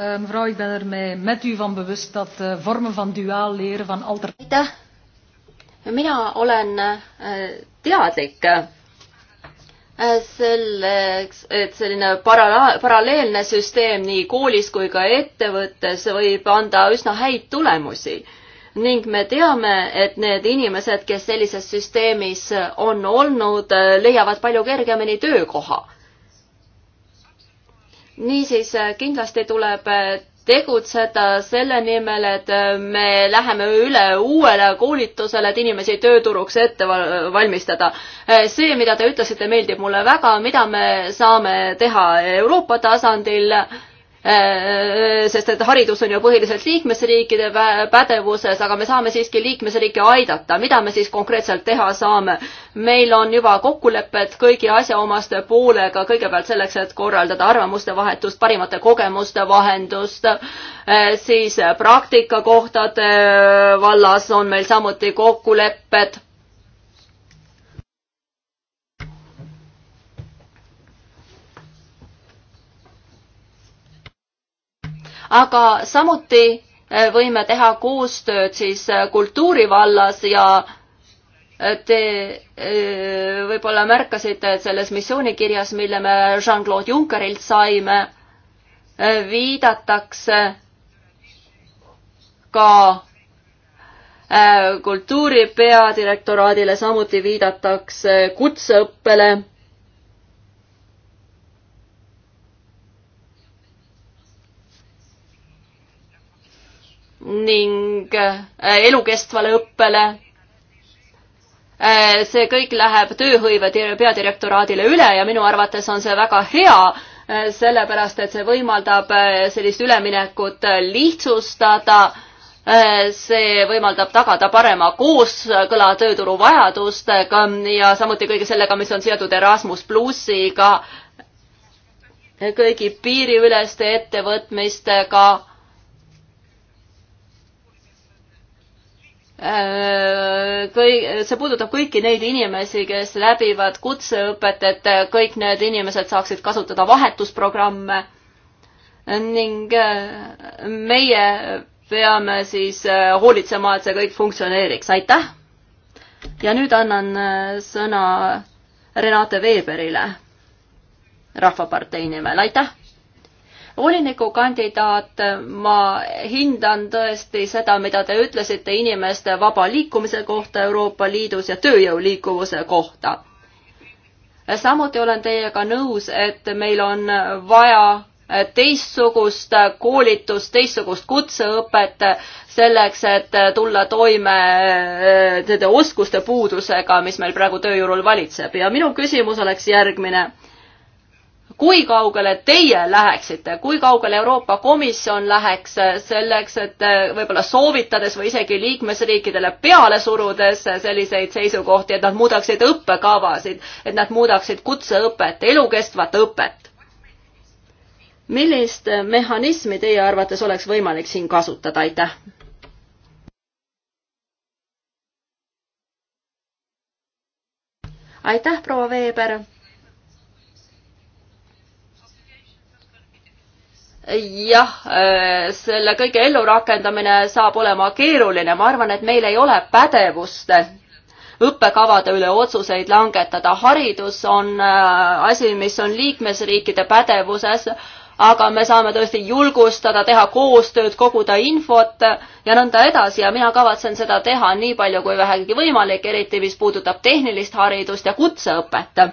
Äh, mevrouw, ik ben er met u van bewust dat äh, vormen van duaal leren van alter- aitäh! mina olen äh, teadlik äh, selleks, et selline para-, paralleelne süsteem nii koolis kui ka ettevõttes võib anda üsna häid tulemusi. ning me teame, et need inimesed, kes sellises süsteemis on olnud, äh, leiavad palju kergemini töökoha. niisiis kindlasti tuleb tegutseda selle nimel, et äh, me läheme üle uuele koolitusele, et inimesi tööturuks ette valmistada. Äh, see, mida te ütlesite, meeldib mulle väga, mida me saame teha Euroopa tasandil Äh, äh, sest et haridus on ju põhiliselt liikmesriikide pädevuses, aga me saame siiski liikmesriike aidata. mida me siis konkreetselt teha saame? meil on juba kokkulepped kõigi asjaomaste poolega, kõigepealt selleks, et korraldada arvamuste vahetust, parimate kogemuste vahendust, äh, siis praktikakohtade vallas on meil samuti kokkulepped aga samuti eh, võime teha koostööd siis eh, kultuuri vallas ja eh, te võib-olla märkasite, et selles missioonikirjas, mille me Jean-Claude Junckerilt saime, viidatakse ka kultuuri peadirektoraadile, samuti viidatakse kutseõppele ning äh, elukestvale õppele. Äh, see kõik läheb tööhõive peadirektoraadile üle ja minu arvates on see väga hea, äh, sellepärast et see võimaldab sellist üleminekut lihtsustada see võimaldab tagada parema kooskõla tööturu vajadustega ja samuti kõige sellega, mis on seotud Erasmus plussiga, kõigi piiriüleste ettevõtmistega, Äh, kõik, see puudutab kõiki neid inimesi, kes läbivad kutseõpet, et kõik need inimesed saaksid kasutada vahetusprogramme ning äh, meie peame siis äh, hoolitsema, et see kõik funktsioneeriks, aitäh! ja nüüd annan sõna Renate Veeberile Rahvapartei nimel, aitäh! volinikukandidaat, ma hindan tõesti seda, mida te ütlesite inimeste vaba liikumise kohta Euroopa Liidus ja tööjõu liikuvuse kohta. samuti olen teiega nõus, et meil on vaja teistsugust koolitust, teistsugust kutseõpet selleks, et tulla toime äh, nende oskuste puudusega, mis meil praegu tööjõul valitseb ja minu küsimus oleks järgmine kui kaugele teie läheksite, kui kaugele Euroopa Komisjon läheks eh, selleks, et eh, võib-olla soovitades või isegi liikmesriikidele peale surudes selliseid seisukohti, et nad muudaksid õppekavasid, et nad muudaksid kutseõpet, elukestvat õpet? millist mehhanismi teie arvates oleks võimalik siin kasutada, aitäh? aitäh, proua Veeber jah, äh, selle kõige ellurakendamine saab olema keeruline, ma arvan, et meil ei ole pädevust õppekavade üle otsuseid langetada, haridus on äh, asi, mis on liikmesriikide pädevuses, aga me saame tõesti julgustada, teha koostööd, koguda infot ja nõnda edasi ja mina kavatsen seda teha nii palju kui vähegi võimalik, eriti mis puudutab tehnilist haridust ja kutseõpet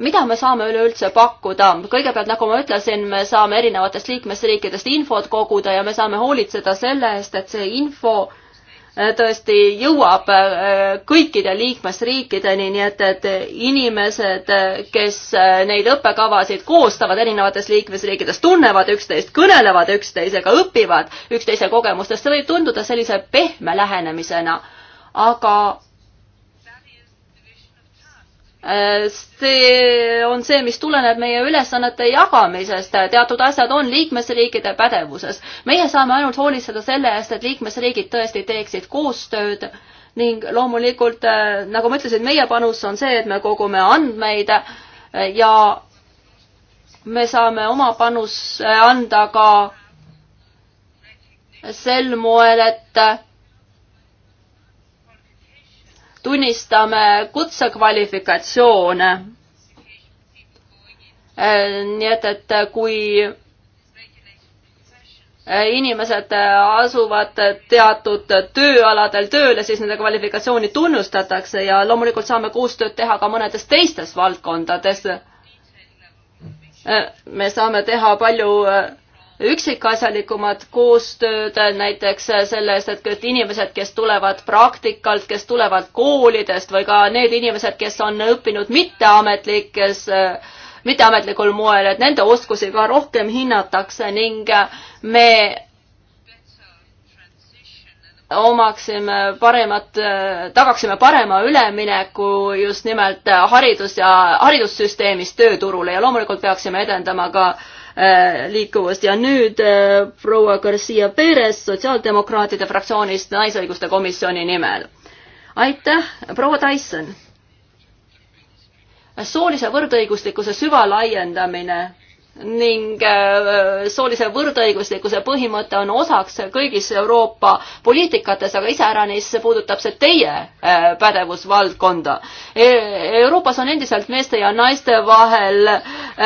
mida me saame üleüldse pakkuda? kõigepealt, nagu ma ütlesin, me saame erinevatest liikmesriikidest infot koguda ja me saame hoolitseda selle eest, et see info äh, tõesti jõuab äh, kõikide liikmesriikideni, nii et, et inimesed, äh, kes neid õppekavasid koostavad erinevates liikmesriikides, tunnevad üksteist, kõnelevad üksteisega, õpivad üksteise kogemustest, see võib tunduda sellise pehme lähenemisena, aga Äh, see on see, mis tuleneb meie ülesannete jagamisest, teatud asjad on liikmesriikide pädevuses. meie saame ainult hoolitseda selle eest, et liikmesriigid tõesti teeksid koostööd ning loomulikult, äh, nagu ma ütlesin, meie panus on see, et me kogume andmeid äh, ja me saame oma panuse anda ka sel moel, et tunnistame kutsekvalifikatsioone. nii et, et kui inimesed asuvad teatud tööaladel tööle, siis nende kvalifikatsiooni tunnustatakse ja loomulikult saame koostööd teha ka mõnedes teistes valdkondades. me saame teha palju üksikasjalikumat koostööd, näiteks sellest, et, et inimesed, kes tulevad praktikalt, kes tulevad koolidest või ka need inimesed, kes on õppinud mitteametlikes mitteametlikul moel, et nende oskusi ka rohkem hinnatakse ning me omaksime paremat, tagaksime parema ülemineku just nimelt haridus ja haridussüsteemist tööturule ja loomulikult peaksime edendama ka äh, Äh, liikuvust ja nüüd äh, proua Garcia Perez Sotsiaaldemokraatide fraktsioonist Naisõiguste Komisjoni nimel. aitäh, proua Tyson. soolise võrdõiguslikkuse süvalaiendamine ning äh, soolise võrdõiguslikkuse põhimõte on osaks kõigis Euroopa poliitikates, aga iseäranis puudutab see teie äh, pädevusvaldkonda. E, Euroopas on endiselt meeste ja naiste vahel äh,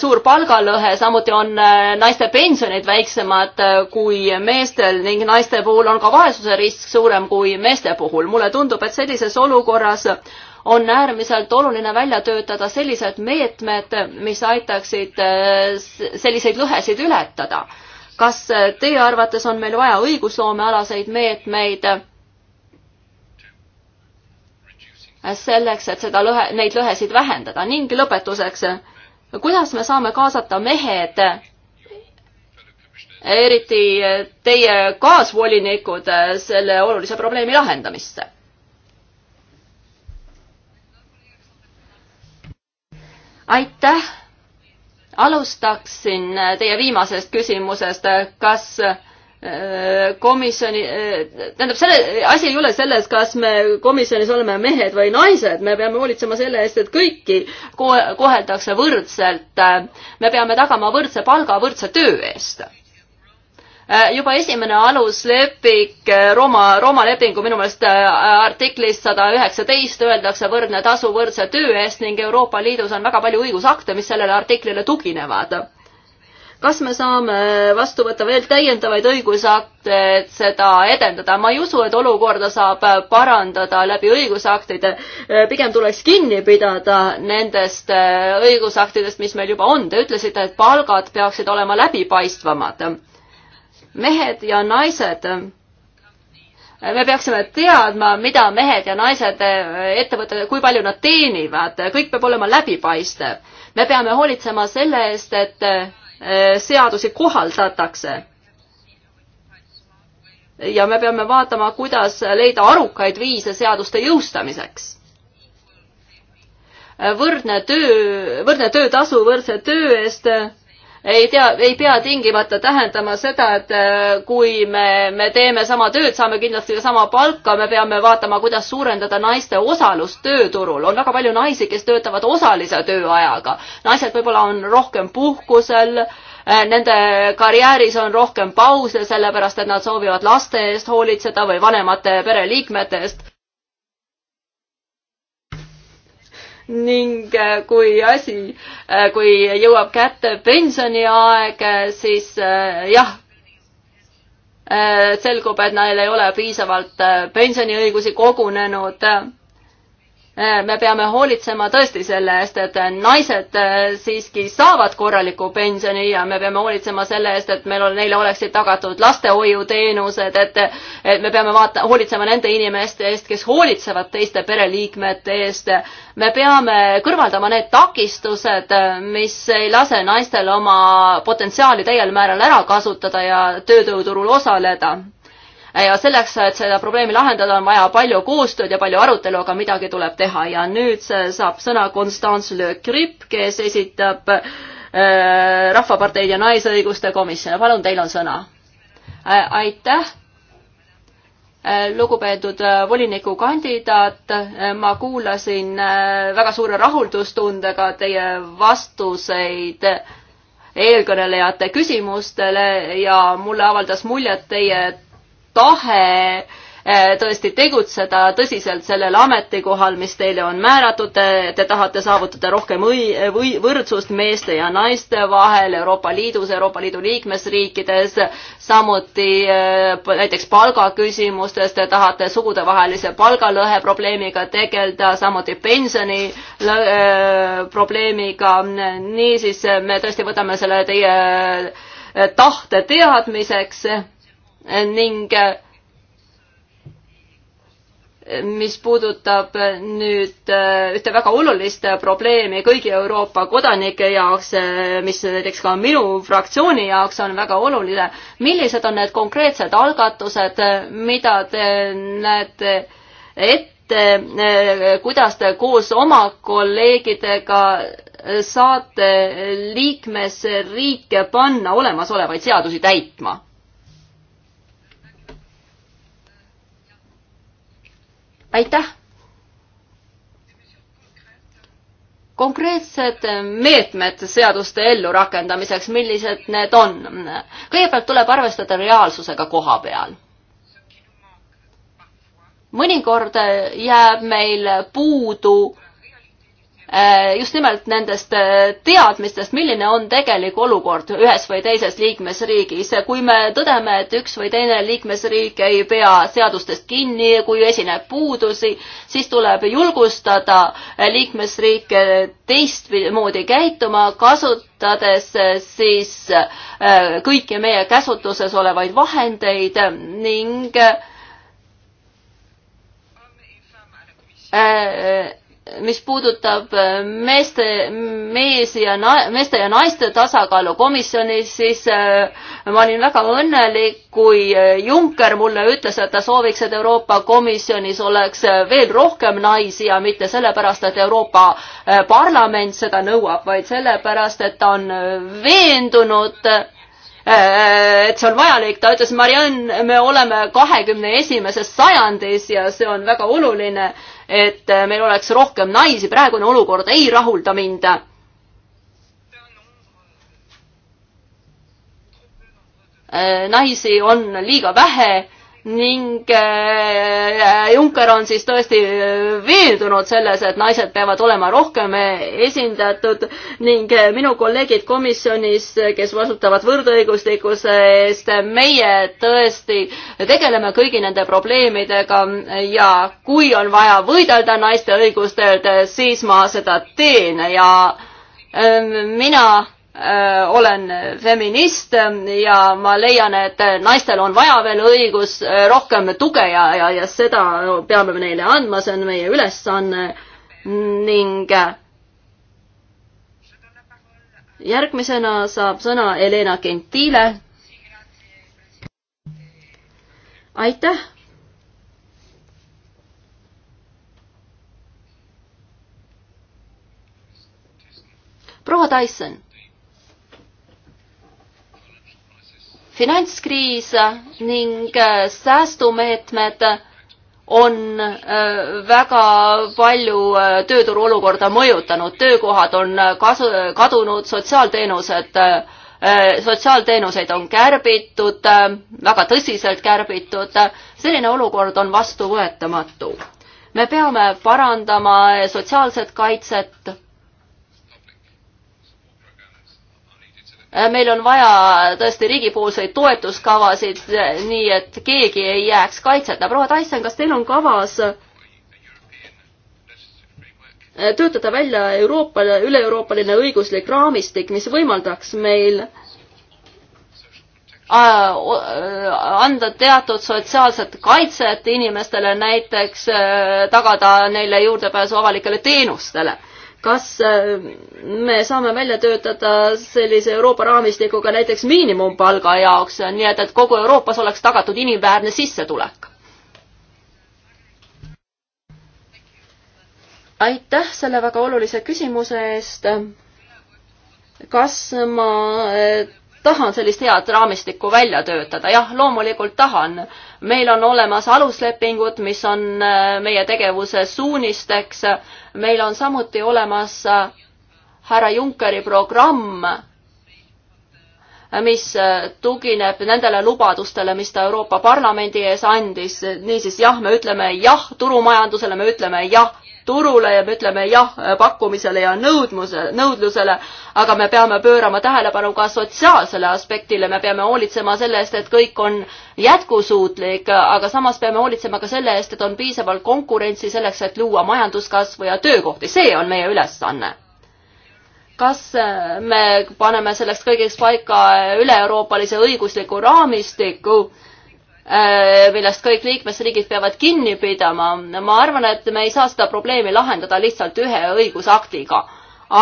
suur palgalõhe, samuti on naiste pensionid väiksemad kui meestel ning naiste puhul on ka vaesuse risk suurem kui meeste puhul. mulle tundub, et sellises olukorras on äärmiselt oluline välja töötada sellised meetmed, mis aitaksid äh, selliseid lõhesid ületada. kas äh, teie arvates on meil vaja õigusloomealaseid meetmeid äh, selleks, et seda lõhe, neid lõhesid vähendada ning lõpetuseks, kuidas me saame kaasata mehed eriti teie kaasvolinikud selle olulise probleemi lahendamisse? aitäh. alustaksin äh, teie viimasest küsimusest, kas äh, komisjoni, äh, tähendab, selle, asi ei ole selles, kas me komisjonis oleme mehed või naised, me peame hoolitsema selle eest, et kõiki ko koheldakse võrdselt. me peame tagama võrdse palga võrdse töö eest Äh, juba esimene alusleping, äh, Rooma, Rooma lepingu minu meelest äh, artiklis sada üheksateist öeldakse võrdne tasu võrdse töö eest ning Euroopa Liidus on väga palju õigusakte, mis sellele artiklile tuginevad. kas me saame vastu võtta veel täiendavaid õigusakte, et seda edendada? ma ei usu, et olukorda saab parandada läbi õigusaktide. pigem tuleks kinni pidada nendest õigusaktidest, mis meil juba on. Te ütlesite, et palgad peaksid olema läbipaistvamad mehed ja naised me peaksime teadma, mida mehed ja naised eh, ettevõtted, kui palju nad teenivad, kõik peab olema läbipaistev. me peame hoolitsema selle eest, et eh, seadusi kohaldatakse. ja me peame vaatama, kuidas leida arukaid viise seaduste jõustamiseks. võrdne töö, võrdne töötasu võrdse töö eest ei tea, ei pea tingimata tähendama seda, et äh, kui me, me teeme sama tööd, saame kindlasti sama palka, me peame vaatama, kuidas suurendada naiste osalust tööturul. on väga palju naisi, kes töötavad osalise tööajaga. naised võib-olla on rohkem puhkusel, äh, nende karjääris on rohkem pause, sellepärast et nad soovivad laste eest hoolitseda või vanemate pereliikmete eest ning äh, kui asi, äh, kui jõuab kätte pensioniaeg, äh, siis jah, selgub, et neil ei ole piisavalt pensioniõigusi kogunenud me peame hoolitsema tõesti selle eest, et naised äh, siiski saavad korraliku pensioni ja me peame hoolitsema selle eest, et meil on, neile oleksid tagatud lastehoiuteenused, et et me peame vaata-, hoolitsema nende inimeste eest, kes hoolitsevad teiste pereliikmete eest. me peame kõrvaldama need takistused, mis ei lase naistel oma potentsiaali täiel määral ära kasutada ja tööturul osaleda ja selleks, et seda probleemi lahendada, on vaja palju koostööd ja palju arutelu, aga midagi tuleb teha ja nüüd saab sõna Constance Le Grip, kes esitab äh, Rahvaparteid ja Naisõiguste Komisjoni. palun, teil on sõna. Äh, aitäh äh, lugupeetud volinikukandidaat, ma kuulasin väga suure rahuldustundega teie vastuseid eelkõnelejate küsimustele ja mulle avaldas muljet teie tahe eh, tõesti tegutseda tõsiselt sellel ametikohal, mis teile on määratud, te tahate saavutada rohkem või, või võrdsust meeste ja naiste vahel Euroopa Liidus, Euroopa Liidu liikmesriikides, samuti eh, näiteks palgaküsimustes, te tahate sugudevahelise palgalõhe probleemiga tegeleda, samuti pensioni eh, probleemiga, niisiis me tõesti võtame selle teie tahte teadmiseks ning eh, mis puudutab nüüd eh, ühte väga olulist probleemi kõigi Euroopa kodanike jaoks, eh, mis näiteks ka minu fraktsiooni jaoks on väga oluline. millised on need konkreetsed algatused, mida te näete ette, kuidas te koos oma kolleegidega saate liikmesriike panna olemasolevaid seadusi täitma? aitäh! konkreetsed meetmed seaduste ellurakendamiseks, millised need on? kõigepealt tuleb arvestada reaalsusega koha peal. mõnikord jääb meil puudu Äh, just nimelt nendest äh, teadmistest, milline on tegelik olukord ühes või teises liikmesriigis. kui me tõdeme, et üks või teine liikmesriik ei pea seadustest kinni, kui esineb puudusi, siis tuleb julgustada äh, liikmesriike teistmoodi käituma, kasutades siis kõiki meie käsutuses olevaid vahendeid ning äh, mis puudutab äh, meeste, meesi ja na-, meeste ja naiste tasakaalu komisjonis, siis äh, ma olin väga õnnelik, kui äh, Juncker mulle ütles, et ta sooviks, et Euroopa Komisjonis oleks veel rohkem naisi ja mitte sellepärast, et Euroopa Parlament seda nõuab, vaid sellepärast, et ta on veendunud, Äh, et see on vajalik, ta ütles, Marianne, me oleme kahekümne esimeses sajandis ja see on väga oluline, et äh, meil oleks rohkem naisi, praegune olukord ei rahulda mind. Äh, naisi on liiga vähe ning äh, äh, Juncker on siis tõesti äh, veendunud selles, et naised peavad olema rohkem esindatud ning minu kolleegid komisjonis, kes vastutavad võrdõiguslikkuse eest, meie tõesti tegeleme kõigi nende probleemidega ja kui on vaja võidelda naiste õigustelt, siis ma seda teen ja mina Äh, olen feminist ja ma leian, et naistel on vaja veel õigus äh, rohkem tuge ja, ja, ja seda peame neile andma, see on meie ülesanne ning äh, järgmisena saab sõna Helena Gentile. aitäh proua Tyson. finantskriis ning äh, säästumeetmed on äh, väga palju äh, tööturu olukorda mõjutanud, töökohad on kasu, kadunud, sotsiaalteenused, sotsiaalteenuseid on kärbitud, väga tõsiselt kärbitud. selline olukord on vastuvõetamatu. me peame parandama sotsiaalset kaitset Äh, meil on vaja tõesti riigipoolseid toetuskavasid, nii et keegi ei jääks kaitseta. proua Tyson, kas teil on kavas äh, töötada välja Euroopa, üle-euroopaline õiguslik raamistik, mis võimaldaks meil äh, anda teatud sotsiaalset kaitset inimestele, näiteks tagada neile juurdepääsu avalikele teenustele kas äh, me saame välja töötada sellise Euroopa raamistikuga näiteks miinimumpalga jaoks, nii et, et kogu Euroopas oleks tagatud inimväärne sissetulek? aitäh selle väga olulise küsimuse eest. kas ma äh, tahan sellist head raamistikku välja töötada? jah, loomulikult tahan meil on olemas aluslepingud, mis on äh, meie tegevuse suunisteks, meil on samuti olemas äh, härra Junckeri programm, äh, mis tugineb nendele lubadustele, mis ta Euroopa Parlamendi ees andis. niisiis jah, me ütleme jah turumajandusele, me ütleme jah turule ja me ütleme jah pakkumisele ja nõudmuse, nõudlusele, aga me peame pöörama tähelepanu ka sotsiaalsele aspektile, me peame hoolitsema selle eest, et kõik on jätkusuutlik, aga samas peame hoolitsema ka selle eest, et on piisavalt konkurentsi selleks, et luua majanduskasvu ja töökohti, see on meie ülesanne kas me paneme selleks kõigeks paika üle-euroopalise õigusliku raamistiku äh, Äh, millest kõik liikmesriigid peavad kinni pidama. ma arvan, et me ei saa seda probleemi lahendada lihtsalt ühe õigusaktiga.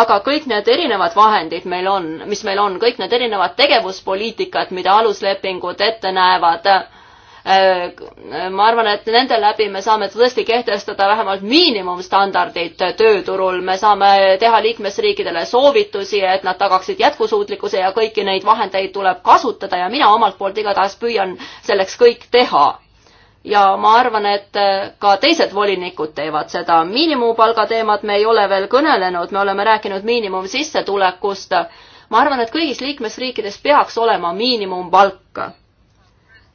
aga kõik need erinevad vahendid meil on, mis meil on, kõik need erinevad tegevuspoliitikad, mida aluslepingud ette näevad Äh, ma arvan, et nende läbi me saame tõesti kehtestada vähemalt miinimumstandardid tööturul, me saame teha liikmesriikidele soovitusi, et nad tagaksid jätkusuutlikkuse ja kõiki neid vahendeid tuleb kasutada ja mina omalt poolt igatahes püüan selleks kõik teha ja ma arvan, et äh, ka teised volinikud teevad seda. miinimumpalga teemat me ei ole veel kõnelenud, me oleme rääkinud miinimumsissetulekust. ma arvan, et kõigis liikmesriikides peaks olema miinimumpalk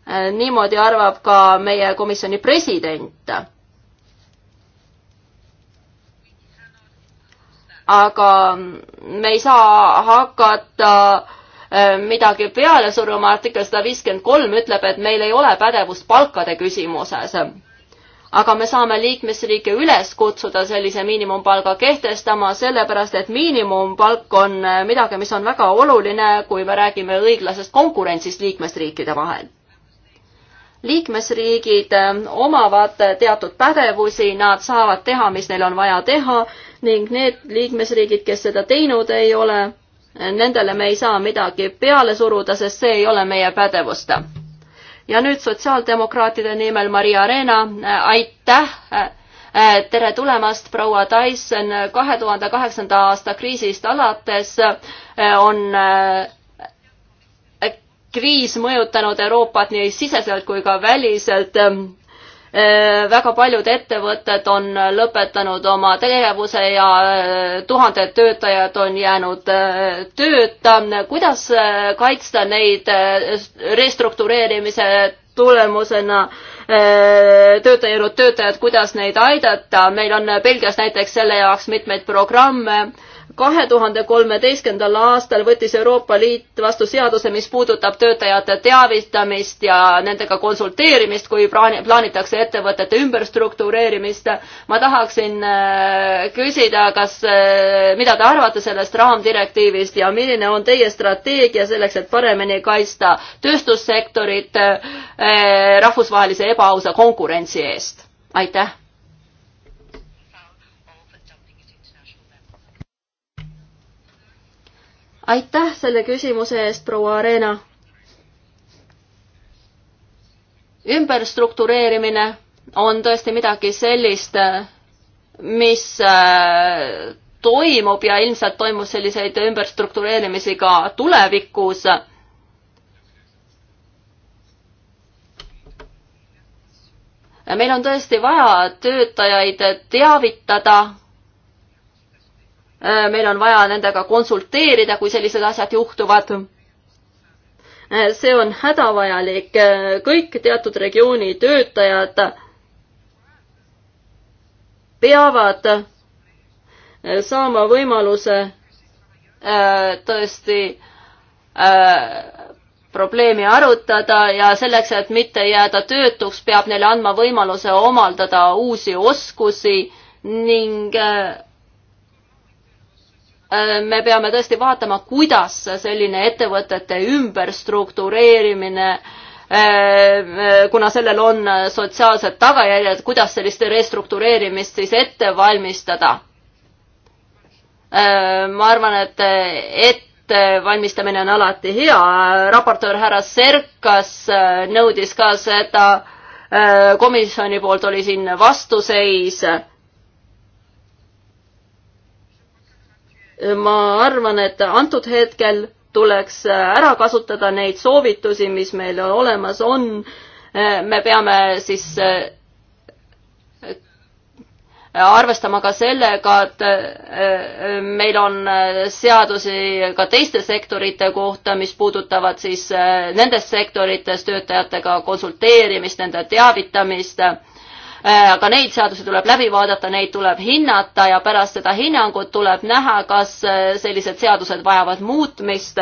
Äh, niimoodi arvab ka meie komisjoni president. aga me ei saa hakata äh, midagi peale suruma, artikkel sada viiskümmend kolm ütleb, et meil ei ole pädevust palkade küsimuses. aga me saame liikmesriike üles kutsuda sellise miinimumpalga kehtestama, sellepärast et miinimumpalk on äh, midagi, mis on väga oluline, kui me räägime õiglasest konkurentsist liikmesriikide vahel liikmesriigid ähm, omavad teatud pädevusi, nad saavad teha, mis neil on vaja teha ning need liikmesriigid, kes seda teinud ei ole, nendele me ei saa midagi peale suruda, sest see ei ole meie pädevust. ja nüüd sotsiaaldemokraatide nimel Maria Reena, äh, aitäh! Äh, tere tulemast, proua Tyson, kahe tuhande kaheksanda aasta kriisist alates äh, on kriis mõjutanud Euroopat nii siseselt kui ka väliselt. Ehm, ehm, väga paljud ettevõtted on lõpetanud oma tegevuse ja ehm, tuhanded töötajad on jäänud tööta. kuidas kaitsta neid restruktureerimise tulemusena tööta jäänud töötajad, kuidas neid aidata, meil on Belgias näiteks selle jaoks mitmeid programme kahe tuhande kolmeteistkümnendal aastal võttis Euroopa Liit vastu seaduse, mis puudutab töötajate teavitamist ja nendega konsulteerimist, kui plaanitakse ettevõtete ümberstruktureerimist. ma tahaksin äh, küsida, kas, äh, mida te arvate sellest raamdirektiivist ja milline on teie strateegia selleks, et paremini kaitsta tööstussektorit äh, rahvusvahelise ebaausa konkurentsi eest? aitäh aitäh selle küsimuse eest, proua Arena. ümberstruktureerimine on tõesti midagi sellist, mis äh, toimub ja ilmselt toimub selliseid ümberstruktureerimisi ka tulevikus. meil on tõesti vaja töötajaid teavitada Äh, meil on vaja nendega konsulteerida, kui sellised asjad juhtuvad. Äh, see on hädavajalik, äh, kõik teatud regiooni töötajad peavad saama võimaluse tõesti probleemi arutada ja selleks, et mitte jääda töötuks, peab neile andma võimaluse omaldada uusi oskusi ning Äh, me peame tõesti vaatama, kuidas selline ettevõtete ümberstruktureerimine äh, äh, kuna sellel on sotsiaalsed tagajärjed, kuidas sellist restruktureerimist siis ette valmistada? ma arvan, et ettevalmistamine on alati hea, raportöör härra Serkas nõudis ka seda, komisjoni poolt oli siin vastuseis ma arvan, et antud hetkel tuleks äh, ära kasutada neid soovitusi, mis meil olemas on. Äh, me peame siis äh, arvestama ka sellega, et meil on seadusi ka teiste sektorite kohta, mis puudutavad siis nendes sektorites töötajatega konsulteerimist, nende teavitamist Äh, aga neid seadusi tuleb läbi vaadata, neid tuleb hinnata ja pärast seda hinnangut tuleb näha, kas äh, sellised seadused vajavad muutmist,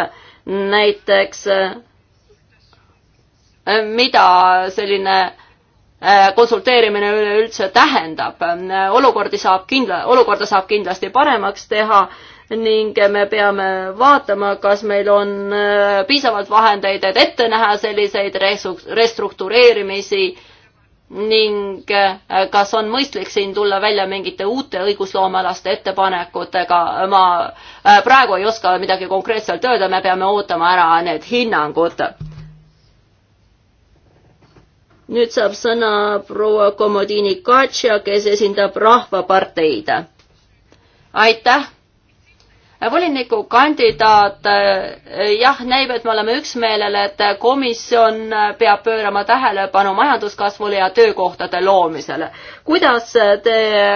näiteks äh, mida selline konsulteerimine üleüldse tähendab. olukordi saab kindla, olukorda saab kindlasti paremaks teha ning me peame vaatama, kas meil on piisavalt vahendeid, et ette näha selliseid restruktureerimisi ning äh, kas on mõistlik siin tulla välja mingite uute õigusloomealaste ettepanekutega, ma äh, praegu ei oska midagi konkreetselt öelda, me peame ootama ära need hinnangud. nüüd saab sõna proua Komodini Katša, kes esindab Rahvaparteid. aitäh volinikukandidaat, eh, jah, näib, et me oleme üksmeelel, et komisjon peab pöörama tähelepanu majanduskasvule ja töökohtade loomisele kuidas te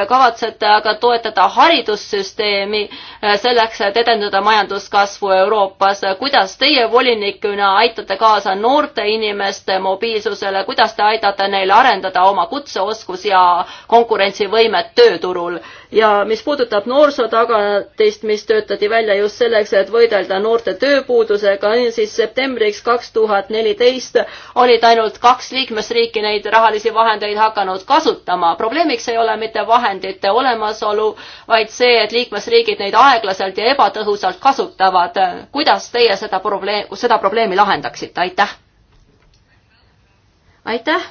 kavatsete aga toetada haridussüsteemi äh, selleks, et edendada majanduskasvu Euroopas, kuidas teie volinikuna aitate kaasa noorte inimeste mobiilsusele, kuidas te aitate neil arendada oma kutseoskus ja konkurentsivõimet tööturul? ja mis puudutab noorsootagatist, mis töötati välja just selleks, et võidelda noorte tööpuudusega, siis septembriks kaks tuhat neliteist olid ainult kaks liikmesriiki neid rahalisi vahendeid hakanud kasutama probleemiks ei ole mitte vahendite olemasolu, vaid see, et liikmesriigid neid aeglaselt ja ebatõhusalt kasutavad. kuidas teie seda probleem, seda probleemi lahendaksite, aitäh? aitäh!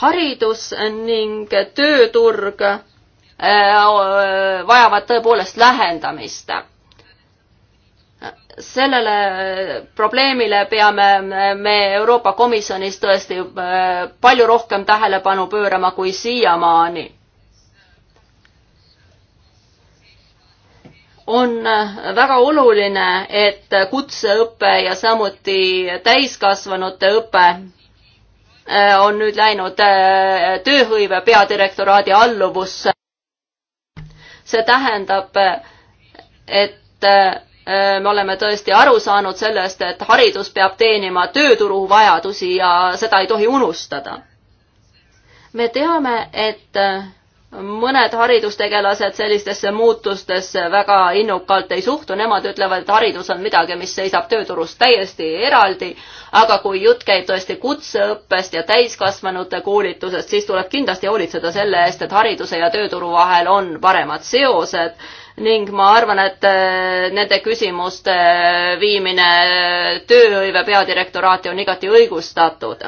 haridus ning tööturg äh, vajavad tõepoolest lähendamist sellele probleemile peame me Euroopa Komisjonis tõesti äh, palju rohkem tähelepanu pöörama kui siiamaani. on äh, väga oluline, et kutseõpe ja samuti täiskasvanute õpe äh, on nüüd läinud tööhõive peadirektoraadi alluvusse. see tähendab, et Äh, me oleme tõesti aru saanud sellest, et haridus peab teenima tööturu vajadusi ja seda ei tohi unustada. me teame, et äh, mõned haridustegelased sellistesse muutustesse väga innukalt ei suhtu, nemad ütlevad, et haridus on midagi, mis seisab tööturust täiesti eraldi, aga kui jutt käib tõesti kutseõppest ja täiskasvanute koolitusest, siis tuleb kindlasti hoolitseda selle eest, et hariduse ja tööturu vahel on paremad seosed ning ma arvan, et äh, nende küsimuste äh, viimine äh, tööhõive peadirektoraati on igati õigustatud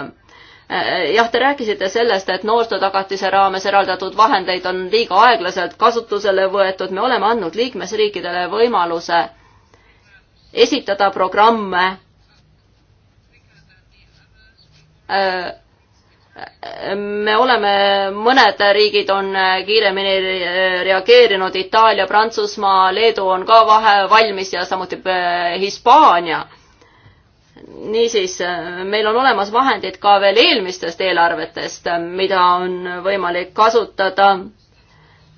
jah, te rääkisite sellest, et noorsootagatise raames eraldatud vahendeid on liiga aeglaselt kasutusele võetud, me oleme andnud liikmesriikidele võimaluse esitada programme äh, me oleme, mõned riigid on kiiremini reageerinud, Itaalia, Prantsusmaa, Leedu on ka vahe valmis ja samuti äh, Hispaania. niisiis, äh, meil on olemas vahendid ka veel eelmistest eelarvetest, äh, mida on võimalik kasutada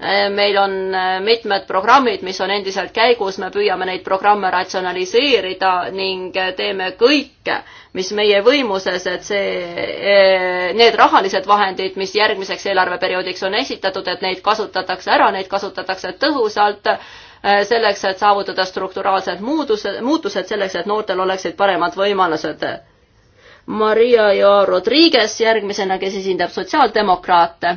Äh, meil on äh, mitmed programmid, mis on endiselt käigus, me püüame neid programme ratsionaliseerida ning äh, teeme kõike, mis meie võimuses, et see, need rahalised vahendid, mis järgmiseks eelarveperioodiks on esitatud, et neid kasutatakse ära, neid kasutatakse tõhusalt, selleks, et saavutada strukturaalsed muutused, muutused selleks, et noortel oleksid paremad võimalused. Maria Joa Rodriguez järgmisena, kes esindab sotsiaaldemokraate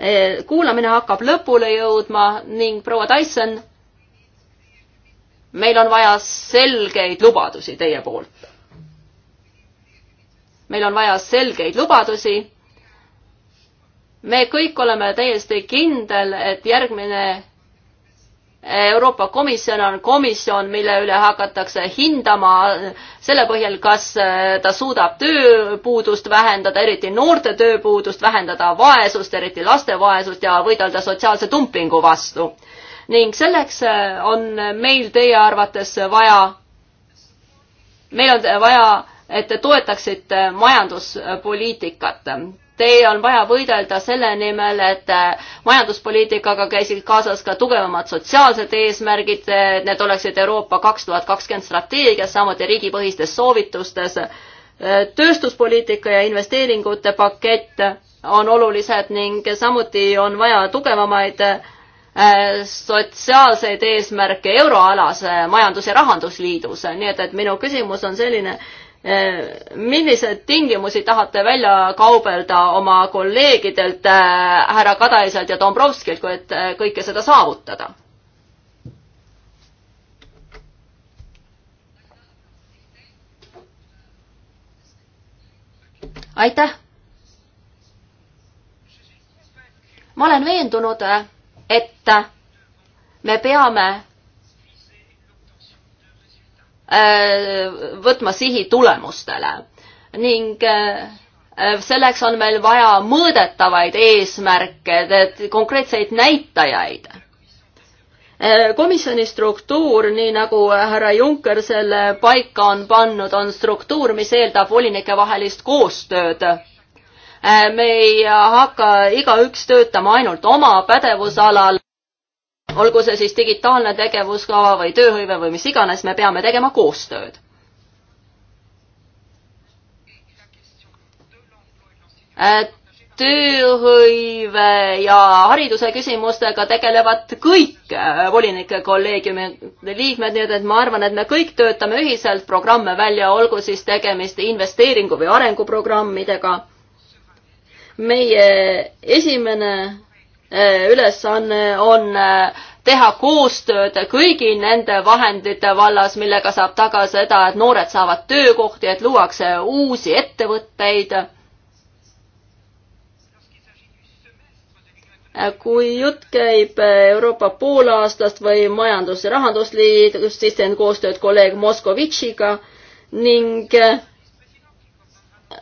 Eh, kuulamine hakkab lõpule jõudma ning proua Tyson, meil on vaja selgeid lubadusi teie poolt. meil on vaja selgeid lubadusi. me kõik oleme täiesti kindel, et järgmine Euroopa Komisjon on komisjon, mille üle hakatakse hindama selle põhjal, kas äh, ta suudab tööpuudust vähendada, eriti noorte tööpuudust, vähendada vaesust, eriti laste vaesust ja võidelda sotsiaalse dumpingu vastu. ning selleks äh, on meil teie arvates vaja, meil on vaja, et te toetaksite majanduspoliitikat tee, on vaja võidelda selle nimel, et äh, majanduspoliitikaga käisid kaasas ka tugevamad sotsiaalsed eesmärgid, need oleksid Euroopa kaks tuhat kakskümmend strateegias, samuti riigipõhistes soovitustes. Äh, tööstuspoliitika ja investeeringute pakett on olulised ning samuti on vaja tugevamaid äh, sotsiaalseid eesmärke euroalas majandus- ja rahandusliidus, nii et, et minu küsimus on selline, Eh, milliseid tingimusi tahate välja kaubelda oma kolleegidelt eh, härra Kadaiselt ja Dombrovskilt, et eh, kõike seda saavutada? aitäh! ma olen veendunud, et me peame Äh, võtma sihi tulemustele ning äh, selleks on meil vaja mõõdetavaid eesmärke, konkreetseid näitajaid. Äh, komisjoni struktuur, nii nagu härra Juncker selle paika on pannud, on struktuur, mis eeldab volinike vahelist koostööd me ei hakka igaüks töötama ainult oma pädevusalal, olgu see siis digitaalne tegevuskava või tööhõive või mis iganes, me peame tegema koostööd. Äh, tööhõive ja hariduse küsimustega tegelevad kõik äh, volinike kolleegiumi liikmed, nii et, et ma arvan, et me kõik töötame ühiselt programme välja, olgu siis tegemist investeeringu või arenguprogrammidega. meie esimene Äh, ülesanne on äh, teha koostööd kõigi nende vahendite vallas, millega saab taga seda, et noored saavad töökohti, et luuakse uusi ettevõtteid. Äh, kui jutt käib Euroopa poolaastast või Majandus- ja Rahandusliidust, siis teen koostööd kolleeg Moskovitšiga ning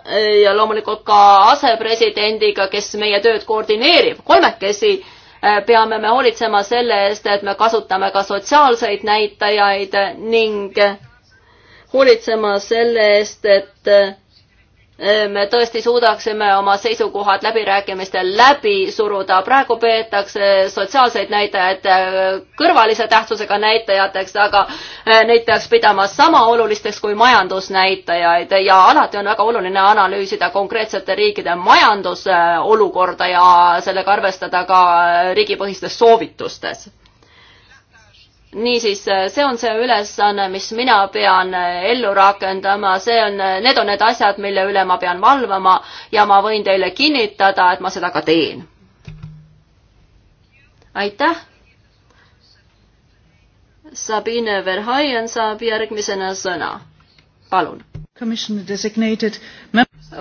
Äh, ja loomulikult ka asepresidendiga, kes meie tööd koordineerib, kolmekesi äh, peame me hoolitsema selle eest, et me kasutame ka sotsiaalseid näitajaid ning hoolitsema selle eest, et äh, Ehm, me tõesti suudaksime oma seisukohad läbirääkimistel läbi suruda. praegu peetakse sotsiaalseid näitajaid ehm, kõrvalise tähtsusega näitajateks, aga ehm, neid peaks pidama sama olulisteks kui majandusnäitajaid ja alati on väga oluline analüüsida konkreetsete riikide majandusolukorda ja sellega arvestada ka riigipõhistes soovitustes niisiis, äh, see on see ülesanne, mis mina pean äh, ellu rakendama, see on, äh, need on need asjad, mille üle ma pean valvama ja ma võin teile kinnitada, et ma seda ka teen. aitäh. Sabine Verhaien saab järgmisena sõna. palun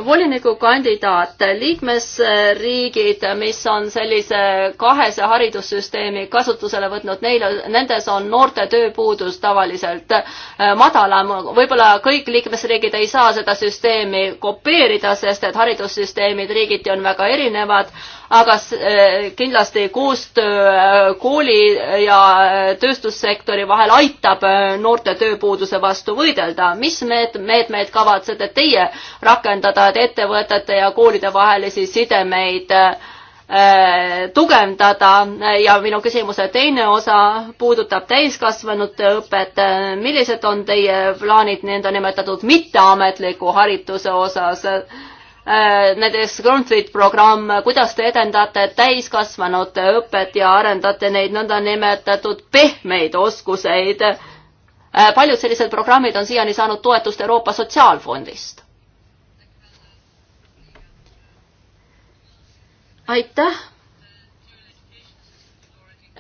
volinikukandidaat, liikmesriigid, mis on sellise kahese haridussüsteemi kasutusele võtnud, neil, nendes on noorte tööpuudus tavaliselt äh, madalam. võib-olla kõik liikmesriigid ei saa seda süsteemi kopeerida, sest et haridussüsteemid riigiti on väga erinevad, aga äh, kindlasti koostöö äh, kooli ja äh, tööstussektori vahel aitab noorte tööpuuduse vastu võidelda. mis meetmeid meet kavatsete teie rakendada, et ettevõtete ja koolide vahelisi sidemeid tugevdada ja minu küsimuse teine osa puudutab täiskasvanute õpet. millised on teie plaanid nõndanimetatud mitteametliku harituse osas? Äh, näiteks Grundtvig programm, kuidas te edendate täiskasvanute õpet ja arendate neid nõndanimetatud pehmeid oskuseid. Äh, paljud sellised programmid on siiani saanud toetust Euroopa Sotsiaalfondist. aitäh.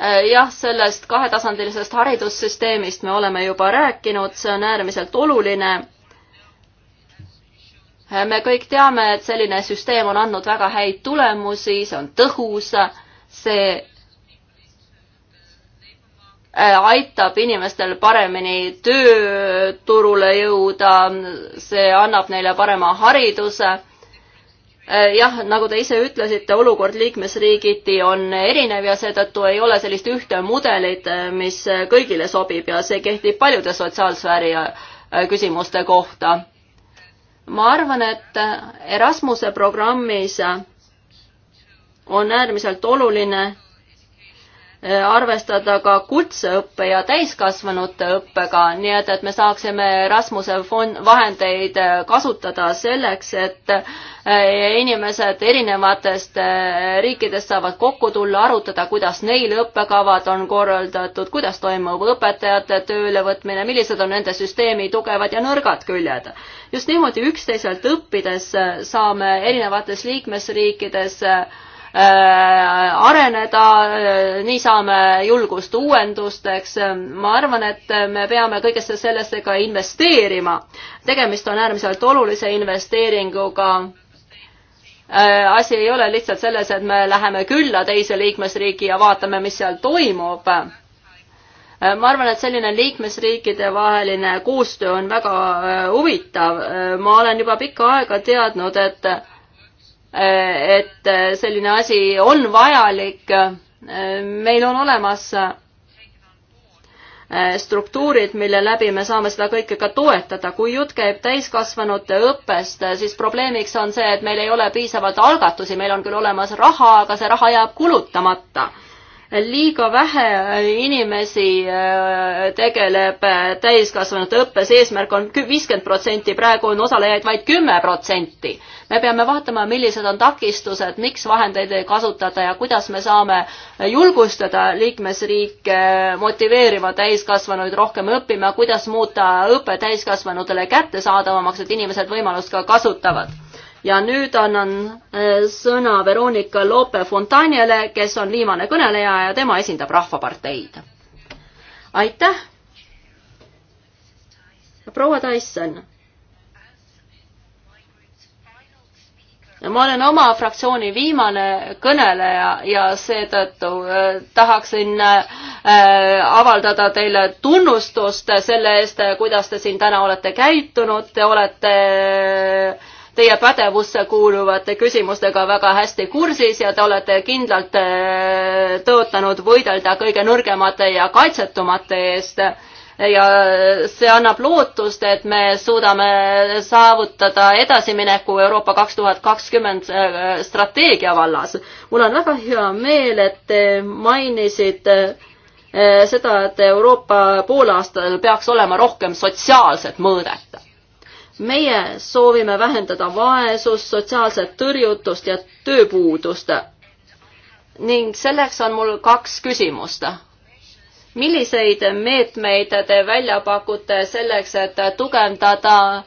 Äh, jah, sellest kahetasandilisest haridussüsteemist me oleme juba rääkinud, see on äärmiselt oluline me kõik teame, et selline süsteem on andnud väga häid tulemusi, see on tõhus, see äh, aitab inimestel paremini tööturule jõuda, see annab neile parema hariduse. Äh, jah, nagu te ise ütlesite, olukord liikmesriigiti on erinev ja seetõttu ei ole sellist ühte mudelit, äh, mis kõigile sobib ja see kehtib paljude sotsiaalsfääri küsimuste kohta ma arvan, et Erasmuse programmis on äärmiselt oluline Äh, arvestada ka kutseõppe ja täiskasvanute õppega, nii et, et me saaksime Rasmuse fond, vahendeid äh, kasutada selleks, et äh, inimesed erinevatest riikidest saavad kokku tulla, arutada, kuidas neil õppekavad on korraldatud, kuidas toimub õpetajate töölevõtmine, millised on nende süsteemi tugevad ja nõrgad küljed. just niimoodi üksteiselt õppides saame erinevates liikmesriikides Äh, areneda, äh, nii saame julgust uuendusteks. ma arvan, et me peame kõigesse sellesse ka investeerima. tegemist on äärmiselt olulise investeeringuga äh, asi ei ole lihtsalt selles, et me läheme külla teise liikmesriigi ja vaatame, mis seal toimub. ma arvan, et selline liikmesriikide vaheline koostöö on väga huvitav. ma olen juba pikka aega teadnud, et et äh, selline asi on vajalik. meil on olemas äh, struktuurid, mille läbi me saame seda kõike ka toetada. kui jutt käib täiskasvanute õppest, siis probleemiks on see, et meil ei ole piisavalt algatusi, meil on küll olemas raha, aga see raha jääb kulutamata liiga vähe inimesi äh, tegeleb äh, täiskasvanute õppes, eesmärk on viiskümmend protsenti, praegu on osalejaid vaid kümme protsenti. me peame vaatama, millised on takistused, miks vahendeid ei kasutata ja kuidas me saame julgustada liikmesriike motiveerima täiskasvanuid rohkem õppima, kuidas muuta õpe täiskasvanutele kättesaadavamaks, et inimesed võimalust ka kasutavad ja nüüd annan eh, sõna Veronika Lope-Fontanjele, kes on viimane kõneleja ja tema esindab Rahvaparteid. aitäh. proua Tyson. ma olen oma fraktsiooni viimane kõneleja ja seetõttu eh, tahaksin eh, avaldada teile tunnustust selle eest, kuidas te siin täna olete käitunud, te olete teie pädevusse kuuluvate küsimustega väga hästi kursis ja te olete kindlalt eh, tõotanud võidelda kõige nõrgemate ja kaitsetumate eest. ja see annab lootust, et me suudame saavutada edasimineku Euroopa kaks tuhat kakskümmend eh, strateegia vallas. mul on väga hea meel, et te mainisite eh, seda, et Euroopa poolaastal peaks olema rohkem sotsiaalset mõõdet meie soovime vähendada vaesust, sotsiaalset tõrjutust ja tööpuudust. ning selleks on mul kaks küsimust. milliseid meetmeid te välja pakute selleks, et tugevdada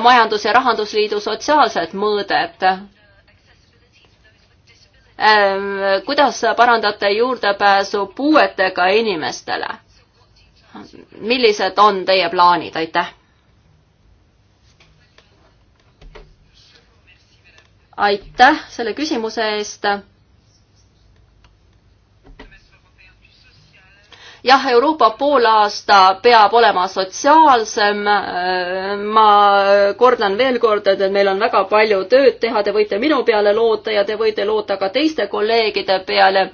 majandus- ja rahandusliidu sotsiaalset mõõdet? Ähm, kuidas parandate juurdepääsu puuetega inimestele? millised on teie plaanid, aitäh? aitäh selle küsimuse eest. jah, Euroopa poolaasta peab olema sotsiaalsem. ma kordan veel kord, et meil on väga palju tööd teha, te võite minu peale loota ja te võite loota ka teiste kolleegide peale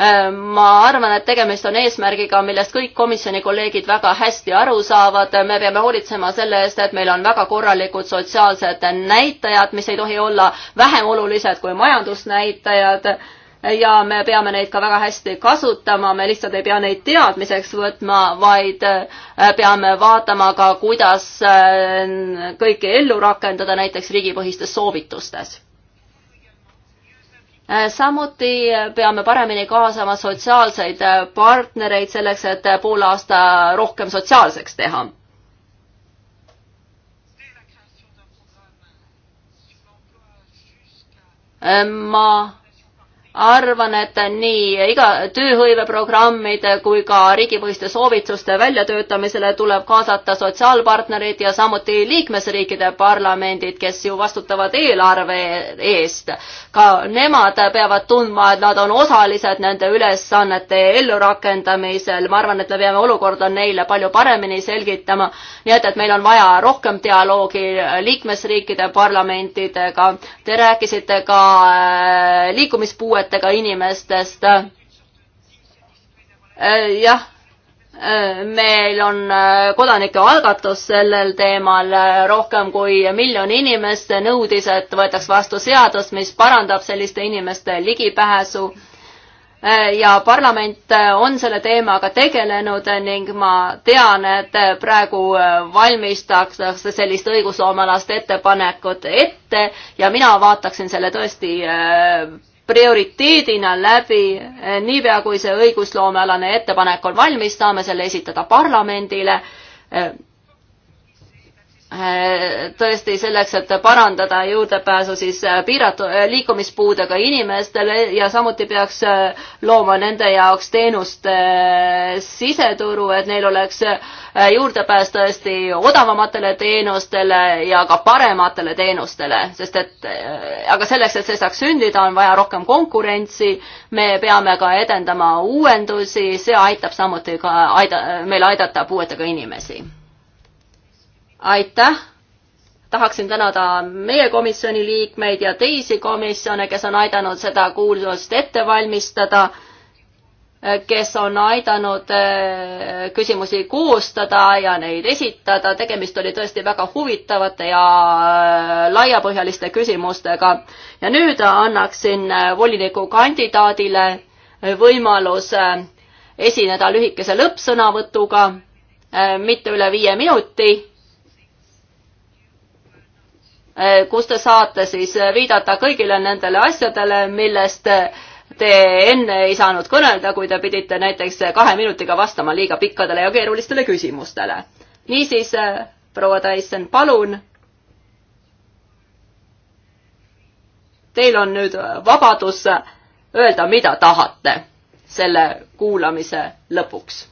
Äh, ma arvan, et tegemist on eesmärgiga, millest kõik komisjoni kolleegid väga hästi aru saavad. me peame hoolitsema selle eest, et meil on väga korralikud sotsiaalsed näitajad, mis ei tohi olla vähem olulised kui majandusnäitajad ja me peame neid ka väga hästi kasutama, me lihtsalt ei pea neid teadmiseks võtma, vaid äh, peame vaatama ka, kuidas äh, kõike ellu rakendada näiteks riigipõhistes soovitustes Äh, samuti peame paremini kaasama sotsiaalseid äh, partnereid selleks, et äh, pool aasta rohkem sotsiaalseks teha. ma arvan, et nii iga tööhõiveprogrammide kui ka riigipõhiste soovituste väljatöötamisele tuleb kaasata sotsiaalpartnerid ja samuti liikmesriikide parlamendid, kes ju vastutavad eelarve eest ka nemad peavad tundma, et nad on osalised nende ülesannete ellurakendamisel. ma arvan, et me peame olukorda neile palju paremini selgitama. nii et, et meil on vaja rohkem dialoogi liikmesriikide parlamentidega. Te rääkisite ka äh, liikumispuuetega inimestest äh, jah, meil on äh, kodanike algatus sellel teemal, äh, rohkem kui miljon inimest nõudis, et võetaks vastu seadus, mis parandab selliste inimeste ligipääsu äh, ja parlament on selle teemaga tegelenud ning ma tean, et praegu valmistatakse sellist õigusloomalast ettepanekut ette ja mina vaataksin selle tõesti prioriteedina läbi, eh, niipea kui see õigusloomealane ettepanek on valmis, saame selle esitada parlamendile eh, tõesti selleks, et parandada juurdepääsu siis äh, piiratud äh, liikumispuudega inimestele ja samuti peaks äh, looma nende jaoks teenuste siseturu, et neil oleks juurdepääs tõesti odavamatele teenustele ja ka parematele teenustele, sest et aga selleks, et see saaks sündida, on vaja rohkem konkurentsi. me peame ka edendama uuendusi, see aitab samuti ka aida-, meil aidata puuetega inimesi aitäh! tahaksin tänada meie komisjoni liikmeid ja teisi komisjone, kes on aidanud seda kuulsust ette valmistada, kes on aidanud eh, küsimusi koostada ja neid esitada. tegemist oli tõesti väga huvitavate ja eh, laiapõhjaliste küsimustega. ja nüüd annaksin eh, volinikukandidaadile võimaluse esineda lühikese lõppsõnavõtuga, mitte üle viie minuti Eh, kus te saate siis eh, viidata kõigile nendele asjadele, millest eh, te enne ei saanud kõnelda, kui te pidite näiteks kahe minutiga vastama liiga pikkadele ja keerulistele küsimustele. niisiis, proua Tyson, palun. Teil on nüüd vabadus öelda, mida tahate selle kuulamise lõpuks